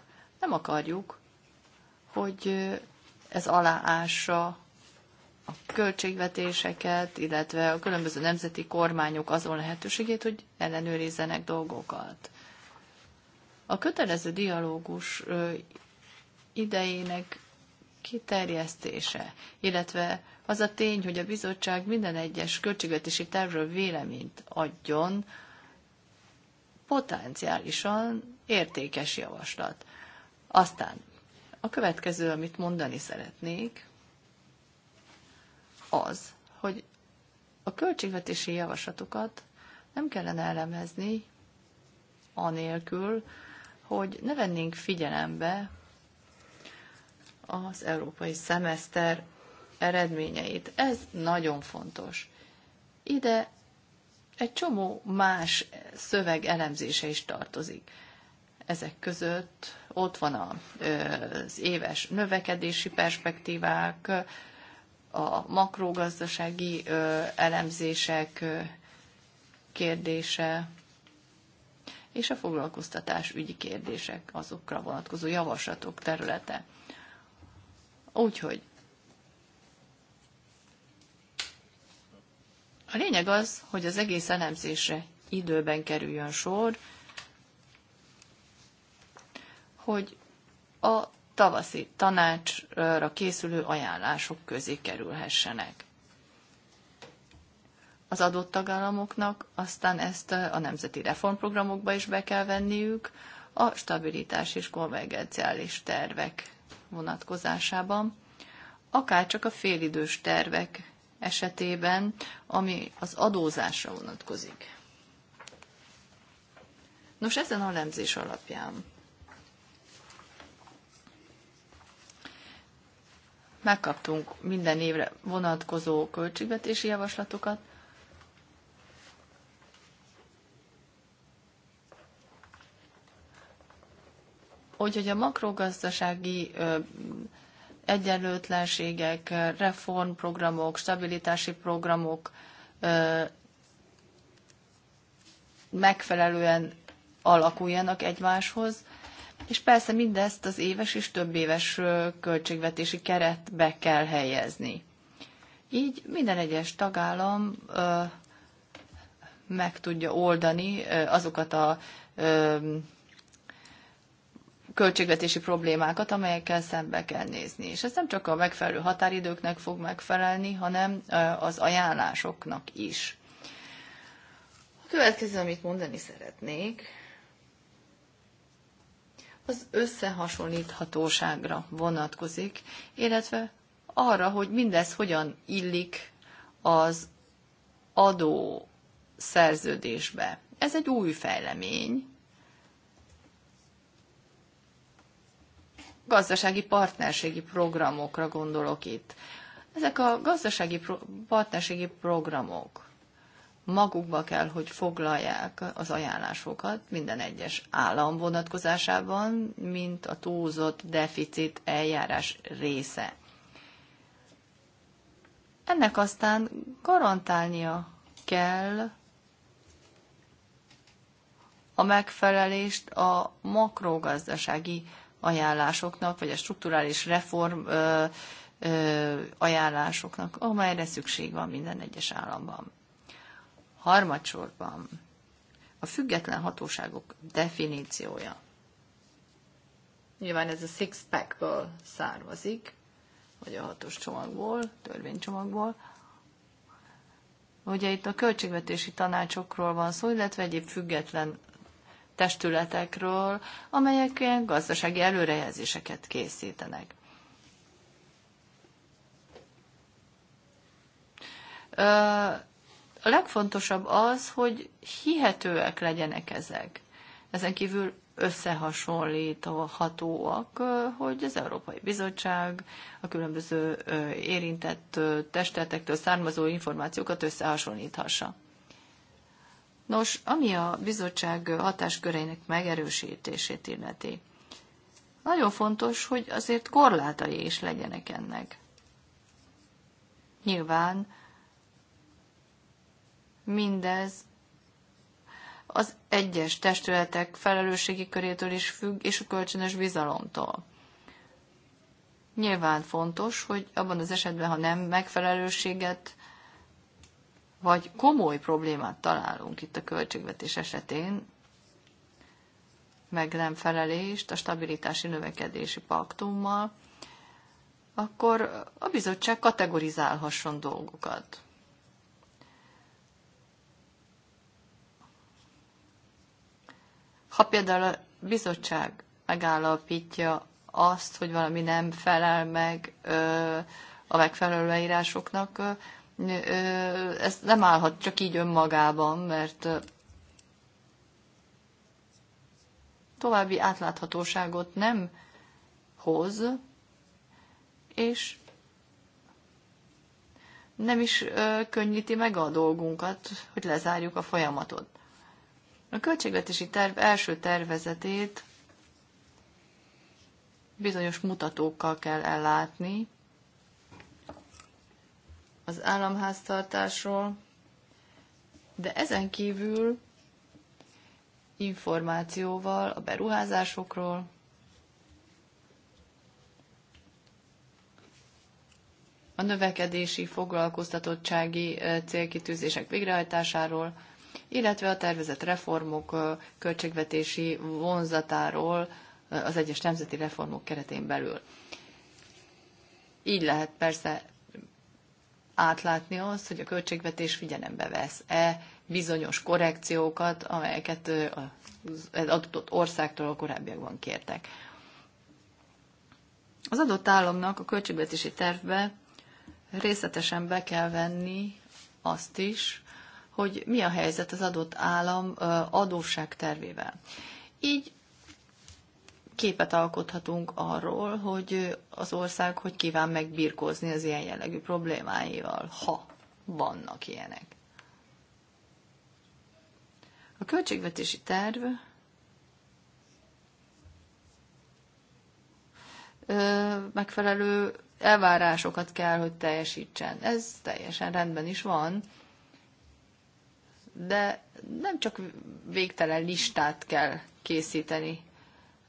nem akarjuk, hogy ez aláássa a költségvetéseket, illetve a különböző nemzeti kormányok azon lehetőségét, hogy ellenőrizzenek dolgokat. A kötelező dialógus idejének kiterjesztése, illetve az a tény, hogy a bizottság minden egyes költségvetési tervről véleményt adjon, potenciálisan értékes javaslat. Aztán a következő, amit mondani szeretnék, az, hogy a költségvetési javaslatokat nem kellene elemezni anélkül, hogy ne vennénk figyelembe az európai szemeszter eredményeit. Ez nagyon fontos. Ide egy csomó más szöveg elemzése is tartozik. Ezek között ott van az éves növekedési perspektívák, a makrogazdasági elemzések kérdése, és a foglalkoztatás ügyi kérdések azokra vonatkozó javaslatok területe. Úgyhogy a lényeg az, hogy az egész elemzésre időben kerüljön sor, hogy a tavaszi tanácsra készülő ajánlások közé kerülhessenek. Az adott tagállamoknak aztán ezt a nemzeti reformprogramokba is be kell venniük, a stabilitás és konvergenciális tervek vonatkozásában, akárcsak a félidős tervek esetében, ami az adózásra vonatkozik. Nos, ezen a lemzés alapján megkaptunk minden évre vonatkozó költségvetési javaslatokat, hogy a makrogazdasági egyenlőtlenségek, reformprogramok, stabilitási programok megfelelően alakuljanak egymáshoz, és persze mindezt az éves és több éves költségvetési keretbe kell helyezni. Így minden egyes tagállam meg tudja oldani azokat a költségvetési problémákat, amelyekkel szembe kell nézni. És ez nem csak a megfelelő határidőknek fog megfelelni, hanem az ajánlásoknak is. A következő, amit mondani szeretnék, az összehasonlíthatóságra vonatkozik, illetve arra, hogy mindez hogyan illik az adó szerződésbe. Ez egy új fejlemény, gazdasági partnerségi programokra gondolok itt. Ezek a gazdasági pro- partnerségi programok magukba kell, hogy foglalják az ajánlásokat minden egyes állam vonatkozásában, mint a túlzott deficit eljárás része. Ennek aztán garantálnia kell a megfelelést a makrogazdasági ajánlásoknak, vagy a strukturális reform ajánlásoknak, amelyre szükség van minden egyes államban. Harmadsorban a független hatóságok definíciója. Nyilván ez a six-packből származik, vagy a hatos csomagból, törvénycsomagból. Ugye itt a költségvetési tanácsokról van szó, illetve egyéb független testületekről, amelyek ilyen gazdasági előrejelzéseket készítenek. A legfontosabb az, hogy hihetőek legyenek ezek. Ezen kívül összehasonlíthatóak, hogy az Európai Bizottság a különböző érintett testetektől származó információkat összehasonlíthassa. Nos, ami a bizottság hatásköreinek megerősítését illeti, nagyon fontos, hogy azért korlátai is legyenek ennek. Nyilván mindez az egyes testületek felelősségi körétől is függ, és a kölcsönös bizalomtól. Nyilván fontos, hogy abban az esetben, ha nem megfelelőséget vagy komoly problémát találunk itt a költségvetés esetén, meg nem felelést a stabilitási növekedési paktummal, akkor a bizottság kategorizálhasson dolgokat. Ha például a bizottság megállapítja azt, hogy valami nem felel meg a megfelelő leírásoknak, ez nem állhat csak így önmagában, mert további átláthatóságot nem hoz, és nem is könnyíti meg a dolgunkat, hogy lezárjuk a folyamatot. A költségvetési terv első tervezetét bizonyos mutatókkal kell ellátni, az államháztartásról, de ezen kívül információval a beruházásokról, a növekedési foglalkoztatottsági célkitűzések végrehajtásáról, illetve a tervezett reformok költségvetési vonzatáról az egyes nemzeti reformok keretén belül. Így lehet persze átlátni azt, hogy a költségvetés figyelembe vesz-e bizonyos korrekciókat, amelyeket az adott országtól a korábbiakban kértek. Az adott államnak a költségvetési tervbe részletesen be kell venni azt is, hogy mi a helyzet az adott állam adósság tervével. Így képet alkothatunk arról, hogy az ország hogy kíván megbirkózni az ilyen jellegű problémáival, ha vannak ilyenek. A költségvetési terv megfelelő elvárásokat kell, hogy teljesítsen. Ez teljesen rendben is van, de nem csak végtelen listát kell készíteni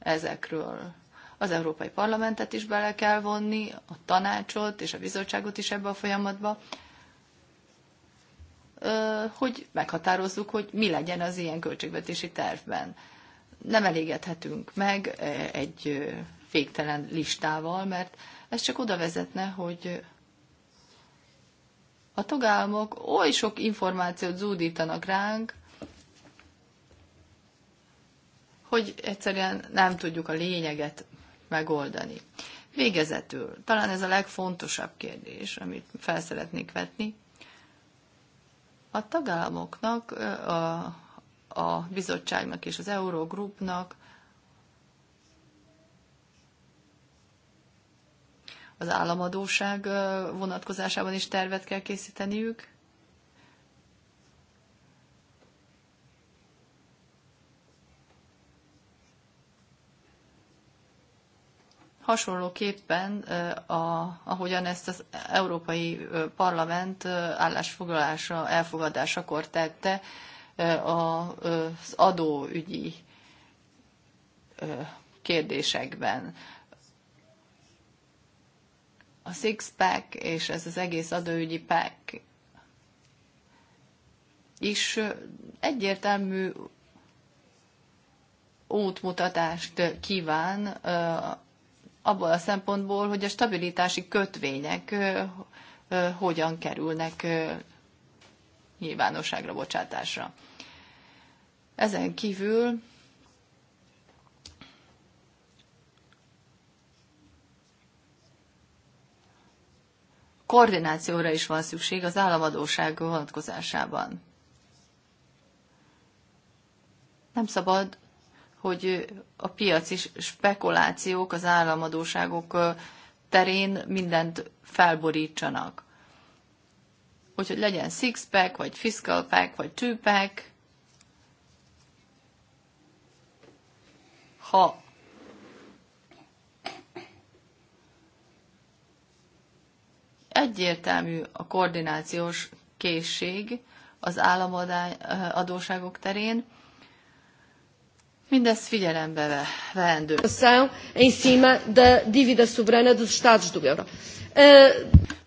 ezekről. Az Európai Parlamentet is bele kell vonni, a tanácsot és a bizottságot is ebbe a folyamatba, hogy meghatározzuk, hogy mi legyen az ilyen költségvetési tervben. Nem elégedhetünk meg egy féktelen listával, mert ez csak oda vezetne, hogy a tagállamok oly sok információt zúdítanak ránk, hogy egyszerűen nem tudjuk a lényeget megoldani. Végezetül, talán ez a legfontosabb kérdés, amit fel szeretnék vetni, a tagállamoknak, a, a bizottságnak és az Eurogroupnak az államadóság vonatkozásában is tervet kell készíteniük, hasonlóképpen, a, ahogyan ezt az Európai Parlament állásfoglalása elfogadásakor tette az adóügyi kérdésekben. A six-pack és ez az egész adóügyi pack is egyértelmű útmutatást kíván abból a szempontból, hogy a stabilitási kötvények hogyan kerülnek nyilvánosságra, bocsátásra. Ezen kívül koordinációra is van szükség az államadóság vonatkozásában. Nem szabad hogy a piaci spekulációk az államadóságok terén mindent felborítsanak. Úgyhogy legyen six-pack, vagy fiscal pack, vagy two-pack. Ha egyértelmű a koordinációs készség az államadóságok terén, Mindez figyelembe veendő. Eh,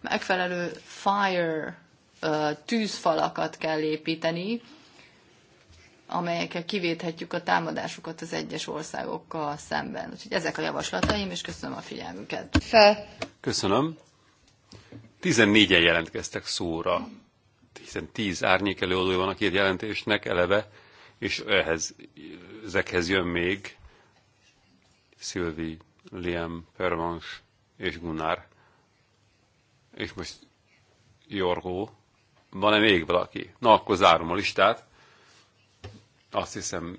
Megfelelő fire eh, tűzfalakat kell építeni, amelyekkel kivéthetjük a támadásokat az egyes országokkal szemben. Úgyhogy ezek a javaslataim, és köszönöm a figyelmüket. Fel. Köszönöm. 14-en jelentkeztek szóra. Hiszen 10 árnyék előadója van a két jelentésnek eleve és ehhez, ezekhez jön még Szilvi, Liam, Pervans és Gunnar, és most Jorgó. Van-e még valaki? Na, akkor zárom a listát. Azt hiszem,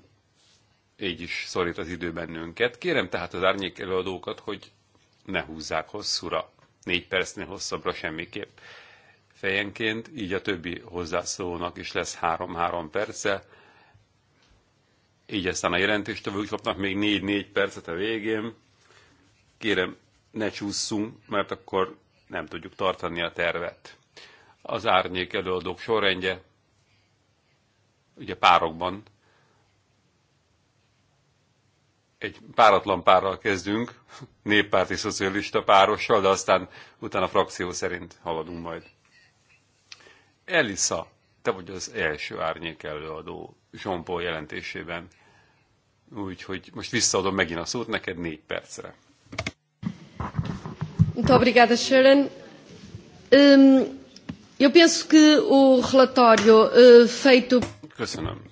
így is szorít az idő bennünket. Kérem tehát az árnyék előadókat, hogy ne húzzák hosszúra. Négy percnél hosszabbra semmiképp. Fejenként, így a többi hozzászólónak is lesz három-három perce. Így aztán a úgy kapnak még 4-4 percet a végén. Kérem, ne csúszunk, mert akkor nem tudjuk tartani a tervet. Az árnyék előadók sorrendje, ugye párokban, egy páratlan párral kezdünk, néppárti szocialista párossal, de aztán utána frakció szerint haladunk majd. Elisa, te vagy az első árnyék előadó Zsompó jelentésében. Úgyhogy most visszaadom megint a szót neked négy percre. Muito obrigada, Sharon. Um, eu penso que o relatório uh, feito... Köszönöm.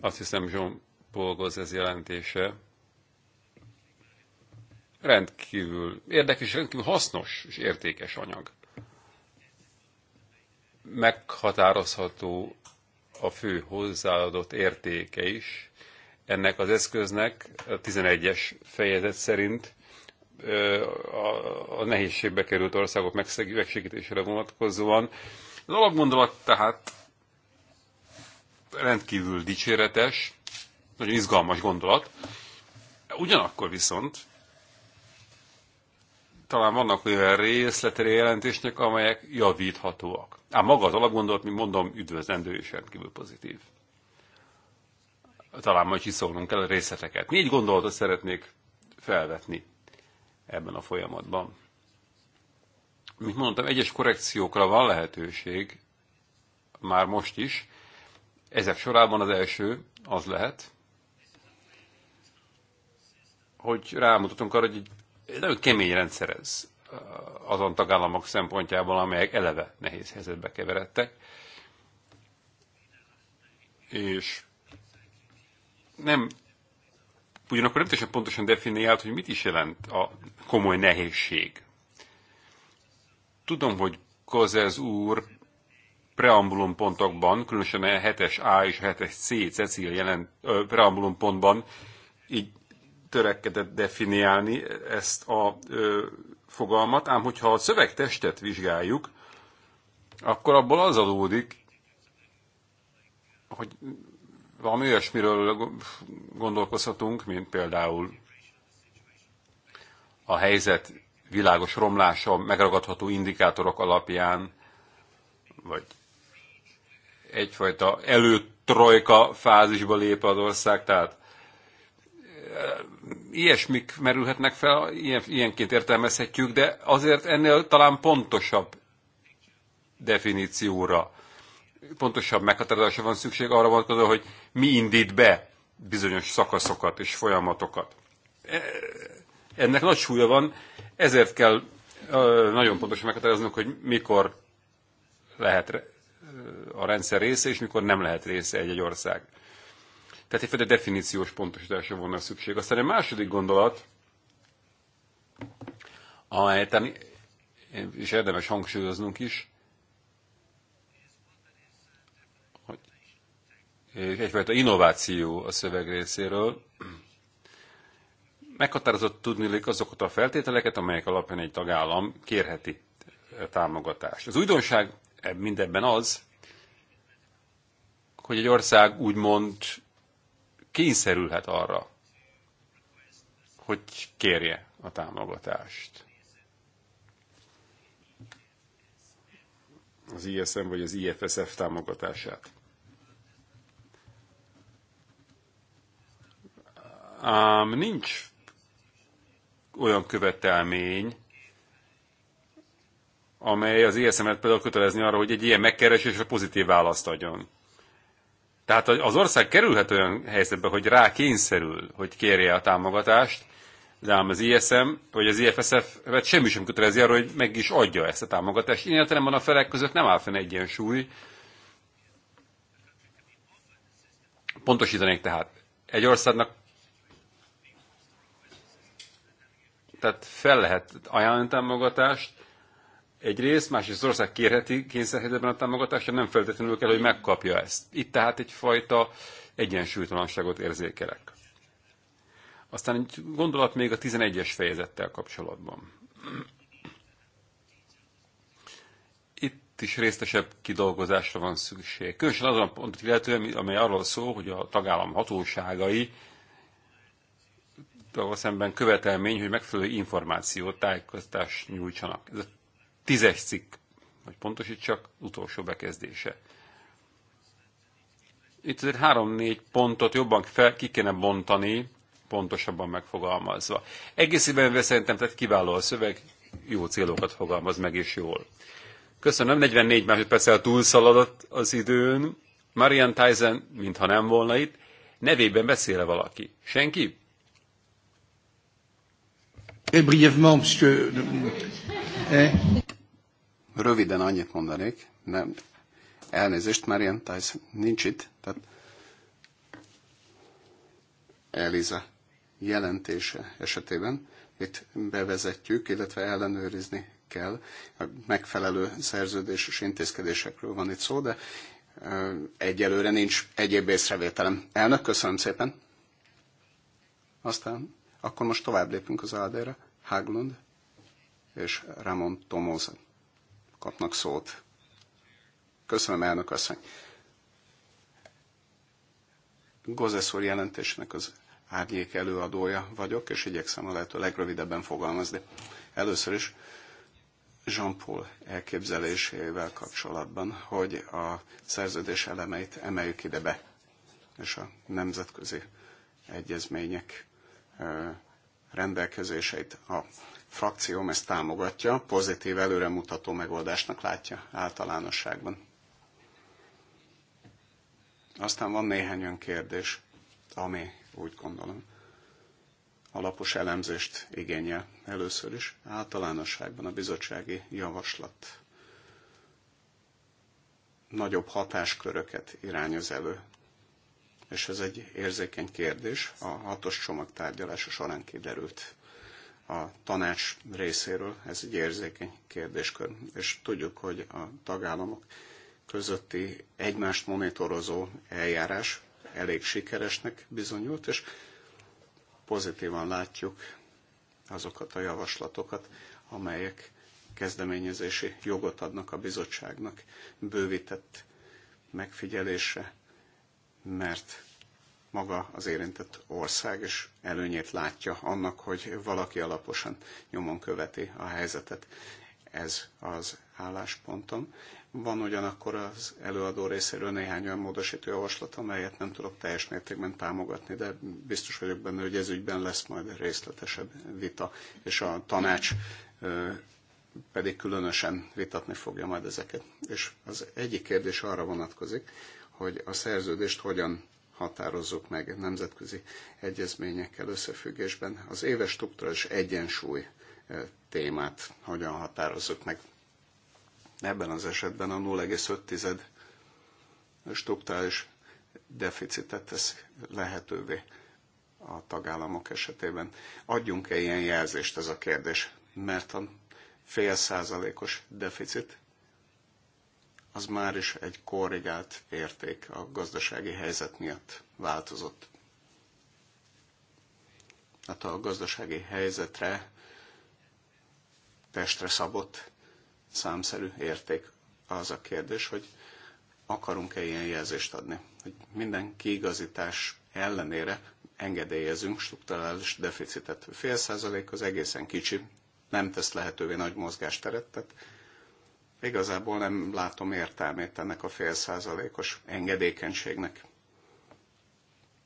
Azt hiszem, Jean Polgoz ez jelentése rendkívül érdekes, rendkívül hasznos és értékes anyag. Meghatározható a fő hozzáadott értéke is. Ennek az eszköznek a 11-es fejezet szerint a nehézségbe került országok megsegítésére vonatkozóan. Az alapgondolat tehát rendkívül dicséretes, nagyon izgalmas gondolat. Ugyanakkor viszont talán vannak olyan részletére jelentésnek, amelyek javíthatóak. Ám maga az alapgondolat, mint mondom, üdvözlendő és rendkívül pozitív. Talán majd szólnunk kell a részleteket. Négy gondolatot szeretnék felvetni ebben a folyamatban. Mint mondtam, egyes korrekciókra van lehetőség, már most is. Ezek sorában az első az lehet, hogy rámutatunk arra, hogy egy nagyon kemény rendszer ez eh, azon tagállamok szempontjából, amelyek eleve nehéz helyzetbe keveredtek. És nem, ugyanakkor nem teljesen pontosan definiált, hogy mit is jelent a komoly nehézség. Tudom, hogy Kozez úr preambulum pontokban, különösen a 7-es A és a 7-es C Cecil jelent, ö, preambulum pontban így törekedett definiálni ezt a ö, fogalmat, ám hogyha a szövegtestet vizsgáljuk, akkor abból az adódik, hogy valami olyasmiről gondolkozhatunk, mint például a helyzet világos romlása megragadható indikátorok alapján, vagy egyfajta előtrojka fázisba lép az ország, tehát ilyesmik merülhetnek fel, ilyen, ilyenként értelmezhetjük, de azért ennél talán pontosabb definícióra, pontosabb meghatározásra van szükség arra vonatkozóan, hogy mi indít be bizonyos szakaszokat és folyamatokat. E, ennek nagy súlya van, ezért kell nagyon pontosan meghatároznunk, hogy mikor lehet a rendszer része, és mikor nem lehet része egy-egy ország. Tehát egyfajta definíciós pontosításra volna szükség. Aztán egy második gondolat, amelyet és érdemes hangsúlyoznunk is, hogy egyfajta innováció a szöveg részéről. Meghatározott tudni azokat a feltételeket, amelyek alapján egy tagállam kérheti támogatást. Az újdonság mindebben az, hogy egy ország úgymond kényszerülhet arra, hogy kérje a támogatást. Az ISM vagy az IFSF támogatását. Ám nincs olyan követelmény, amely az ISM-et például kötelezni arra, hogy egy ilyen megkeresésre pozitív választ adjon. Tehát az ország kerülhet olyan helyzetbe, hogy rá kényszerül, hogy kérje a támogatást, de ám az ISM vagy az ifsf mert semmi sem kötelezi arra, hogy meg is adja ezt a támogatást. Én van a felek között nem áll fenn egyensúly. Pontosítanék tehát. Egy országnak tehát fel lehet ajánlani támogatást, egyrészt, másrészt az ország kérheti, kényszerheti ebben a támogatást, nem feltétlenül kell, hogy megkapja ezt. Itt tehát egyfajta egyensúlytalanságot érzékelek. Aztán egy gondolat még a 11-es fejezettel kapcsolatban. Itt is résztesebb kidolgozásra van szükség. Különösen azon a pontot illetően, amely arról szól, hogy a tagállam hatóságai szemben követelmény, hogy megfelelő információt, tájékoztást nyújtsanak. Ez a Tízes cikk, vagy pontosítsak, utolsó bekezdése. Itt azért három-négy pontot jobban fel, ki kéne bontani, pontosabban megfogalmazva. Egészében szerintem tehát kiváló a szöveg, jó célokat fogalmaz meg, és jól. Köszönöm, 44 másodperccel túlszaladott az időn. Marian Tyson, mintha nem volna itt, nevében beszéle valaki. Senki? Très eh, brièvement, Eh? Röviden annyit mondanék, nem, elnézést, már ilyen tájsz nincs itt, tehát Eliza jelentése esetében itt bevezetjük, illetve ellenőrizni kell. A megfelelő szerződés és intézkedésekről van itt szó, de ö, eh, egyelőre nincs egyéb észrevételem. Elnök, köszönöm szépen. Aztán akkor most tovább lépünk az Áldére. Haglund és Ramon Tomóz kapnak szót. Köszönöm, elnök asszony. Gozesz úr az árnyék előadója vagyok, és igyekszem a lehető legrövidebben fogalmazni. Először is Jean-Paul elképzelésével kapcsolatban, hogy a szerződés elemeit emeljük ide be, és a nemzetközi egyezmények rendelkezéseit a frakcióm ezt támogatja, pozitív előremutató megoldásnak látja általánosságban. Aztán van néhány olyan kérdés, ami úgy gondolom alapos elemzést igényel először is. Általánosságban a bizottsági javaslat nagyobb hatásköröket irányoz elő és ez egy érzékeny kérdés, a hatos csomag tárgyalása során kiderült a tanács részéről, ez egy érzékeny kérdéskör, és tudjuk, hogy a tagállamok közötti egymást monitorozó eljárás elég sikeresnek bizonyult, és pozitívan látjuk azokat a javaslatokat, amelyek kezdeményezési jogot adnak a bizottságnak bővített megfigyelésre, mert maga az érintett ország is előnyét látja annak, hogy valaki alaposan nyomon követi a helyzetet. Ez az álláspontom. Van ugyanakkor az előadó részéről néhány olyan módosító javaslat, amelyet nem tudok teljes mértékben támogatni, de biztos vagyok benne, hogy ez ügyben lesz majd részletesebb vita, és a tanács pedig különösen vitatni fogja majd ezeket. És az egyik kérdés arra vonatkozik, hogy a szerződést hogyan határozzuk meg nemzetközi egyezményekkel összefüggésben. Az éves struktúrás egyensúly eh, témát hogyan határozzuk meg. Ebben az esetben a 0,5 struktúrális deficitet tesz lehetővé a tagállamok esetében. Adjunk-e ilyen jelzést ez a kérdés? Mert a fél százalékos deficit az már is egy korrigált érték a gazdasági helyzet miatt változott. Hát a gazdasági helyzetre testre szabott számszerű érték az a kérdés, hogy akarunk-e ilyen jelzést adni. Hogy minden kiigazítás ellenére engedélyezünk struktúrális deficitet. Fél százalék az egészen kicsi, nem tesz lehetővé nagy mozgásteret, tehát Igazából nem látom értelmét ennek a fél százalékos engedékenységnek.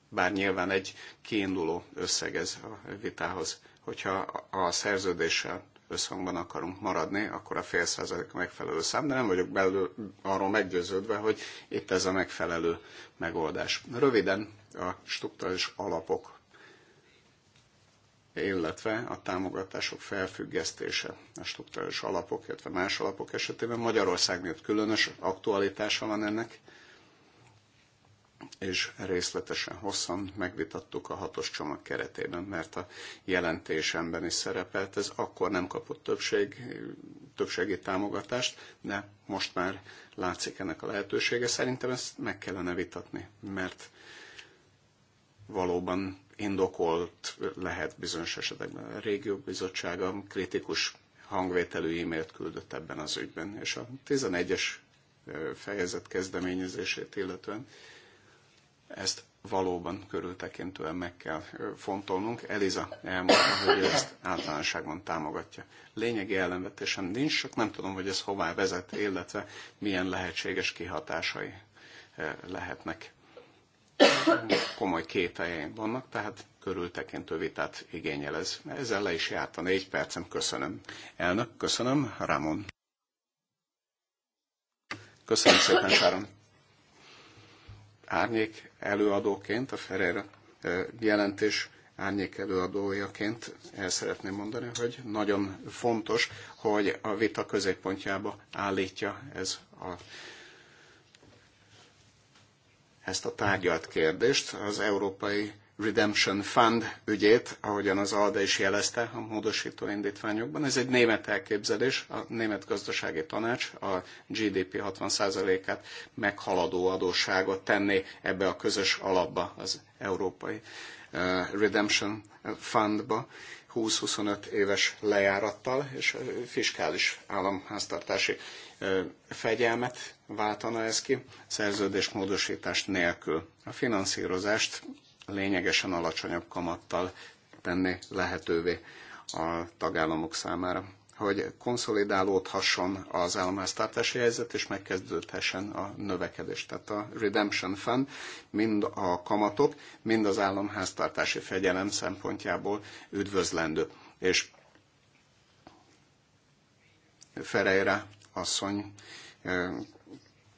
Bár nyilván egy kiinduló összeg ez a vitához. Hogyha a szerződéssel összhangban akarunk maradni, akkor a fél százalék a megfelelő szám, de nem vagyok belül arról meggyőződve, hogy itt ez a megfelelő megoldás. Röviden a struktúrális alapok illetve a támogatások felfüggesztése a struktúrális alapok, illetve más alapok esetében. Magyarország miatt különös aktualitása van ennek, és részletesen, hosszan megvitattuk a hatos csomag keretében, mert a jelentésemben is szerepelt, ez akkor nem kapott többség, többségi támogatást, de most már látszik ennek a lehetősége. Szerintem ezt meg kellene vitatni, mert valóban indokolt lehet bizonyos esetekben. A régió bizottsága kritikus hangvételű e-mailt küldött ebben az ügyben, és a 11-es fejezet kezdeményezését illetően ezt valóban körültekintően meg kell fontolnunk. Eliza elmondta, hogy ezt általánosságban támogatja. Lényegi ellenvetésem nincs, csak nem tudom, hogy ez hová vezet, illetve milyen lehetséges kihatásai lehetnek komoly kételjeim vannak, tehát körültekintő vitát igényel ez. Ezzel le is járt a négy percem, köszönöm. Elnök, köszönöm, Ramon. Köszönöm szépen, Sáron. Árnyék előadóként, a Ferreira jelentés árnyék előadójaként el szeretném mondani, hogy nagyon fontos, hogy a vita középpontjába állítja ez a ezt a tárgyalt kérdést, az Európai Redemption Fund ügyét, ahogyan az ALDE is jelezte a módosító indítványokban. Ez egy német elképzelés, a német gazdasági tanács a GDP 60%-át meghaladó adósságot tenni ebbe a közös alapba, az Európai eh, Redemption Fundba, 20-25 éves lejárattal, és fiskális államháztartási fegyelmet váltana ez ki, szerződésmódosítást nélkül. A finanszírozást lényegesen alacsonyabb kamattal tenni lehetővé a tagállamok számára hogy konszolidálódhasson az államháztartási helyzet, és megkezdődhessen a növekedés. Tehát a Redemption Fund mind a kamatok, mind az államháztartási fegyelem szempontjából üdvözlendő. És Ferreira asszony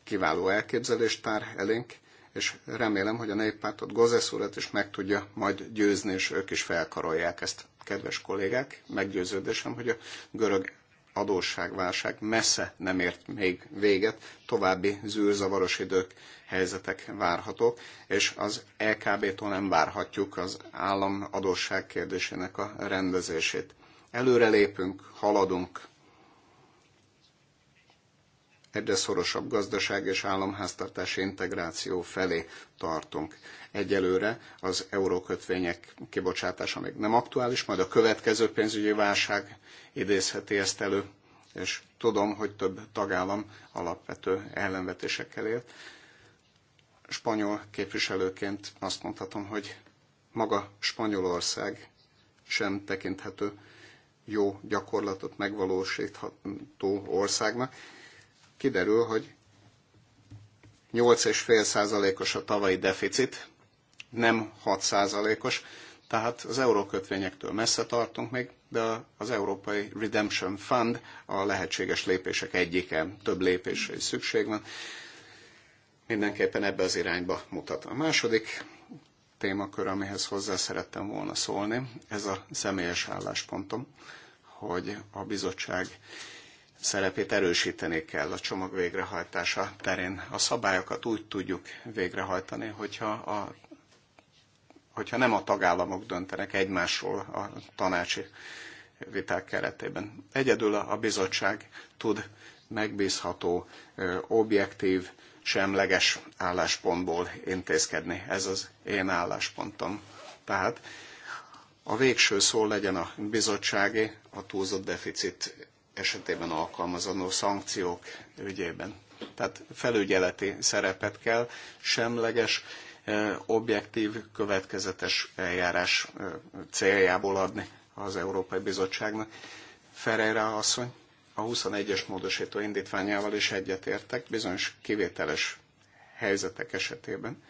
kiváló elképzelést tár elénk, és remélem, hogy a néppártot Gozesz urat is meg tudja majd győzni, és ők is felkarolják ezt kedves kollégák, meggyőződésem, hogy a görög adósságválság messze nem ért még véget, további zűrzavaros idők, helyzetek várhatók, és az LKB-tól nem várhatjuk az állam adósság kérdésének a rendezését. Előrelépünk, haladunk, egyre szorosabb gazdaság és államháztartási integráció felé tartunk egyelőre az eurókötvények kibocsátása még nem aktuális, majd a következő pénzügyi válság idézheti ezt elő, és tudom, hogy több tagállam alapvető ellenvetésekkel élt. Spanyol képviselőként azt mondhatom, hogy maga Spanyolország sem tekinthető jó gyakorlatot megvalósítható országnak. Kiderül, hogy 8,5%-os a tavalyi deficit, nem 6%-os, tehát az eurókötvényektől messze tartunk még, de az Európai Redemption Fund a lehetséges lépések egyike, több lépésre is szükség van. Mindenképpen ebbe az irányba mutat. A második témakör, amihez hozzá szerettem volna szólni, ez a személyes álláspontom, hogy a bizottság szerepét erősíteni kell a csomag végrehajtása terén. A szabályokat úgy tudjuk végrehajtani, hogyha a hogyha nem a tagállamok döntenek egymásról a tanácsi viták keretében. Egyedül a bizottság tud megbízható, objektív, semleges álláspontból intézkedni. Ez az én álláspontom. Tehát a végső szó legyen a bizottsági, a túlzott deficit esetében alkalmazandó szankciók ügyében. Tehát felügyeleti szerepet kell semleges, objektív, következetes eljárás céljából adni az Európai Bizottságnak. Ferreira asszony a 21-es módosító indítványával is egyetértek, bizonyos kivételes helyzetek esetében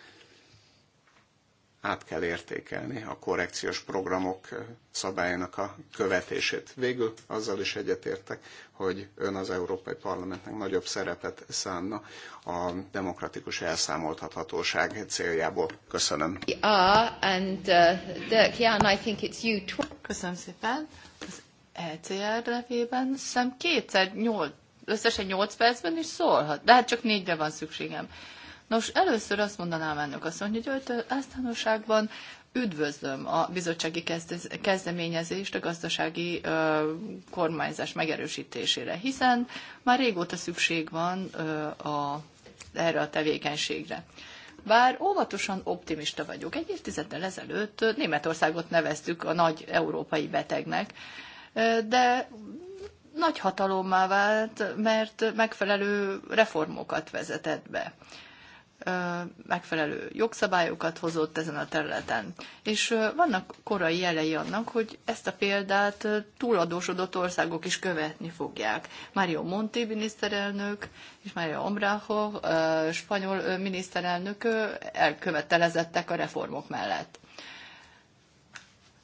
át kell értékelni a korrekciós programok szabályának a követését. Végül azzal is egyetértek, hogy ön az Európai Parlamentnek nagyobb szerepet szánna a demokratikus elszámoltathatóság céljából. Köszönöm. Köszönöm szépen. Az ECR nevében szem kétszer nyolc, összesen nyolc percben is szólhat, de hát csak négyre van szükségem. Nos, először azt mondanám ennek mondja, hogy őt általánosságban üdvözlöm a bizottsági kezdeményezést a gazdasági kormányzás megerősítésére, hiszen már régóta szükség van a, erre a tevékenységre. Bár óvatosan optimista vagyok, egy évtizeddel ezelőtt Németországot neveztük a nagy európai betegnek, de nagy hatalommá vált, mert megfelelő reformokat vezetett be megfelelő jogszabályokat hozott ezen a területen. És vannak korai jelei annak, hogy ezt a példát túladósodott országok is követni fogják. Mario Monti miniszterelnök és Mario Ombrajo, spanyol miniszterelnök elkövetelezettek a reformok mellett.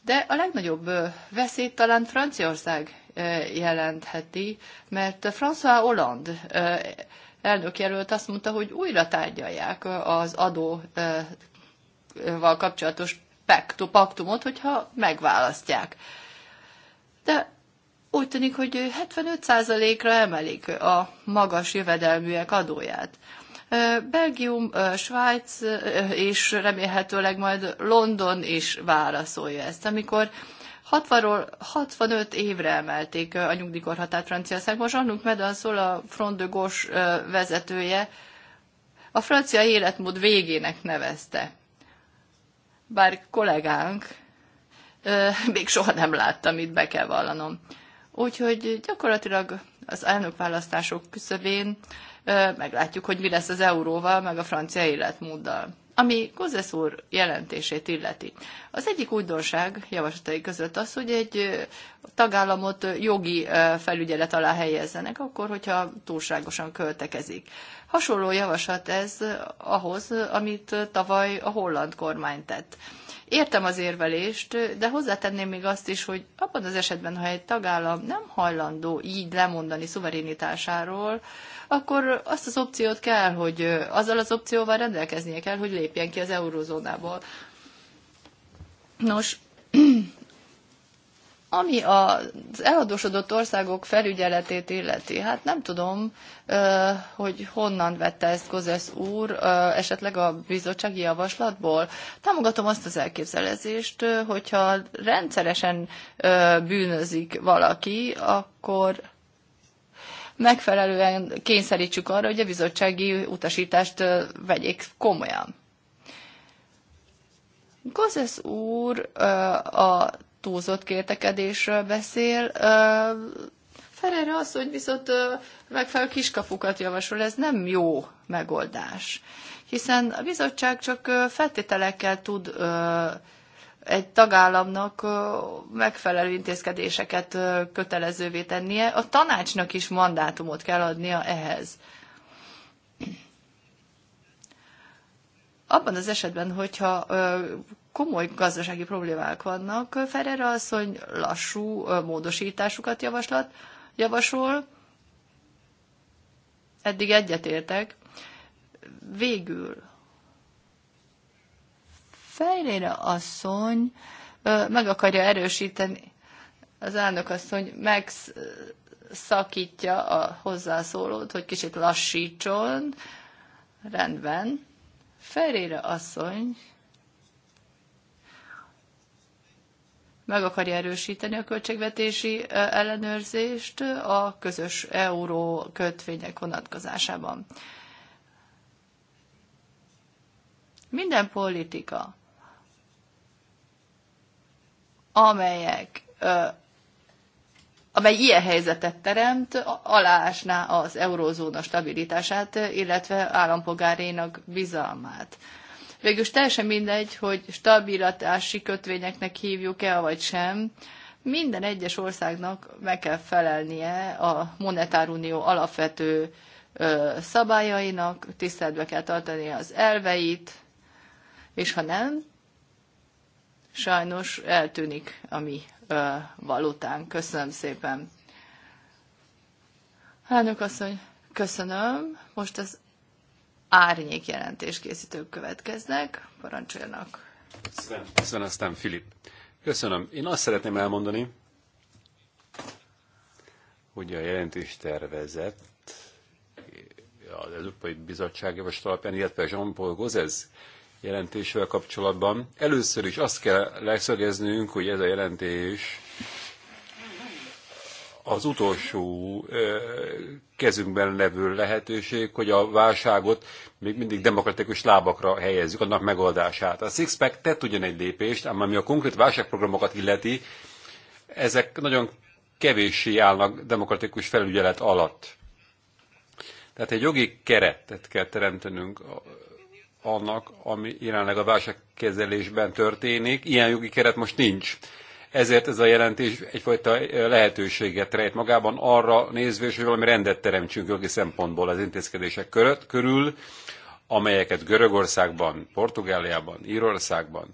De a legnagyobb veszélyt talán Franciaország jelentheti, mert François Hollande elnökjelölt azt mondta, hogy újra tárgyalják az adóval kapcsolatos paktumot, hogyha megválasztják. De úgy tűnik, hogy 75%-ra emelik a magas jövedelműek adóját. Belgium, Svájc és remélhetőleg majd London is válaszolja ezt. Amikor 60-ról 65 évre emelték a nyugdíjkorhatárt Franciaországban. Jean-Luc szól a Front de Gauche vezetője, a francia életmód végének nevezte. Bár kollégánk, még soha nem láttam, itt be kell vallanom. Úgyhogy gyakorlatilag az elnökválasztások küszöbén meglátjuk, hogy mi lesz az euróval, meg a francia életmóddal. Ami Kozesz úr jelentését illeti. Az egyik újdonság javaslatai között az, hogy egy tagállamot jogi felügyelet alá helyezzenek, akkor, hogyha túlságosan költekezik. Hasonló javaslat ez ahhoz, amit tavaly a holland kormány tett. Értem az érvelést, de hozzátenném még azt is, hogy abban az esetben, ha egy tagállam nem hajlandó így lemondani szuverenitásáról, akkor azt az opciót kell, hogy azzal az opcióval rendelkeznie kell, hogy lépjen ki az eurozónából. Nos, ami az eladósodott országok felügyeletét illeti, hát nem tudom, hogy honnan vette ezt Gozesz úr, esetleg a bizottsági javaslatból. Támogatom azt az elképzelezést, hogyha rendszeresen bűnözik valaki, akkor megfelelően kényszerítsük arra, hogy a bizottsági utasítást vegyék komolyan. Gozes úr a túlzott kértekedésről beszél. Ferrer az, hogy viszont megfelelő kiskapukat javasol, ez nem jó megoldás. Hiszen a bizottság csak feltételekkel tud egy tagállamnak megfelelő intézkedéseket kötelezővé tennie, a tanácsnak is mandátumot kell adnia ehhez. Abban az esetben, hogyha komoly gazdasági problémák vannak, Ferrer asszony lassú módosításukat javaslat, javasol, eddig egyetértek, végül Fejlére asszony meg akarja erősíteni, az elnök asszony megszakítja a hozzászólót, hogy kicsit lassítson. Rendben. Ferére asszony meg akarja erősíteni a költségvetési ellenőrzést a közös euró kötvények vonatkozásában. Minden politika amelyek amely ilyen helyzetet teremt, aláásná az eurózóna stabilitását, illetve állampolgárénak bizalmát. Végülis teljesen mindegy, hogy stabilitási kötvényeknek hívjuk-e, vagy sem, minden egyes országnak meg kell felelnie a monetárunió alapvető szabályainak, tiszteletbe kell tartani az elveit, és ha nem, sajnos eltűnik a mi ö, valutánk. Köszönöm szépen. Elnök asszony, köszönöm. Most az árnyék jelentés készítők következnek. Parancsoljanak. Köszönöm, aztán Filip. Köszönöm. Én azt szeretném elmondani, hogy a jelentés tervezett az Európai Bizottság javaslat alapján, illetve Jean-Paul Gozes jelentéssel kapcsolatban. Először is azt kell leszögeznünk, hogy ez a jelentés az utolsó kezünkben levő lehetőség, hogy a válságot még mindig demokratikus lábakra helyezzük, annak megoldását. A Sixpack tett ugyan egy lépést, ám ami a konkrét válságprogramokat illeti, ezek nagyon kevéssé állnak demokratikus felügyelet alatt. Tehát egy jogi keretet kell teremtenünk annak, ami jelenleg a válságkezelésben történik. Ilyen jogi keret most nincs. Ezért ez a jelentés egyfajta eh, lehetőséget rejt magában arra nézve, hogy valami rendet teremtsünk jogi szempontból az intézkedések köröt, körül, amelyeket Görögországban, Portugáliában, Írországban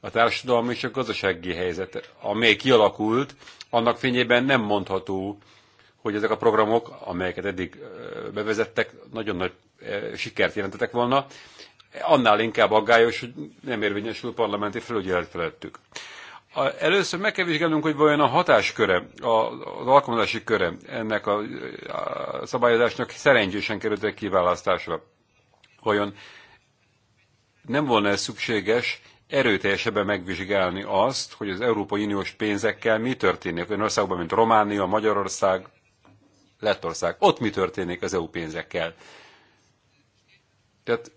a társadalmi és a gazdasági helyzet, amely kialakult, annak fényében nem mondható, hogy ezek a programok, amelyeket eddig eh, bevezettek, nagyon nagy eh, sikert jelentettek volna annál inkább aggályos, hogy nem érvényesül parlamenti felügyelet felettük. Először meg kell vizsgálnunk, hogy vajon a hatásköre, az alkalmazási köre ennek a szabályozásnak szerencsésen került egy kiválasztásra. Vajon nem volna ez szükséges erőteljesebben megvizsgálni azt, hogy az Európai Uniós pénzekkel mi történik olyan országban, mint Románia, Magyarország, Lettország. Ott mi történik az EU pénzekkel? Tehát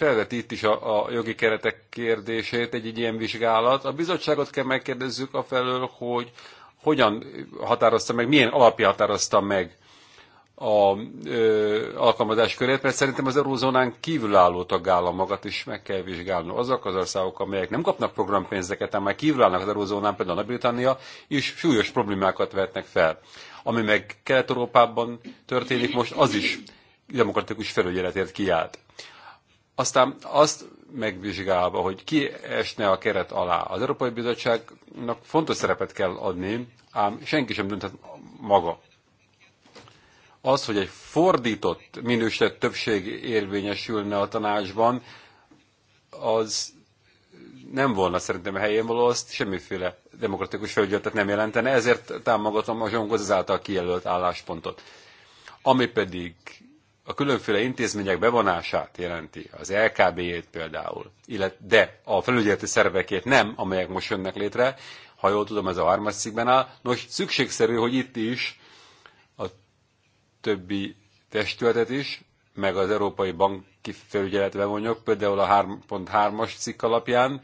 felveti itt is a, a jogi keretek kérdését egy, egy ilyen vizsgálat. A bizottságot kell megkérdezzük felől, hogy hogyan határozta meg, milyen alapja határozta meg a ö, alkalmazás körét, mert szerintem az eurózónán kívülálló tagállamokat is meg kell vizsgálni. Azok az országok, amelyek nem kapnak programpénzeket, ám már kívülállnak az eurózónán, például a Britannia, és súlyos problémákat vetnek fel. Ami meg Kelet-Európában történik most, az is demokratikus felügyeletért kiállt. Aztán azt megvizsgálva, hogy ki esne a keret alá. Az Európai Bizottságnak fontos szerepet kell adni, ám senki sem dönthet maga. Az, hogy egy fordított minősített többség érvényesülne a tanácsban, az nem volna szerintem helyén való, azt semmiféle demokratikus felügyeletet nem jelentene, ezért támogatom a Zsonghoz által kijelölt álláspontot. Ami pedig a különféle intézmények bevonását jelenti, az LKB-jét például, de a felügyeleti szervekét nem, amelyek most jönnek létre, ha jól tudom, ez a hármas cikkben áll. Nos, szükségszerű, hogy itt is a többi testületet is, meg az Európai Banki Felügyelet bevonjuk, például a 3.3-as cikk alapján,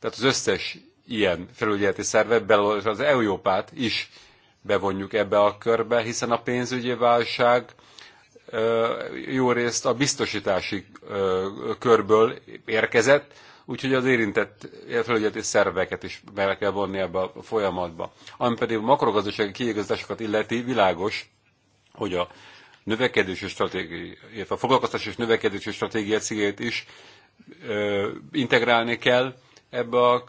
tehát az összes ilyen felügyeleti szervet, belőle az Európát is bevonjuk ebbe a körbe, hiszen a pénzügyi válság jó részt a biztosítási körből érkezett, úgyhogy az érintett felügyeleti szerveket is bele kell vonni ebbe a folyamatba. Ami pedig a makrogazdasági kiigazításokat illeti, világos, hogy a növekedési stratégiát, a foglalkoztatási és növekedési stratégiát is ö, integrálni kell, ebbe a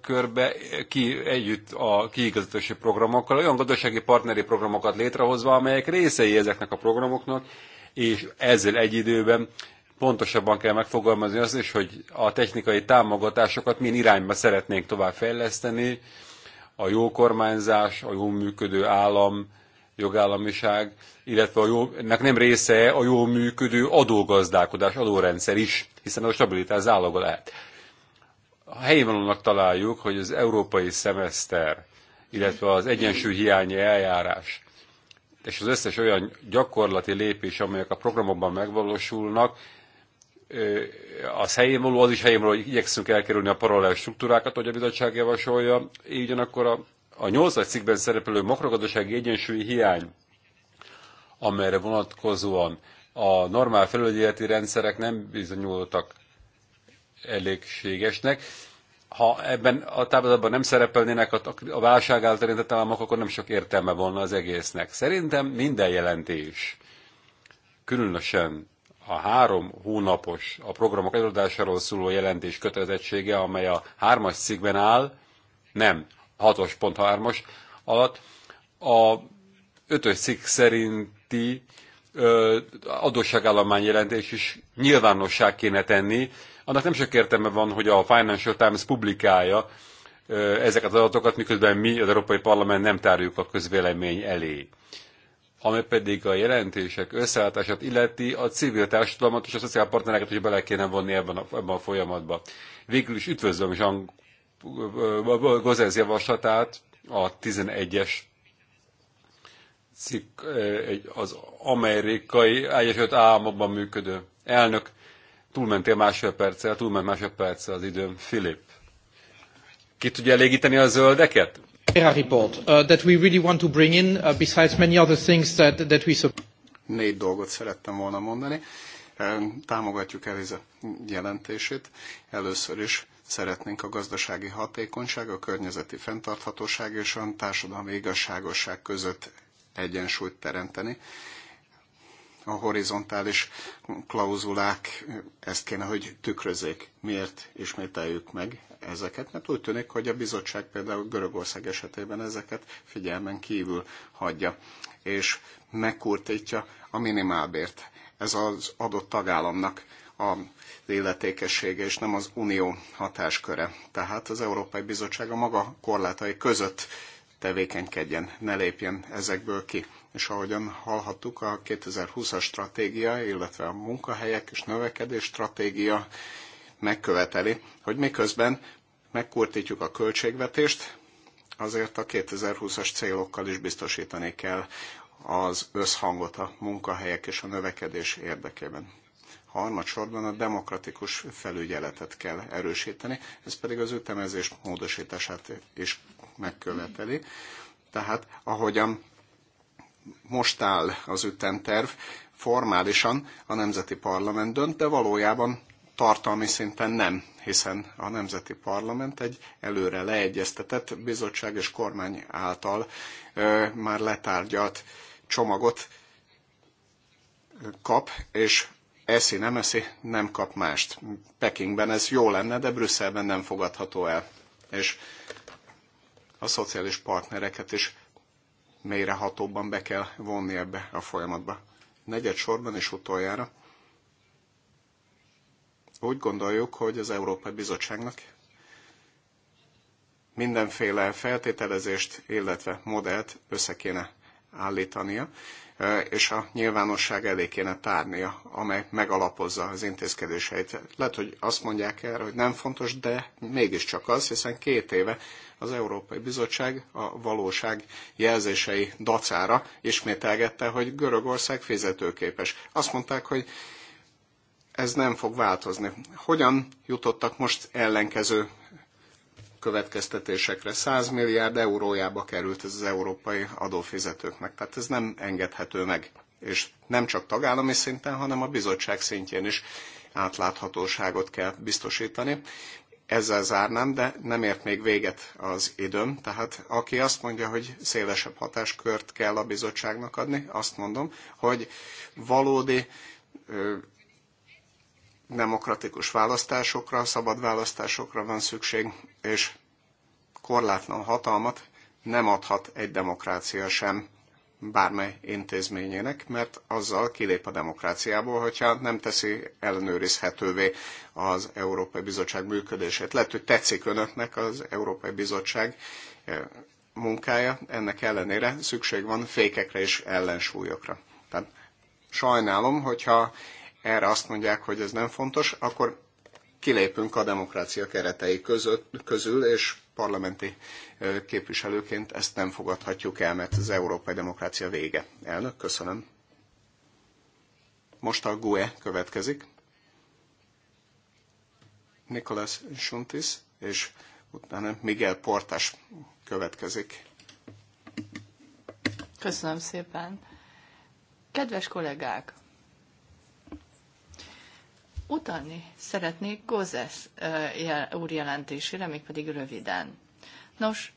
körbe ki, együtt a kiigazítási programokkal, olyan gazdasági partneri programokat létrehozva, amelyek részei ezeknek a programoknak, és ezzel egy időben pontosabban kell megfogalmazni azt is, hogy a technikai támogatásokat milyen irányba szeretnénk tovább fejleszteni, a jó kormányzás, a jó működő állam, jogállamiság, illetve a jó, ennek nem része a jó működő adógazdálkodás, adórendszer is, hiszen a stabilitás záloga lehet helyén valónak találjuk, hogy az európai szemeszter, illetve az egyensúly hiányi eljárás, és az összes olyan gyakorlati lépés, amelyek a programokban megvalósulnak, az helyén való, az is helyén való, hogy igyekszünk elkerülni a paralel struktúrákat, hogy a bizottság javasolja, így ugyanakkor a, a 8. cikkben szereplő makrogazdasági egyensúlyi hiány, amelyre vonatkozóan a normál felügyeleti rendszerek nem bizonyultak elégségesnek. Ha ebben a táblázatban nem szerepelnének a, a válság által érintett államok, akkor nem sok értelme volna az egésznek. Szerintem minden jelentés, különösen a három hónapos a programok előadásáról szóló jelentés kötelezettsége, amely a hármas cikkben áll, nem, pont as alatt, a ötös cikk szerinti adósságállomány jelentés is nyilvánosság kéne tenni, annak nem sok értelme van, hogy a Financial Times publikálja ezeket az adatokat, miközben mi az Európai Parlament nem tárjuk a közvélemény elé. Ami pedig a jelentések összeállítását illeti, a civil társadalmat és a szociálpartnereket is bele kéne vonni ebben a, ebben a folyamatban. Végül is üdvözlöm Jean Gozez javaslatát, a 11-es cikk, az amerikai Egyesült Államokban működő elnök túlmentél másodperccel, túlment másodperccel az időm. Filip, ki tudja elégíteni a zöldeket? report uh, that we really want to bring in, uh, besides many other things that, that we support. Négy dolgot szerettem volna mondani. Uh, támogatjuk Eliza jelentését. Először is szeretnénk a gazdasági hatékonyság, a környezeti fenntarthatóság és a társadalmi igazságosság között egyensúlyt teremteni a horizontális klauzulák ezt kéne, hogy tükrözzék. Miért ismételjük meg ezeket? Mert úgy tűnik, hogy a bizottság például Görögország esetében ezeket figyelmen kívül hagyja, és megkurtítja a minimálbért. Ez az adott tagállamnak a illetékessége, és nem az unió hatásköre. Tehát az Európai Bizottság a maga korlátai között tevékenykedjen, ne lépjen ezekből ki és ahogyan hallhattuk, a 2020-as stratégia, illetve a munkahelyek és növekedés stratégia megköveteli, hogy miközben megkurtítjuk a költségvetést, azért a 2020-as célokkal is biztosítani kell az összhangot a munkahelyek és a növekedés érdekében. Harmadsorban a demokratikus felügyeletet kell erősíteni, ez pedig az ütemezés módosítását is megköveteli. Tehát ahogyan most áll az ütemterv, formálisan a nemzeti parlament dönt, de valójában tartalmi szinten nem, hiszen a Nemzeti Parlament egy előre leegyeztetett bizottság és kormány által ö, már letárgyalt csomagot kap, és eszi, nem eszi, nem kap mást. Pekingben ez jó lenne, de Brüsszelben nem fogadható el. És a szociális partnereket is mélyrehatóbban be kell vonni ebbe a folyamatba. Negyed sorban és utoljára úgy gondoljuk, hogy az Európai Bizottságnak mindenféle feltételezést, illetve modellt össze kéne állítania, és a nyilvánosság elé kéne tárnia, amely megalapozza az intézkedéseit. Lehet, hogy azt mondják erre, hogy nem fontos, de mégiscsak az, hiszen két éve az Európai Bizottság a valóság jelzései dacára ismételgette, hogy Görögország fizetőképes. Azt mondták, hogy ez nem fog változni. Hogyan jutottak most ellenkező következtetésekre. 100 milliárd eurójába került ez az európai adófizetőknek, tehát ez nem engedhető meg. És nem csak tagállami szinten, hanem a bizottság szintjén is átláthatóságot kell biztosítani. Ezzel zárnám, de nem ért még véget az időm. Tehát aki azt mondja, hogy szélesebb hatáskört kell a bizottságnak adni, azt mondom, hogy valódi demokratikus választásokra, szabad választásokra van szükség, és korlátlan hatalmat nem adhat egy demokrácia sem bármely intézményének, mert azzal kilép a demokráciából, hogyha nem teszi ellenőrizhetővé az Európai Bizottság működését. Lehet, hogy tetszik önöknek az Európai Bizottság eh, munkája, ennek ellenére szükség van fékekre és ellensúlyokra. Tehát sajnálom, hogyha erre azt mondják, hogy ez nem fontos, akkor kilépünk a demokrácia keretei között, közül, és parlamenti képviselőként ezt nem fogadhatjuk el, mert az európai demokrácia vége. Elnök, köszönöm. Most a GUE következik. Nikolás Suntis, és utána Miguel Portás következik. Köszönöm szépen. Kedves kollégák, utalni szeretnék Gózes úr jelentésére, mégpedig röviden. Nos,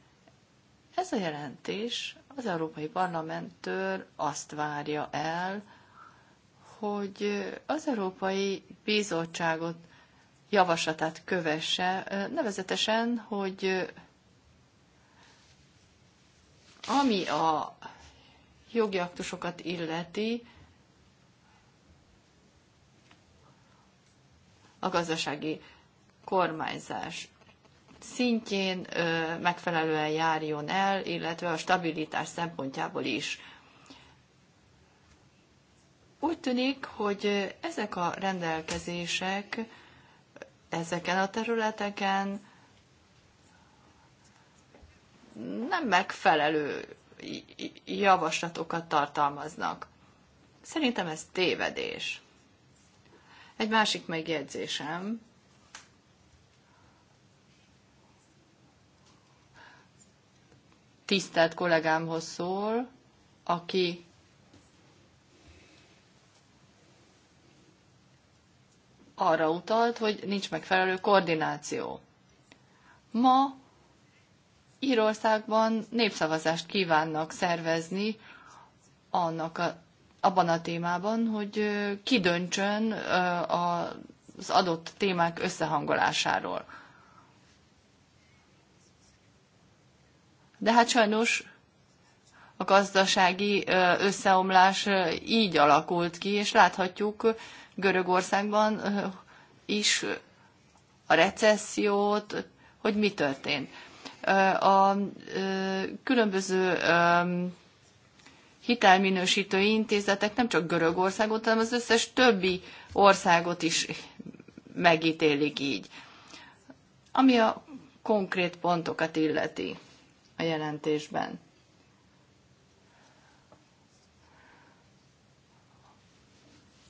ez a jelentés az Európai Parlamenttől azt várja el, hogy az Európai Bizottságot javaslatát kövesse, nevezetesen, hogy ami a jogi aktusokat illeti, a gazdasági kormányzás szintjén megfelelően járjon el, illetve a stabilitás szempontjából is. Úgy tűnik, hogy ezek a rendelkezések ezeken a területeken nem megfelelő javaslatokat tartalmaznak. Szerintem ez tévedés. Egy másik megjegyzésem, tisztelt kollégámhoz szól, aki arra utalt, hogy nincs megfelelő koordináció. Ma Írországban népszavazást kívánnak szervezni annak a abban a témában, hogy kidöntsön az adott témák összehangolásáról. De hát sajnos a gazdasági összeomlás így alakult ki, és láthatjuk Görögországban is a recessziót, hogy mi történt. A különböző hitelminősítő intézetek nem csak Görögországot, hanem az összes többi országot is megítélik így. Ami a konkrét pontokat illeti a jelentésben.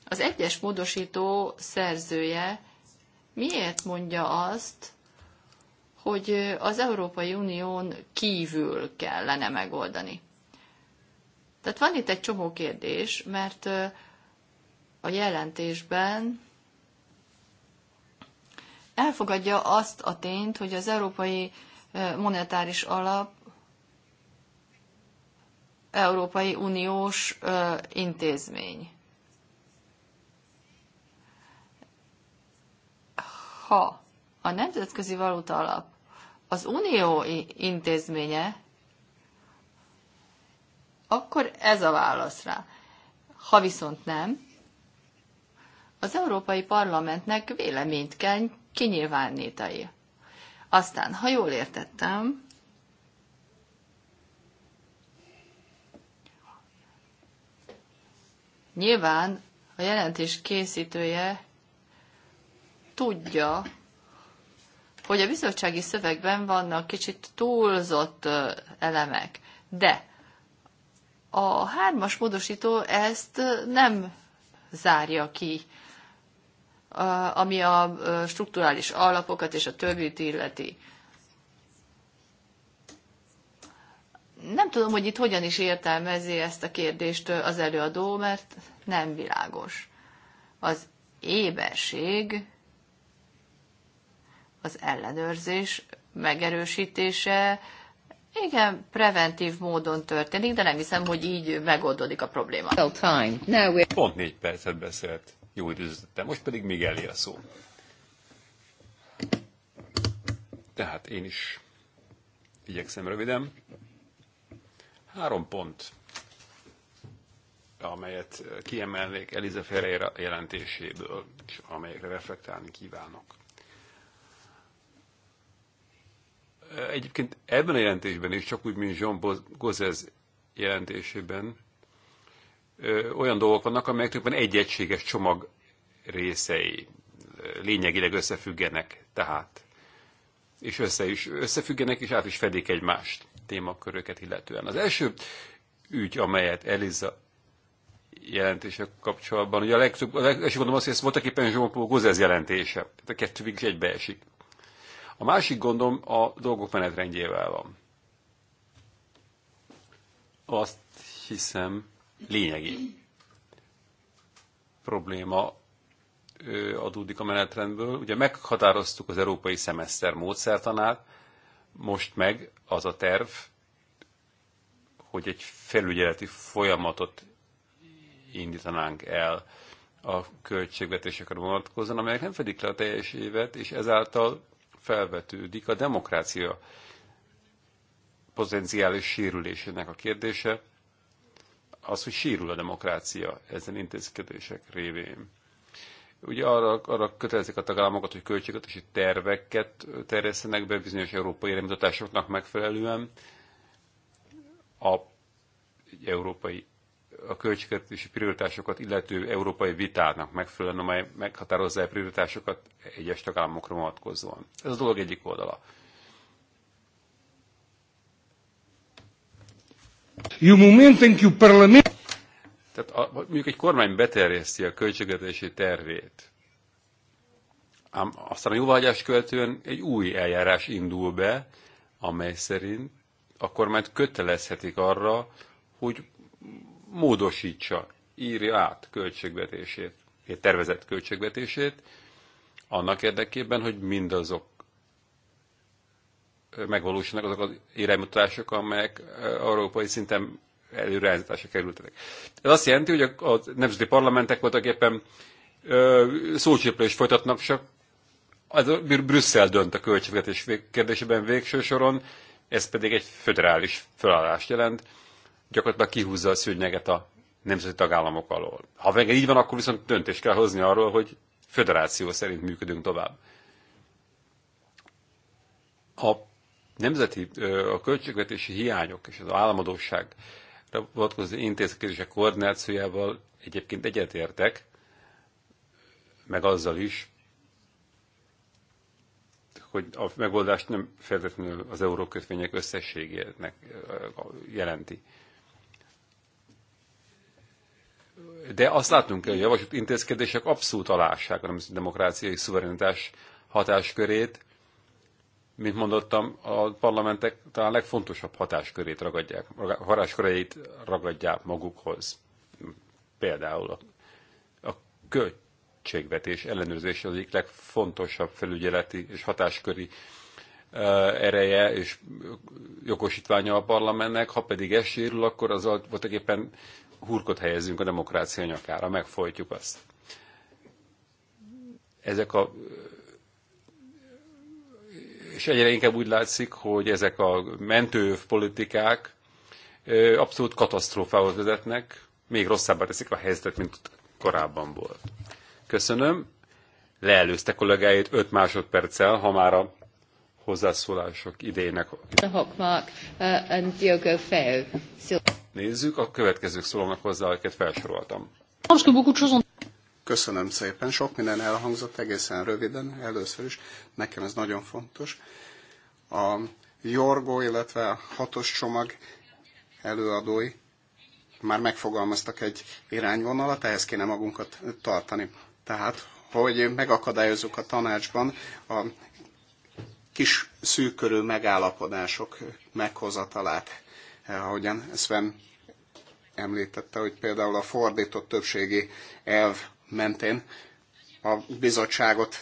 Az egyes módosító szerzője miért mondja azt, hogy az Európai Unión kívül kellene megoldani? Tehát van itt egy csomó kérdés, mert a jelentésben elfogadja azt a tényt, hogy az Európai Monetáris Alap Európai Uniós intézmény. Ha a Nemzetközi Valuta Alap az unió intézménye, akkor ez a válasz rá. Ha viszont nem, az Európai Parlamentnek véleményt kell kinyilvánítani. Aztán, ha jól értettem, nyilván a jelentés készítője tudja, hogy a bizottsági szövegben vannak kicsit túlzott elemek, de a hármas módosító ezt nem zárja ki, ami a strukturális alapokat és a többit illeti. Nem tudom, hogy itt hogyan is értelmezi ezt a kérdést az előadó, mert nem világos. Az éberség, az ellenőrzés megerősítése, igen, preventív módon történik, de nem hiszem, hogy így megoldódik a probléma. Pont négy percet beszélt. Jó időzítettem. Most pedig még elé a szó. Tehát én is igyekszem röviden. Három pont, amelyet kiemelnék Eliza Ferreira jelentéséből, és amelyekre reflektálni kívánok. egyébként ebben a jelentésben is, csak úgy, mint Jean Gozez jelentésében, olyan dolgok vannak, amelyek tulajdonképpen egy egységes csomag részei lényegileg összefüggenek, tehát. És össze is, összefüggenek, és át is fedik egymást témaköröket illetően. Az első ügy, amelyet Eliza jelentések kapcsolatban, ugye a legtöbb, a legtöbb, a gondolom azt, hogy ez voltak éppen Jean-Paul Gozes jelentése, tehát a kettő is egybeesik. A másik gondom a dolgok menetrendjével van. Azt hiszem lényegi probléma adódik a menetrendből. Ugye meghatároztuk az európai szemeszter módszertanát, most meg az a terv, hogy egy felügyeleti folyamatot indítanánk el a költségvetésekre vonatkozóan, amelyek nem fedik le a teljes évet, és ezáltal felvetődik a demokrácia potenciális sérülésének a kérdése, az, hogy sérül a demokrácia ezen intézkedések révén. Ugye arra, arra kötelezik a tagállamokat, hogy költségvetési terveket terjesztenek be bizonyos európai iránymutatásoknak megfelelően a egy európai a költségvetési prioritásokat illető európai vitának megfelelően, amely meghatározza a prioritásokat egyes tagállamokra vonatkozóan. Ez a dolog egyik oldala. E Tehát a, mondjuk egy kormány beterjeszti a költségvetési tervét, ám aztán a jóvágyás követően egy új eljárás indul be, amely szerint a kormányt kötelezhetik arra, hogy módosítsa, írja át költségvetését, egy tervezett költségvetését, annak érdekében, hogy mindazok megvalósulnak azok az iránymutatások, amelyek európai szinten előrejelzetésre kerültek. Ez azt jelenti, hogy a, a nemzeti parlamentek voltak éppen szócséplést folytatnak, csak az Brüsszel dönt a költségvetés kérdésében végső soron, ez pedig egy föderális felállást jelent, gyakorlatilag kihúzza a szűrnyeget a nemzeti tagállamok alól. Ha meg így van, akkor viszont döntést kell hozni arról, hogy föderáció szerint működünk tovább. A nemzeti a költségvetési hiányok és az államadóság vonatkozó intézkedések koordinációjával egyébként egyetértek, meg azzal is, hogy a megoldást nem feltétlenül az eurókötvények összességének jelenti de azt látnunk kell, hogy a javasolt intézkedések abszolút alássák a nemzeti demokráciai szuverenitás hatáskörét, mint mondottam, a parlamentek talán legfontosabb hatáskörét ragadják, hatásköreit ragadják magukhoz. Például a, a költségvetés ellenőrzés az egyik legfontosabb felügyeleti és hatásköri e, ereje és jogosítványa a parlamentnek, ha pedig ez sérül, akkor az voltaképpen hurkot helyezünk a demokrácia nyakára, megfojtjuk azt. Ezek a és egyre inkább úgy látszik, hogy ezek a mentő politikák abszolút katasztrófához vezetnek, még rosszabbá teszik a helyzetet, mint korábban volt. Köszönöm. Leelőzte kollégáit 5 másodperccel, ha már a hozzászólások idejének. Hockmark, uh, Diogo Nézzük, a következők szólónak hozzá, akiket felsoroltam. Köszönöm szépen, sok minden elhangzott egészen röviden, először is, nekem ez nagyon fontos. A Jorgó, illetve a hatos csomag előadói már megfogalmaztak egy irányvonalat, ehhez kéne magunkat tartani. Tehát, hogy megakadályozzuk a tanácsban a kis szűkörű megállapodások meghozatalát, ahogyan Sven említette, hogy például a fordított többségi elv mentén a bizottságot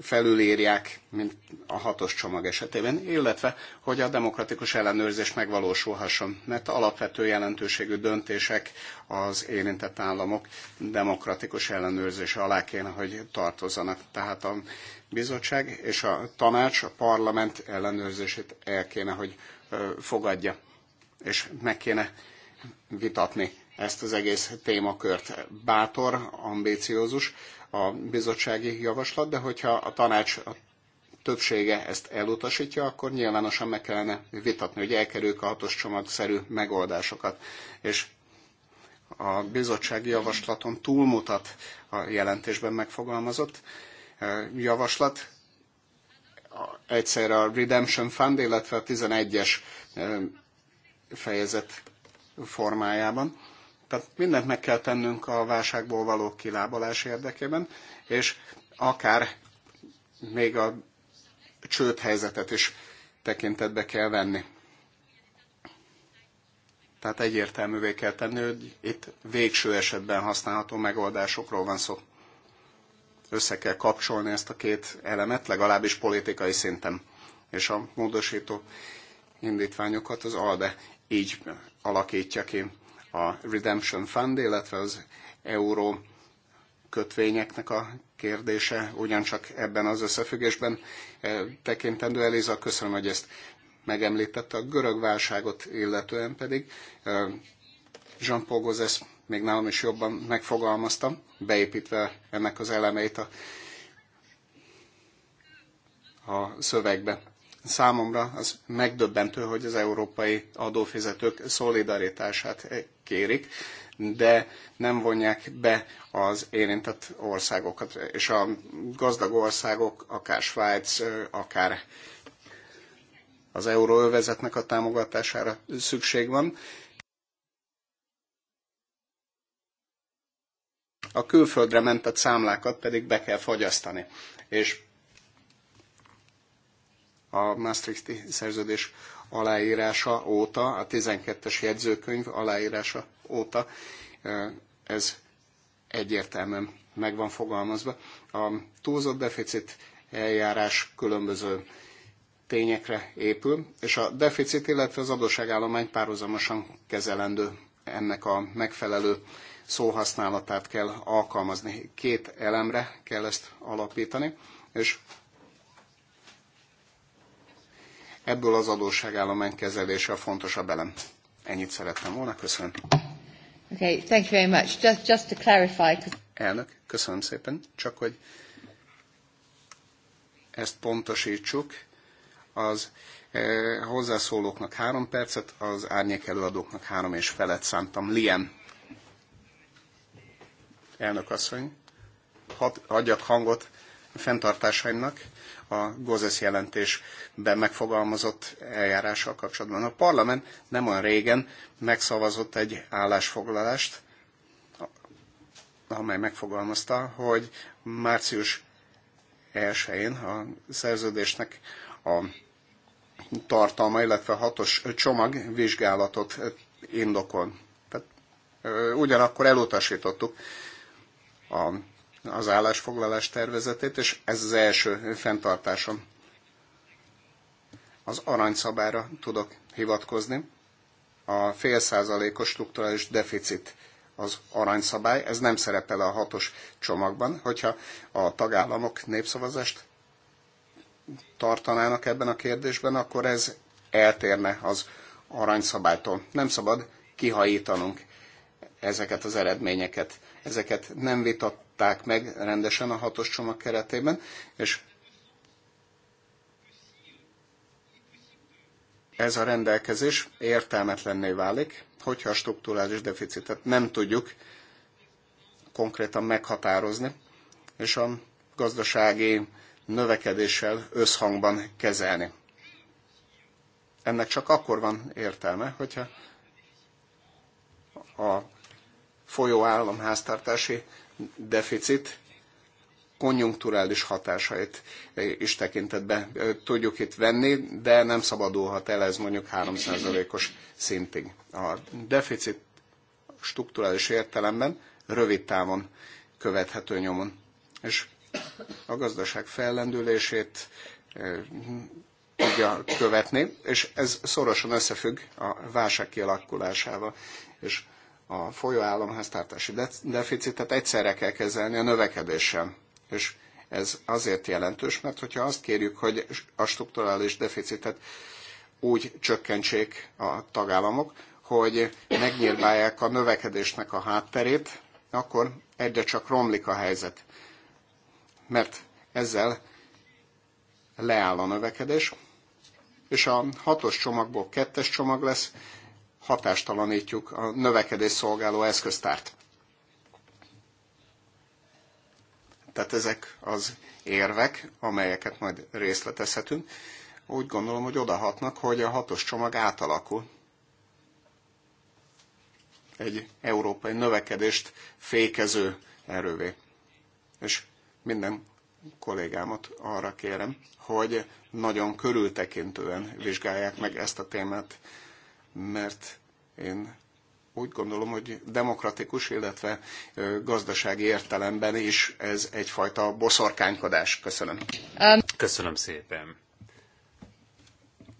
felülírják, mint a hatos csomag esetében, illetve hogy a demokratikus ellenőrzés megvalósulhasson, mert alapvető jelentőségű döntések az érintett államok demokratikus ellenőrzése alá kéne, hogy tartozzanak. Tehát a bizottság és a tanács, a parlament ellenőrzését el kéne, hogy fogadja, és meg kéne vitatni ezt az egész témakört. Bátor, ambíciózus a bizottsági javaslat, de hogyha a tanács a többsége ezt elutasítja, akkor nyilvánosan meg kellene vitatni, hogy elkerüljük a hatos csomagszerű megoldásokat. És a bizottsági javaslaton túlmutat a jelentésben megfogalmazott, javaslat. Egyszerre a Redemption Fund, illetve a 11-es fejezet formájában. Tehát mindent meg kell tennünk a válságból való kilábalás érdekében, és akár még a csőd helyzetet is tekintetbe kell venni. Tehát egyértelművé kell tenni, hogy itt végső esetben használható megoldásokról van szó össze kell kapcsolni ezt a két elemet, legalábbis politikai szinten. És a módosító indítványokat az ALDE így alakítja ki a Redemption Fund, illetve az euró kötvényeknek a kérdése ugyancsak ebben az összefüggésben eh, tekintendő. Eliza, köszönöm, hogy ezt megemlítette a görög válságot, illetően pedig eh, Jean-Paul Gauzès még nálam is jobban megfogalmazta, beépítve ennek az elemeit a, a szövegbe. Számomra az megdöbbentő, hogy az európai adófizetők szolidaritását kérik, de nem vonják be az érintett országokat. És a gazdag országok, akár Svájc, akár az euróövezetnek a támogatására szükség van, a külföldre mentett számlákat pedig be kell fagyasztani. És a Maastrichti szerződés aláírása óta, a 12-es jegyzőkönyv aláírása óta, eh, ez egyértelműen meg van fogalmazva. A túlzott deficit eljárás különböző tényekre épül, és a deficit, illetve az adósságállomány párhuzamosan kezelendő ennek a megfelelő szóhasználatát kell alkalmazni. Két elemre kell ezt alapítani, és ebből az adósságállomány kezelése a fontosabb elem. Ennyit szerettem volna, köszönöm. Okay, thank you very much. Just, just to clarify, Elnök, köszönöm szépen, csak hogy ezt pontosítsuk, az eh, hozzászólóknak három percet, az árnyék előadóknak három és felett szántam. Liam, elnök asszony, hadd adjak hangot fenntartásaimnak a GOZESZ jelentésben megfogalmazott eljárással kapcsolatban. A parlament nem olyan régen megszavazott egy állásfoglalást, amely megfogalmazta, hogy március 1-én a szerződésnek a tartalma, illetve a hatos csomag vizsgálatot indokol. Tehát, ugyanakkor elutasítottuk a, az állásfoglalás tervezetét, és ez az első fenntartásom. Az aranyszabára tudok hivatkozni. A fél százalékos strukturális deficit az aranyszabály, ez nem szerepel a hatos csomagban, hogyha a tagállamok népszavazást tartanának ebben a kérdésben, akkor ez eltérne az aranyszabálytól. Nem szabad kihajítanunk ezeket az eredményeket. Ezeket nem vitatták meg rendesen a hatos csomag keretében, és ez a rendelkezés értelmetlenné válik, hogyha a struktúrális deficitet nem tudjuk konkrétan meghatározni, és a gazdasági növekedéssel összhangban kezelni. Ennek csak akkor van értelme, hogyha a folyó államháztartási deficit konjunkturális hatásait is tekintetbe tudjuk itt venni, de nem szabadulhat el ez mondjuk 3%-os szintig. A deficit strukturális értelemben rövid távon követhető nyomon. És a gazdaság fellendülését tudja követni, és ez szorosan összefügg a válság kialakulásával. És a folyó államháztartási deficitet egyszerre kell kezelni a növekedéssel. És ez azért jelentős, mert hogyha azt kérjük, hogy a strukturális deficitet úgy csökkentsék a tagállamok, hogy megnyírválják a növekedésnek a hátterét, akkor egyre csak romlik a helyzet. Mert ezzel leáll a növekedés, és a hatos csomagból kettes csomag lesz, hatástalanítjuk a növekedés szolgáló eszköztárt. Tehát ezek az érvek, amelyeket majd részletezhetünk, úgy gondolom, hogy odahatnak, hogy a hatos csomag átalakul. Egy európai növekedést fékező erővé. És minden kollégámat arra kérem, hogy nagyon körültekintően vizsgálják meg ezt a témát, mert én úgy gondolom, hogy demokratikus, illetve gazdasági értelemben is ez egyfajta boszorkánykodás. Köszönöm. Um, Köszönöm szépen.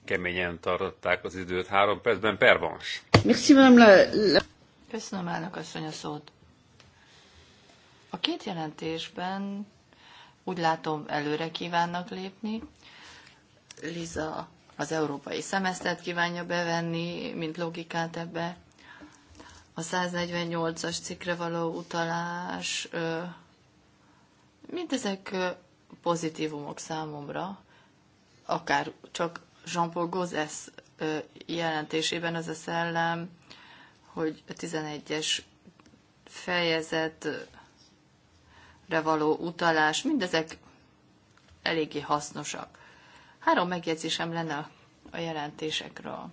Keményen tartották az időt. Három percben vans. Köszönöm, elnök asszony, a szót. A két jelentésben úgy látom előre kívánnak lépni. Liza az európai szemesztet kívánja bevenni, mint logikát ebbe. A 148-as cikkre való utalás, ezek pozitívumok számomra, akár csak Jean-Paul Gauzes jelentésében az a szellem, hogy a 11-es fejezetre való utalás, mindezek eléggé hasznosak. Három megjegyzésem lenne a jelentésekről.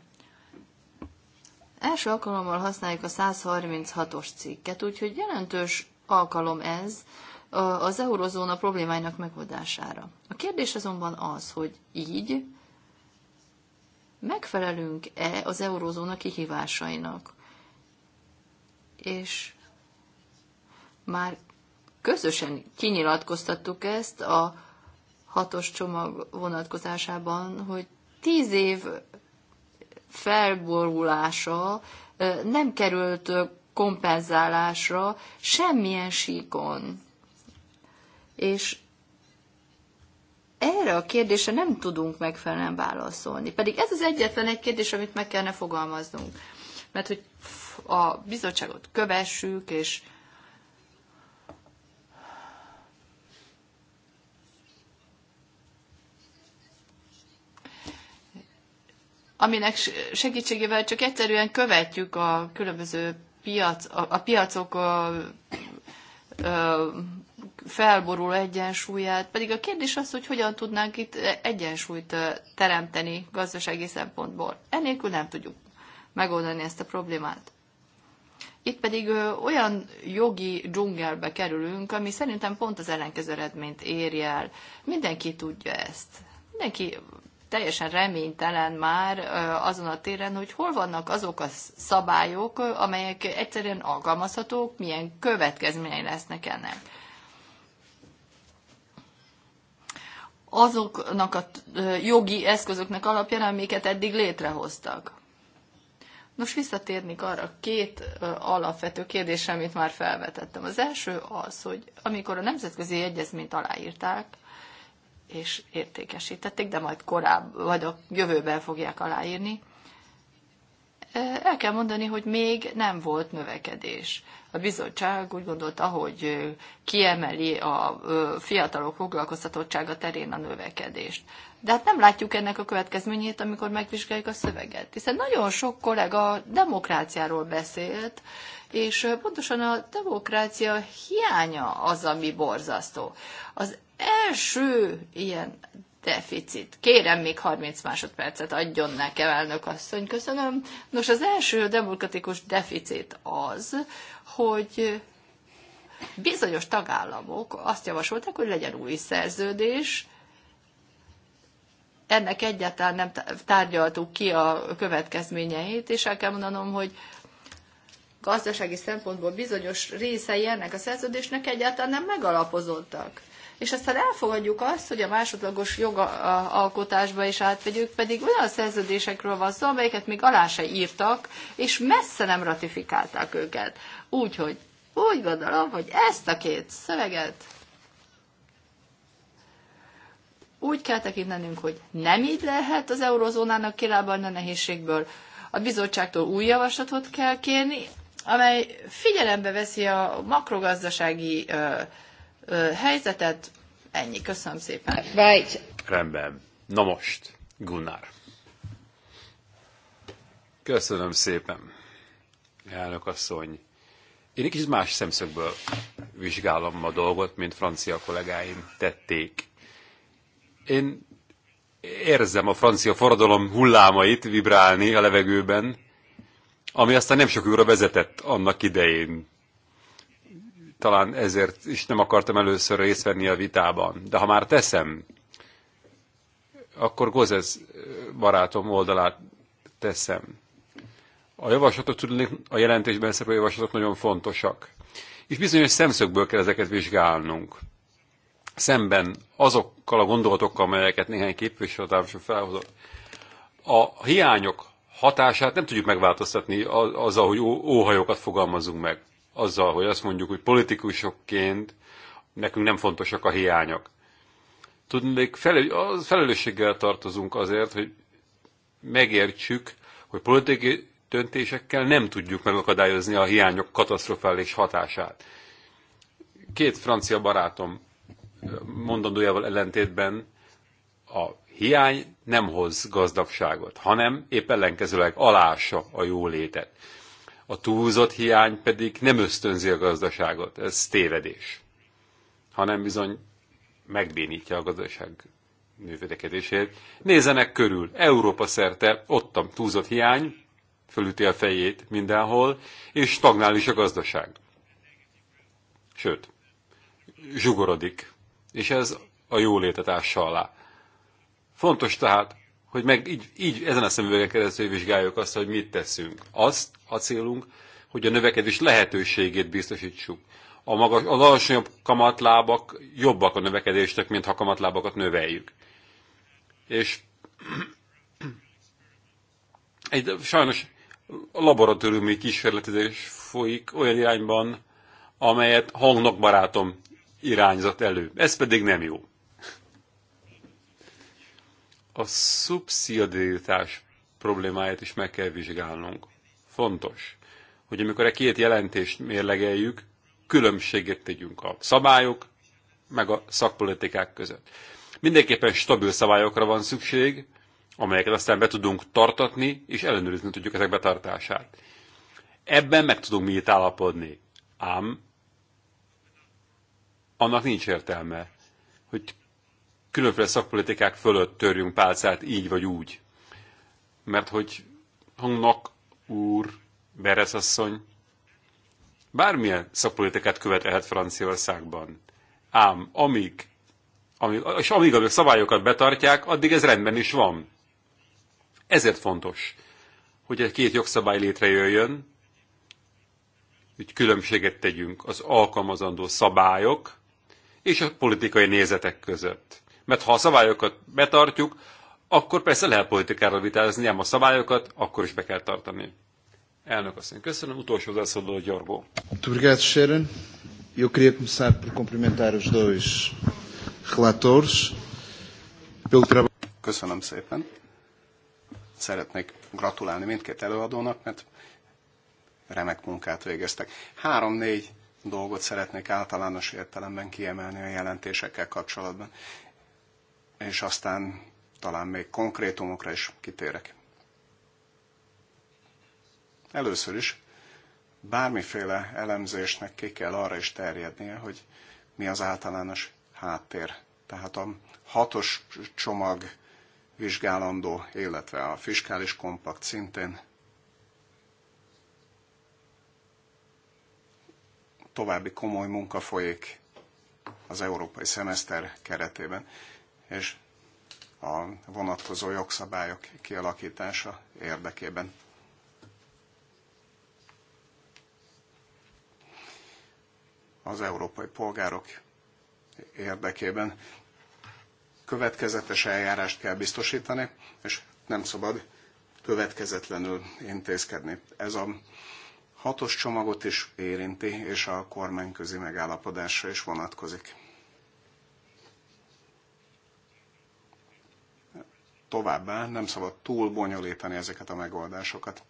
Első alkalommal használjuk a 136-os cikket, úgyhogy jelentős alkalom ez az eurozóna problémáinak megoldására. A kérdés azonban az, hogy így megfelelünk-e az eurozóna kihívásainak. És már közösen kinyilatkoztattuk ezt a hatos csomag vonatkozásában, hogy tíz év felborulása nem került kompenzálásra semmilyen síkon. És erre a kérdésre nem tudunk megfelelően válaszolni. Pedig ez az egyetlen egy kérdés, amit meg kellene fogalmaznunk. Mert hogy a bizottságot kövessük, és aminek segítségével csak egyszerűen követjük a különböző piac, a, a piacok a, a, felboruló egyensúlyát, pedig a kérdés az, hogy hogyan tudnánk itt egyensúlyt teremteni gazdasági szempontból. Enélkül nem tudjuk megoldani ezt a problémát. Itt pedig olyan jogi dzsungelbe kerülünk, ami szerintem pont az ellenkező eredményt érjel. el. Mindenki tudja ezt. Mindenki teljesen reménytelen már azon a téren, hogy hol vannak azok a szabályok, amelyek egyszerűen alkalmazhatók, milyen következményei lesznek ennek. Azoknak a jogi eszközöknek alapján, amiket eddig létrehoztak. Nos, visszatérnék arra két alapvető kérdésre, amit már felvetettem. Az első az, hogy amikor a nemzetközi egyezményt aláírták, és értékesítették, de majd korább, vagy a jövőben fogják aláírni. El kell mondani, hogy még nem volt növekedés. A bizottság úgy gondolta, hogy kiemeli a fiatalok foglalkoztatottsága terén a növekedést. De hát nem látjuk ennek a következményét, amikor megvizsgáljuk a szöveget. Hiszen nagyon sok kollega demokráciáról beszélt, és pontosan a demokrácia hiánya az, ami borzasztó. Az első ilyen deficit. Kérem, még 30 másodpercet adjon nekem, elnök asszony, köszönöm. Nos, az első demokratikus deficit az, hogy bizonyos tagállamok azt javasolták, hogy legyen új szerződés, ennek egyáltalán nem tárgyaltuk ki a következményeit, és el kell mondanom, hogy gazdasági szempontból bizonyos részei ennek a szerződésnek egyáltalán nem megalapozottak. És aztán elfogadjuk azt, hogy a másodlagos jogalkotásba is átvegyük, pedig olyan szerződésekről van szó, amelyeket még alá se írtak, és messze nem ratifikálták őket. Úgyhogy úgy gondolom, hogy ezt a két szöveget úgy kell tekintenünk, hogy nem így lehet az eurozónának kilábalni a nehézségből. A bizottságtól új javaslatot kell kérni, amely figyelembe veszi a makrogazdasági ö, ö, helyzetet. Ennyi, köszönöm szépen. Right. Rendben. Na most, Gunnar. Köszönöm szépen, elnök asszony. Én egy kicsit más szemszögből vizsgálom a dolgot, mint francia kollégáim tették. Én érzem a francia forradalom hullámait vibrálni a levegőben, ami aztán nem sok újra vezetett annak idején. Talán ezért is nem akartam először részt venni a vitában. De ha már teszem, akkor Gozes barátom oldalát teszem. A javaslatok, tudni, a jelentésben szereplő javaslatok nagyon fontosak. És bizonyos szemszögből kell ezeket vizsgálnunk szemben azokkal a gondolatokkal, amelyeket néhány képviselőtársam felhozott, a hiányok hatását nem tudjuk megváltoztatni azzal, hogy óhajokat fogalmazunk meg. Azzal, hogy azt mondjuk, hogy politikusokként nekünk nem fontosak a hiányok. Tudnék, felelősséggel tartozunk azért, hogy megértsük, hogy politikai döntésekkel nem tudjuk megakadályozni a hiányok katasztrofális hatását. Két francia barátom mondandójával ellentétben a hiány nem hoz gazdagságot, hanem épp ellenkezőleg alása a jólétet. A túlzott hiány pedig nem ösztönzi a gazdaságot, ez tévedés, hanem bizony megbénítja a gazdaság növekedését. Nézzenek körül, Európa szerte ott a túlzott hiány, fölüti a fejét mindenhol, és stagnál is a gazdaság. Sőt, zsugorodik és ez a jó ássa alá. Fontos tehát, hogy meg így, így ezen a szemüvegen keresztül vizsgáljuk azt, hogy mit teszünk. Azt a célunk, hogy a növekedés lehetőségét biztosítsuk. A magas, az alacsonyabb kamatlábak jobbak a növekedésnek, mint ha kamatlábakat növeljük. És egy, sajnos a laboratóriumi kísérletezés folyik olyan irányban, amelyet hangnak barátom irányzat elő. Ez pedig nem jó. A szubszidiaritás problémáját is meg kell vizsgálnunk. Fontos, hogy amikor a e két jelentést mérlegeljük, különbséget tegyünk a szabályok meg a szakpolitikák között. Mindenképpen stabil szabályokra van szükség, amelyeket aztán be tudunk tartatni, és ellenőrizni tudjuk ezek betartását. Ebben meg tudunk mi itt állapodni. Ám annak nincs értelme, hogy különféle szakpolitikák fölött törjünk pálcát így vagy úgy. Mert hogy hangnak úr, Beres bármilyen szakpolitikát követelhet Franciaországban. Ám amíg, amíg, és amíg a szabályokat betartják, addig ez rendben is van. Ezért fontos, hogy egy két jogszabály létrejöjjön, hogy különbséget tegyünk az alkalmazandó szabályok és a politikai nézetek között. Mert ha a szabályokat betartjuk, akkor persze lehet politikára vitázni, ám a szabályokat akkor is be kell tartani. Elnök asszony, köszönöm. Utolsó hozzászóló Gyorgó. Obrigado, Sharon. Eu queria começar por cumprimentar os dois relatores pelo trabalho. Köszönöm szépen. Szeretnék gratulálni mindkét előadónak, mert remek munkát végeztek. Három-négy dolgot szeretnék általános értelemben kiemelni a jelentésekkel kapcsolatban, és aztán talán még konkrétumokra is kitérek. Először is bármiféle elemzésnek ki kell arra is terjednie, hogy mi az általános háttér. Tehát a hatos csomag vizsgálandó, illetve a fiskális kompakt szintén további komoly munka folyik az európai szemeszter keretében, és a vonatkozó jogszabályok kialakítása érdekében. Az európai polgárok érdekében következetes eljárást kell biztosítani, és nem szabad következetlenül intézkedni. Ez a hatos csomagot is érinti, és a kormányközi megállapodásra is vonatkozik. Továbbá nem szabad túl bonyolítani ezeket a megoldásokat.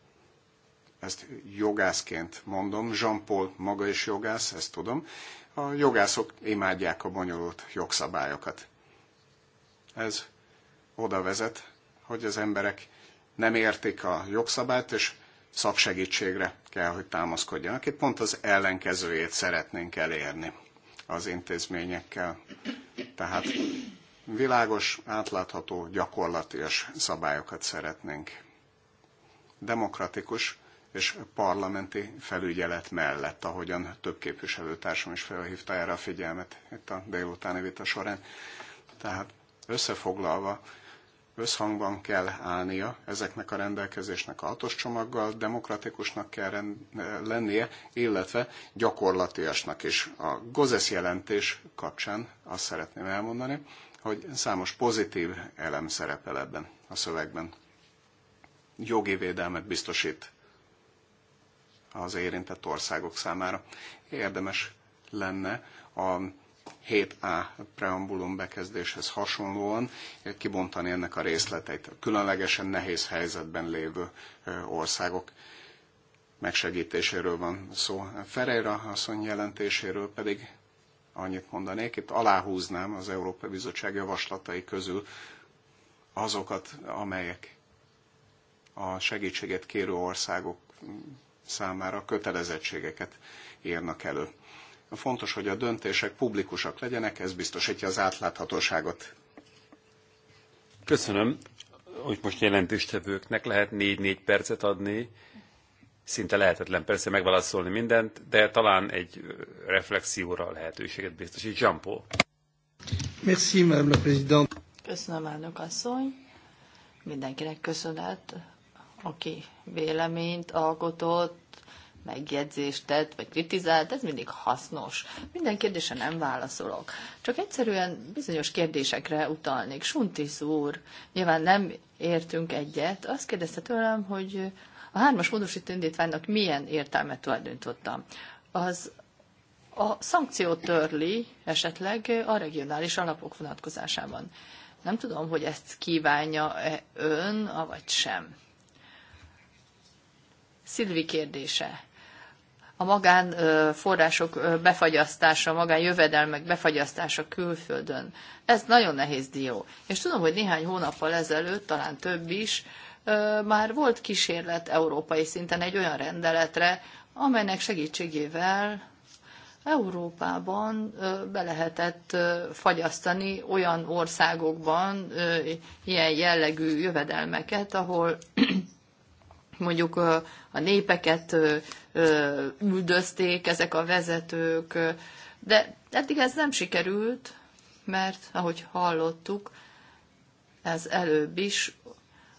Ezt jogászként mondom, Jean-Paul maga is jogász, ezt tudom. A jogászok imádják a bonyolult jogszabályokat. Ez oda vezet, hogy az emberek nem értik a jogszabályt, és szaksegítségre kell, hogy támaszkodjanak. Itt pont az ellenkezőjét szeretnénk elérni az intézményekkel. Tehát világos, átlátható, gyakorlatias szabályokat szeretnénk. Demokratikus és parlamenti felügyelet mellett, ahogyan több képviselőtársam is felhívta erre a figyelmet itt a délutáni vita során. Tehát összefoglalva összhangban kell állnia ezeknek a rendelkezésnek a hatos csomaggal, demokratikusnak kell lennie, illetve gyakorlatiasnak is. A GOZESZ jelentés kapcsán azt szeretném elmondani, hogy számos pozitív elem szerepel ebben a szövegben. Jogi védelmet biztosít az érintett országok számára. Érdemes lenne a 7A preambulum bekezdéshez hasonlóan kibontani ennek a részleteit. A különlegesen nehéz helyzetben lévő országok megsegítéséről van szó. Ferreira asszony jelentéséről pedig annyit mondanék, itt aláhúznám az Európa Bizottság javaslatai közül azokat, amelyek a segítséget kérő országok számára kötelezettségeket írnak elő. Fontos, hogy a döntések publikusak legyenek, ez biztosítja az átláthatóságot. Köszönöm, hogy most jelentéstevőknek lehet 4-4 percet adni. Szinte lehetetlen persze megválaszolni mindent, de talán egy reflexióra lehetőséget biztosít. jean -Paul. Merci, Madame la Présidente. Köszönöm, elnök asszony. Mindenkinek köszönet, aki véleményt alkotott megjegyzést tett, vagy kritizált, ez mindig hasznos. Minden kérdésre nem válaszolok. Csak egyszerűen bizonyos kérdésekre utalnék. Suntis úr, nyilván nem értünk egyet. Azt kérdezte tőlem, hogy a hármas módosító indítványnak milyen értelmet tulajdonítottam. Az a szankció törli esetleg a regionális alapok vonatkozásában. Nem tudom, hogy ezt kívánja -e ön, avagy sem. Szilvi kérdése a magánforrások befagyasztása, magánjövedelmek befagyasztása külföldön. Ez nagyon nehéz dió. És tudom, hogy néhány hónappal ezelőtt, talán több is, már volt kísérlet európai szinten egy olyan rendeletre, amelynek segítségével Európában be lehetett fagyasztani olyan országokban ilyen jellegű jövedelmeket, ahol mondjuk a népeket üldözték ezek a vezetők, de eddig ez nem sikerült, mert ahogy hallottuk, ez előbb is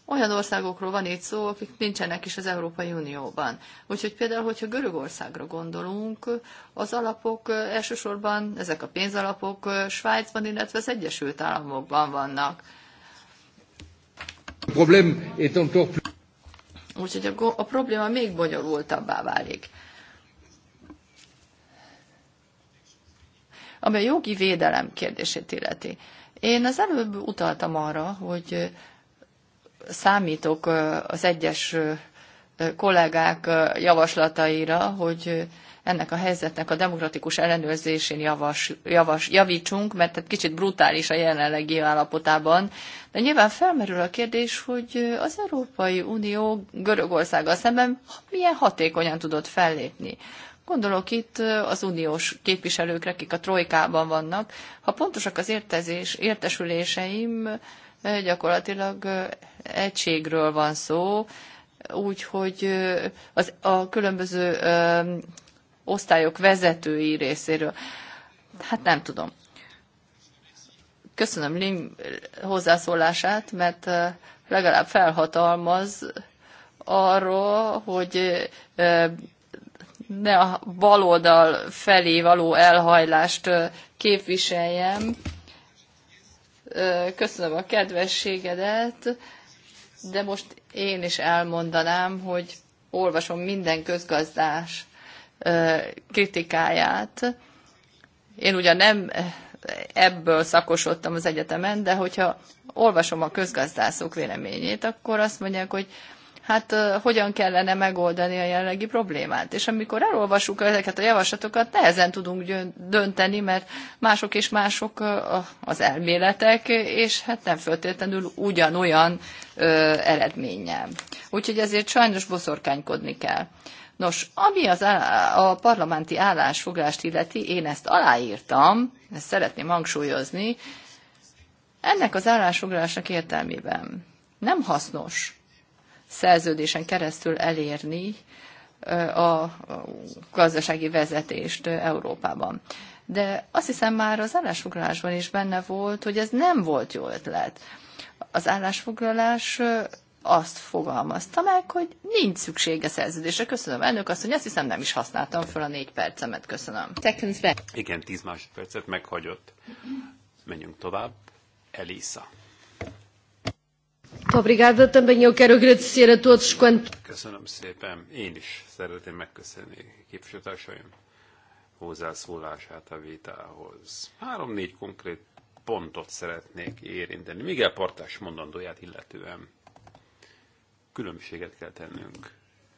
olyan országokról van itt szó, akik nincsenek is az Európai Unióban. Úgyhogy például, hogyha Görögországra gondolunk, az alapok elsősorban, ezek a pénzalapok Svájcban, illetve az Egyesült Államokban vannak. Úgyhogy a, a probléma még bonyolultabbá válik. Ami a jogi védelem kérdését illeti. Én az előbb utaltam arra, hogy számítok az egyes kollégák javaslataira, hogy ennek a helyzetnek a demokratikus ellenőrzésén javas, javas, javítsunk, mert tehát kicsit brutális a jelenlegi állapotában. De nyilván felmerül a kérdés, hogy az Európai Unió Görögországgal szemben milyen hatékonyan tudott fellépni. Gondolok itt az uniós képviselőkre, akik a trojkában vannak. Ha pontosak az értezés, értesüléseim, gyakorlatilag egységről van szó, úgyhogy az, a különböző osztályok vezetői részéről. Hát nem tudom. Köszönöm Lim hozzászólását, mert legalább felhatalmaz arról, hogy ne a baloldal felé való elhajlást képviseljem. Köszönöm a kedvességedet, de most én is elmondanám, hogy olvasom minden közgazdás kritikáját. Én ugyan nem ebből szakosodtam az egyetemen, de hogyha olvasom a közgazdászok véleményét, akkor azt mondják, hogy hát hogyan kellene megoldani a jelenlegi problémát. És amikor elolvassuk ezeket a javaslatokat, nehezen tudunk dönteni, mert mások és mások az elméletek, és hát nem föltétlenül ugyanolyan eredménnyel. Úgyhogy ezért sajnos boszorkánykodni kell. Nos, ami az, a parlamenti állásfoglást illeti, én ezt aláírtam, ezt szeretném hangsúlyozni, ennek az állásfoglalásnak értelmében nem hasznos szerződésen keresztül elérni a gazdasági vezetést Európában. De azt hiszem már az állásfoglalásban is benne volt, hogy ez nem volt jó ötlet. Az állásfoglalás azt fogalmazta meg, hogy nincs szüksége szerződésre. Köszönöm, elnök azt, hogy azt hiszem nem is használtam fel a négy percemet. Köszönöm. Seconds Igen, tíz másodpercet meghagyott. Menjünk tovább. Elisa. Obrigada, também eu quero agradecer a todos quanto... Köszönöm szépen. Én is szeretném megköszönni képviselőtársaim hozzászólását a vitához. Három-négy konkrét pontot szeretnék érinteni. Miguel Partás mondandóját illetően különbséget kell tennünk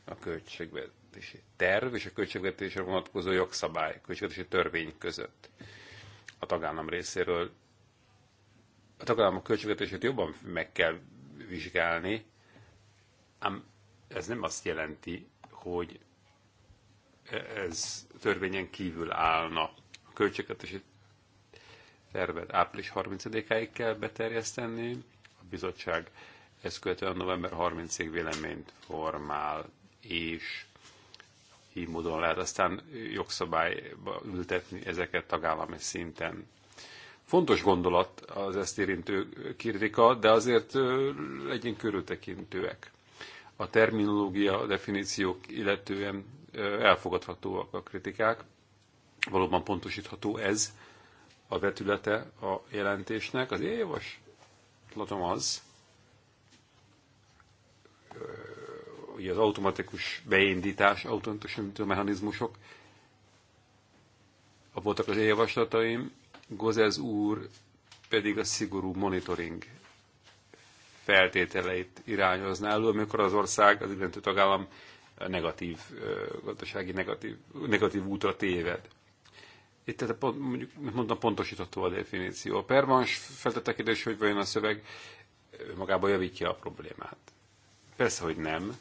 a költségvetési terv és a költségvetésre vonatkozó jogszabály, költségvetési törvény között. A tagállam részéről a tagállamok költségvetését jobban meg kell vizsgálni, ám ez nem azt jelenti, hogy ez törvényen kívül állna. A költségvetési tervet április 30-áig kell beterjeszteni, a bizottság ezt követően november 30-ig véleményt formál, és így módon lehet aztán jogszabályba ültetni ezeket tagállami szinten. Fontos gondolat az ezt érintő kritika, de azért legyünk körültekintőek. A terminológia, a definíciók illetően elfogadhatóak a kritikák, valóban pontosítható ez a vetülete a jelentésnek. Az éjjavaslatom az, ugye az automatikus beindítás, automatikus mechanizmusok, a voltak az én javaslataim, Gozez úr pedig a szigorú monitoring feltételeit irányozná elő, amikor az ország, az illető tagállam negatív, gazdasági negatív, negatív útra téved. Itt tehát pont, mondjuk, mondtam, pontosítható a definíció. A pervans feltette kérdés, hogy vajon a szöveg magában javítja a problémát. Persze, hogy nem.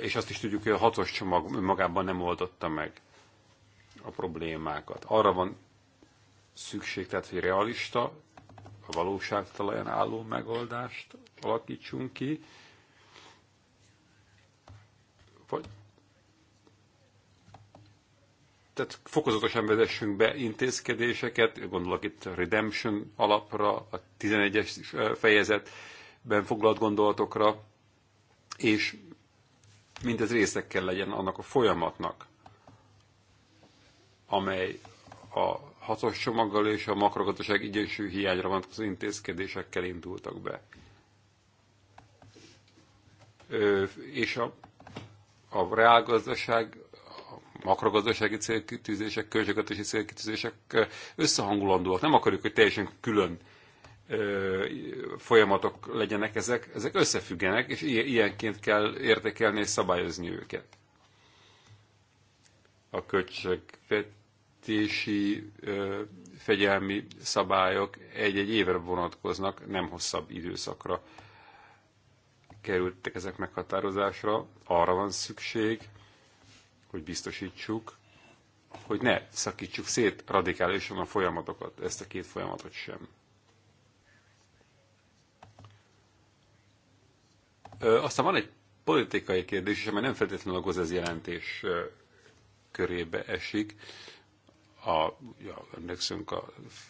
És azt is tudjuk, hogy a hatos csomag magában nem oldotta meg a problémákat. Arra van szükség, tehát, hogy realista, a valóság talaján álló megoldást alakítsunk ki, vagy tehát fokozatosan vezessünk be intézkedéseket, gondolok itt a Redemption alapra, a 11-es fejezetben foglalt gondolatokra, és mindez részek kell legyen annak a folyamatnak, amely a hatos csomaggal és a makrogazdaság igyensű hiányra vonatkozó intézkedésekkel indultak be. Ö, és a, a reálgazdaság, a makrogazdasági célkitűzések, költségvetési célkitűzések összehangulandóak. Nem akarjuk, hogy teljesen külön folyamatok legyenek ezek, ezek összefüggenek, és ilyenként kell értékelni és szabályozni őket. A költségvetési fegyelmi szabályok egy-egy évre vonatkoznak, nem hosszabb időszakra kerültek ezek meghatározásra. Arra van szükség, hogy biztosítsuk, hogy ne szakítsuk szét radikálisan a folyamatokat, ezt a két folyamatot sem. Aztán van egy politikai kérdés is, amely nem feltétlenül okoz ez jelentés körébe esik. A, ja, emlékszünk a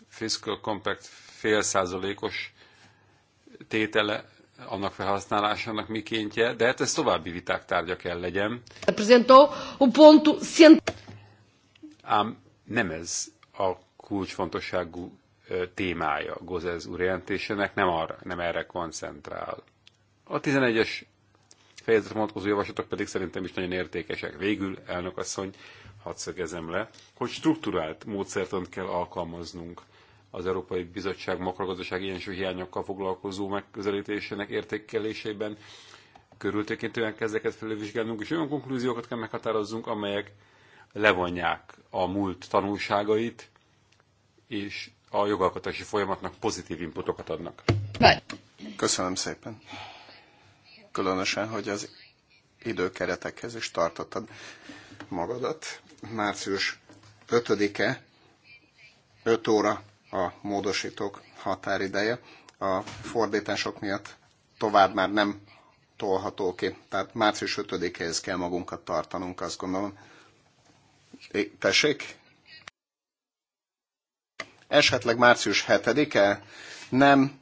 Fiscal Compact fél százalékos tétele annak felhasználásának mikéntje, de hát ez további viták tárgya kell legyen. Ám nem ez a kulcsfontosságú témája Gozez úr jelentésének, nem, arra, nem erre koncentrál. A 11-es fejezetre vonatkozó javaslatok pedig szerintem is nagyon értékesek. Végül, elnök asszony, hadd szögezem le, hogy strukturált módszertant kell alkalmaznunk az Európai Bizottság makrogazdasági egyensúly hiányokkal foglalkozó megközelítésének értékelésében. Körültekintően kezdeket felülvizsgálnunk, és olyan konklúziókat kell meghatározzunk, amelyek levonják a múlt tanulságait, és a jogalkotási folyamatnak pozitív inputokat adnak. Köszönöm szépen különösen, hogy az időkeretekhez is tartottad magadat. Március 5-e, 5 óra a módosítók határideje. A fordítások miatt tovább már nem tolható ki. Tehát március 5-éhez kell magunkat tartanunk, azt gondolom. É, tessék? Esetleg március 7-e? Nem,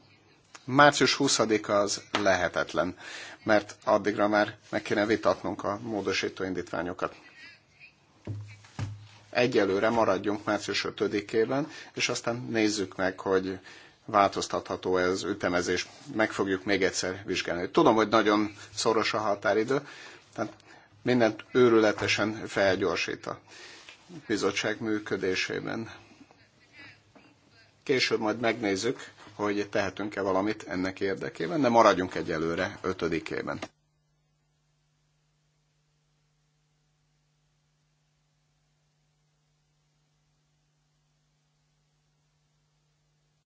március 20-a az lehetetlen mert addigra már meg kéne vitatnunk a módosító indítványokat. Egyelőre maradjunk március 5-ében, és aztán nézzük meg, hogy változtatható ez ütemezés. Meg fogjuk még egyszer vizsgálni. Tudom, hogy nagyon szoros a határidő, tehát mindent őrületesen felgyorsít a bizottság működésében. Később majd megnézzük hogy tehetünk-e valamit ennek érdekében, de maradjunk egyelőre ötödikében.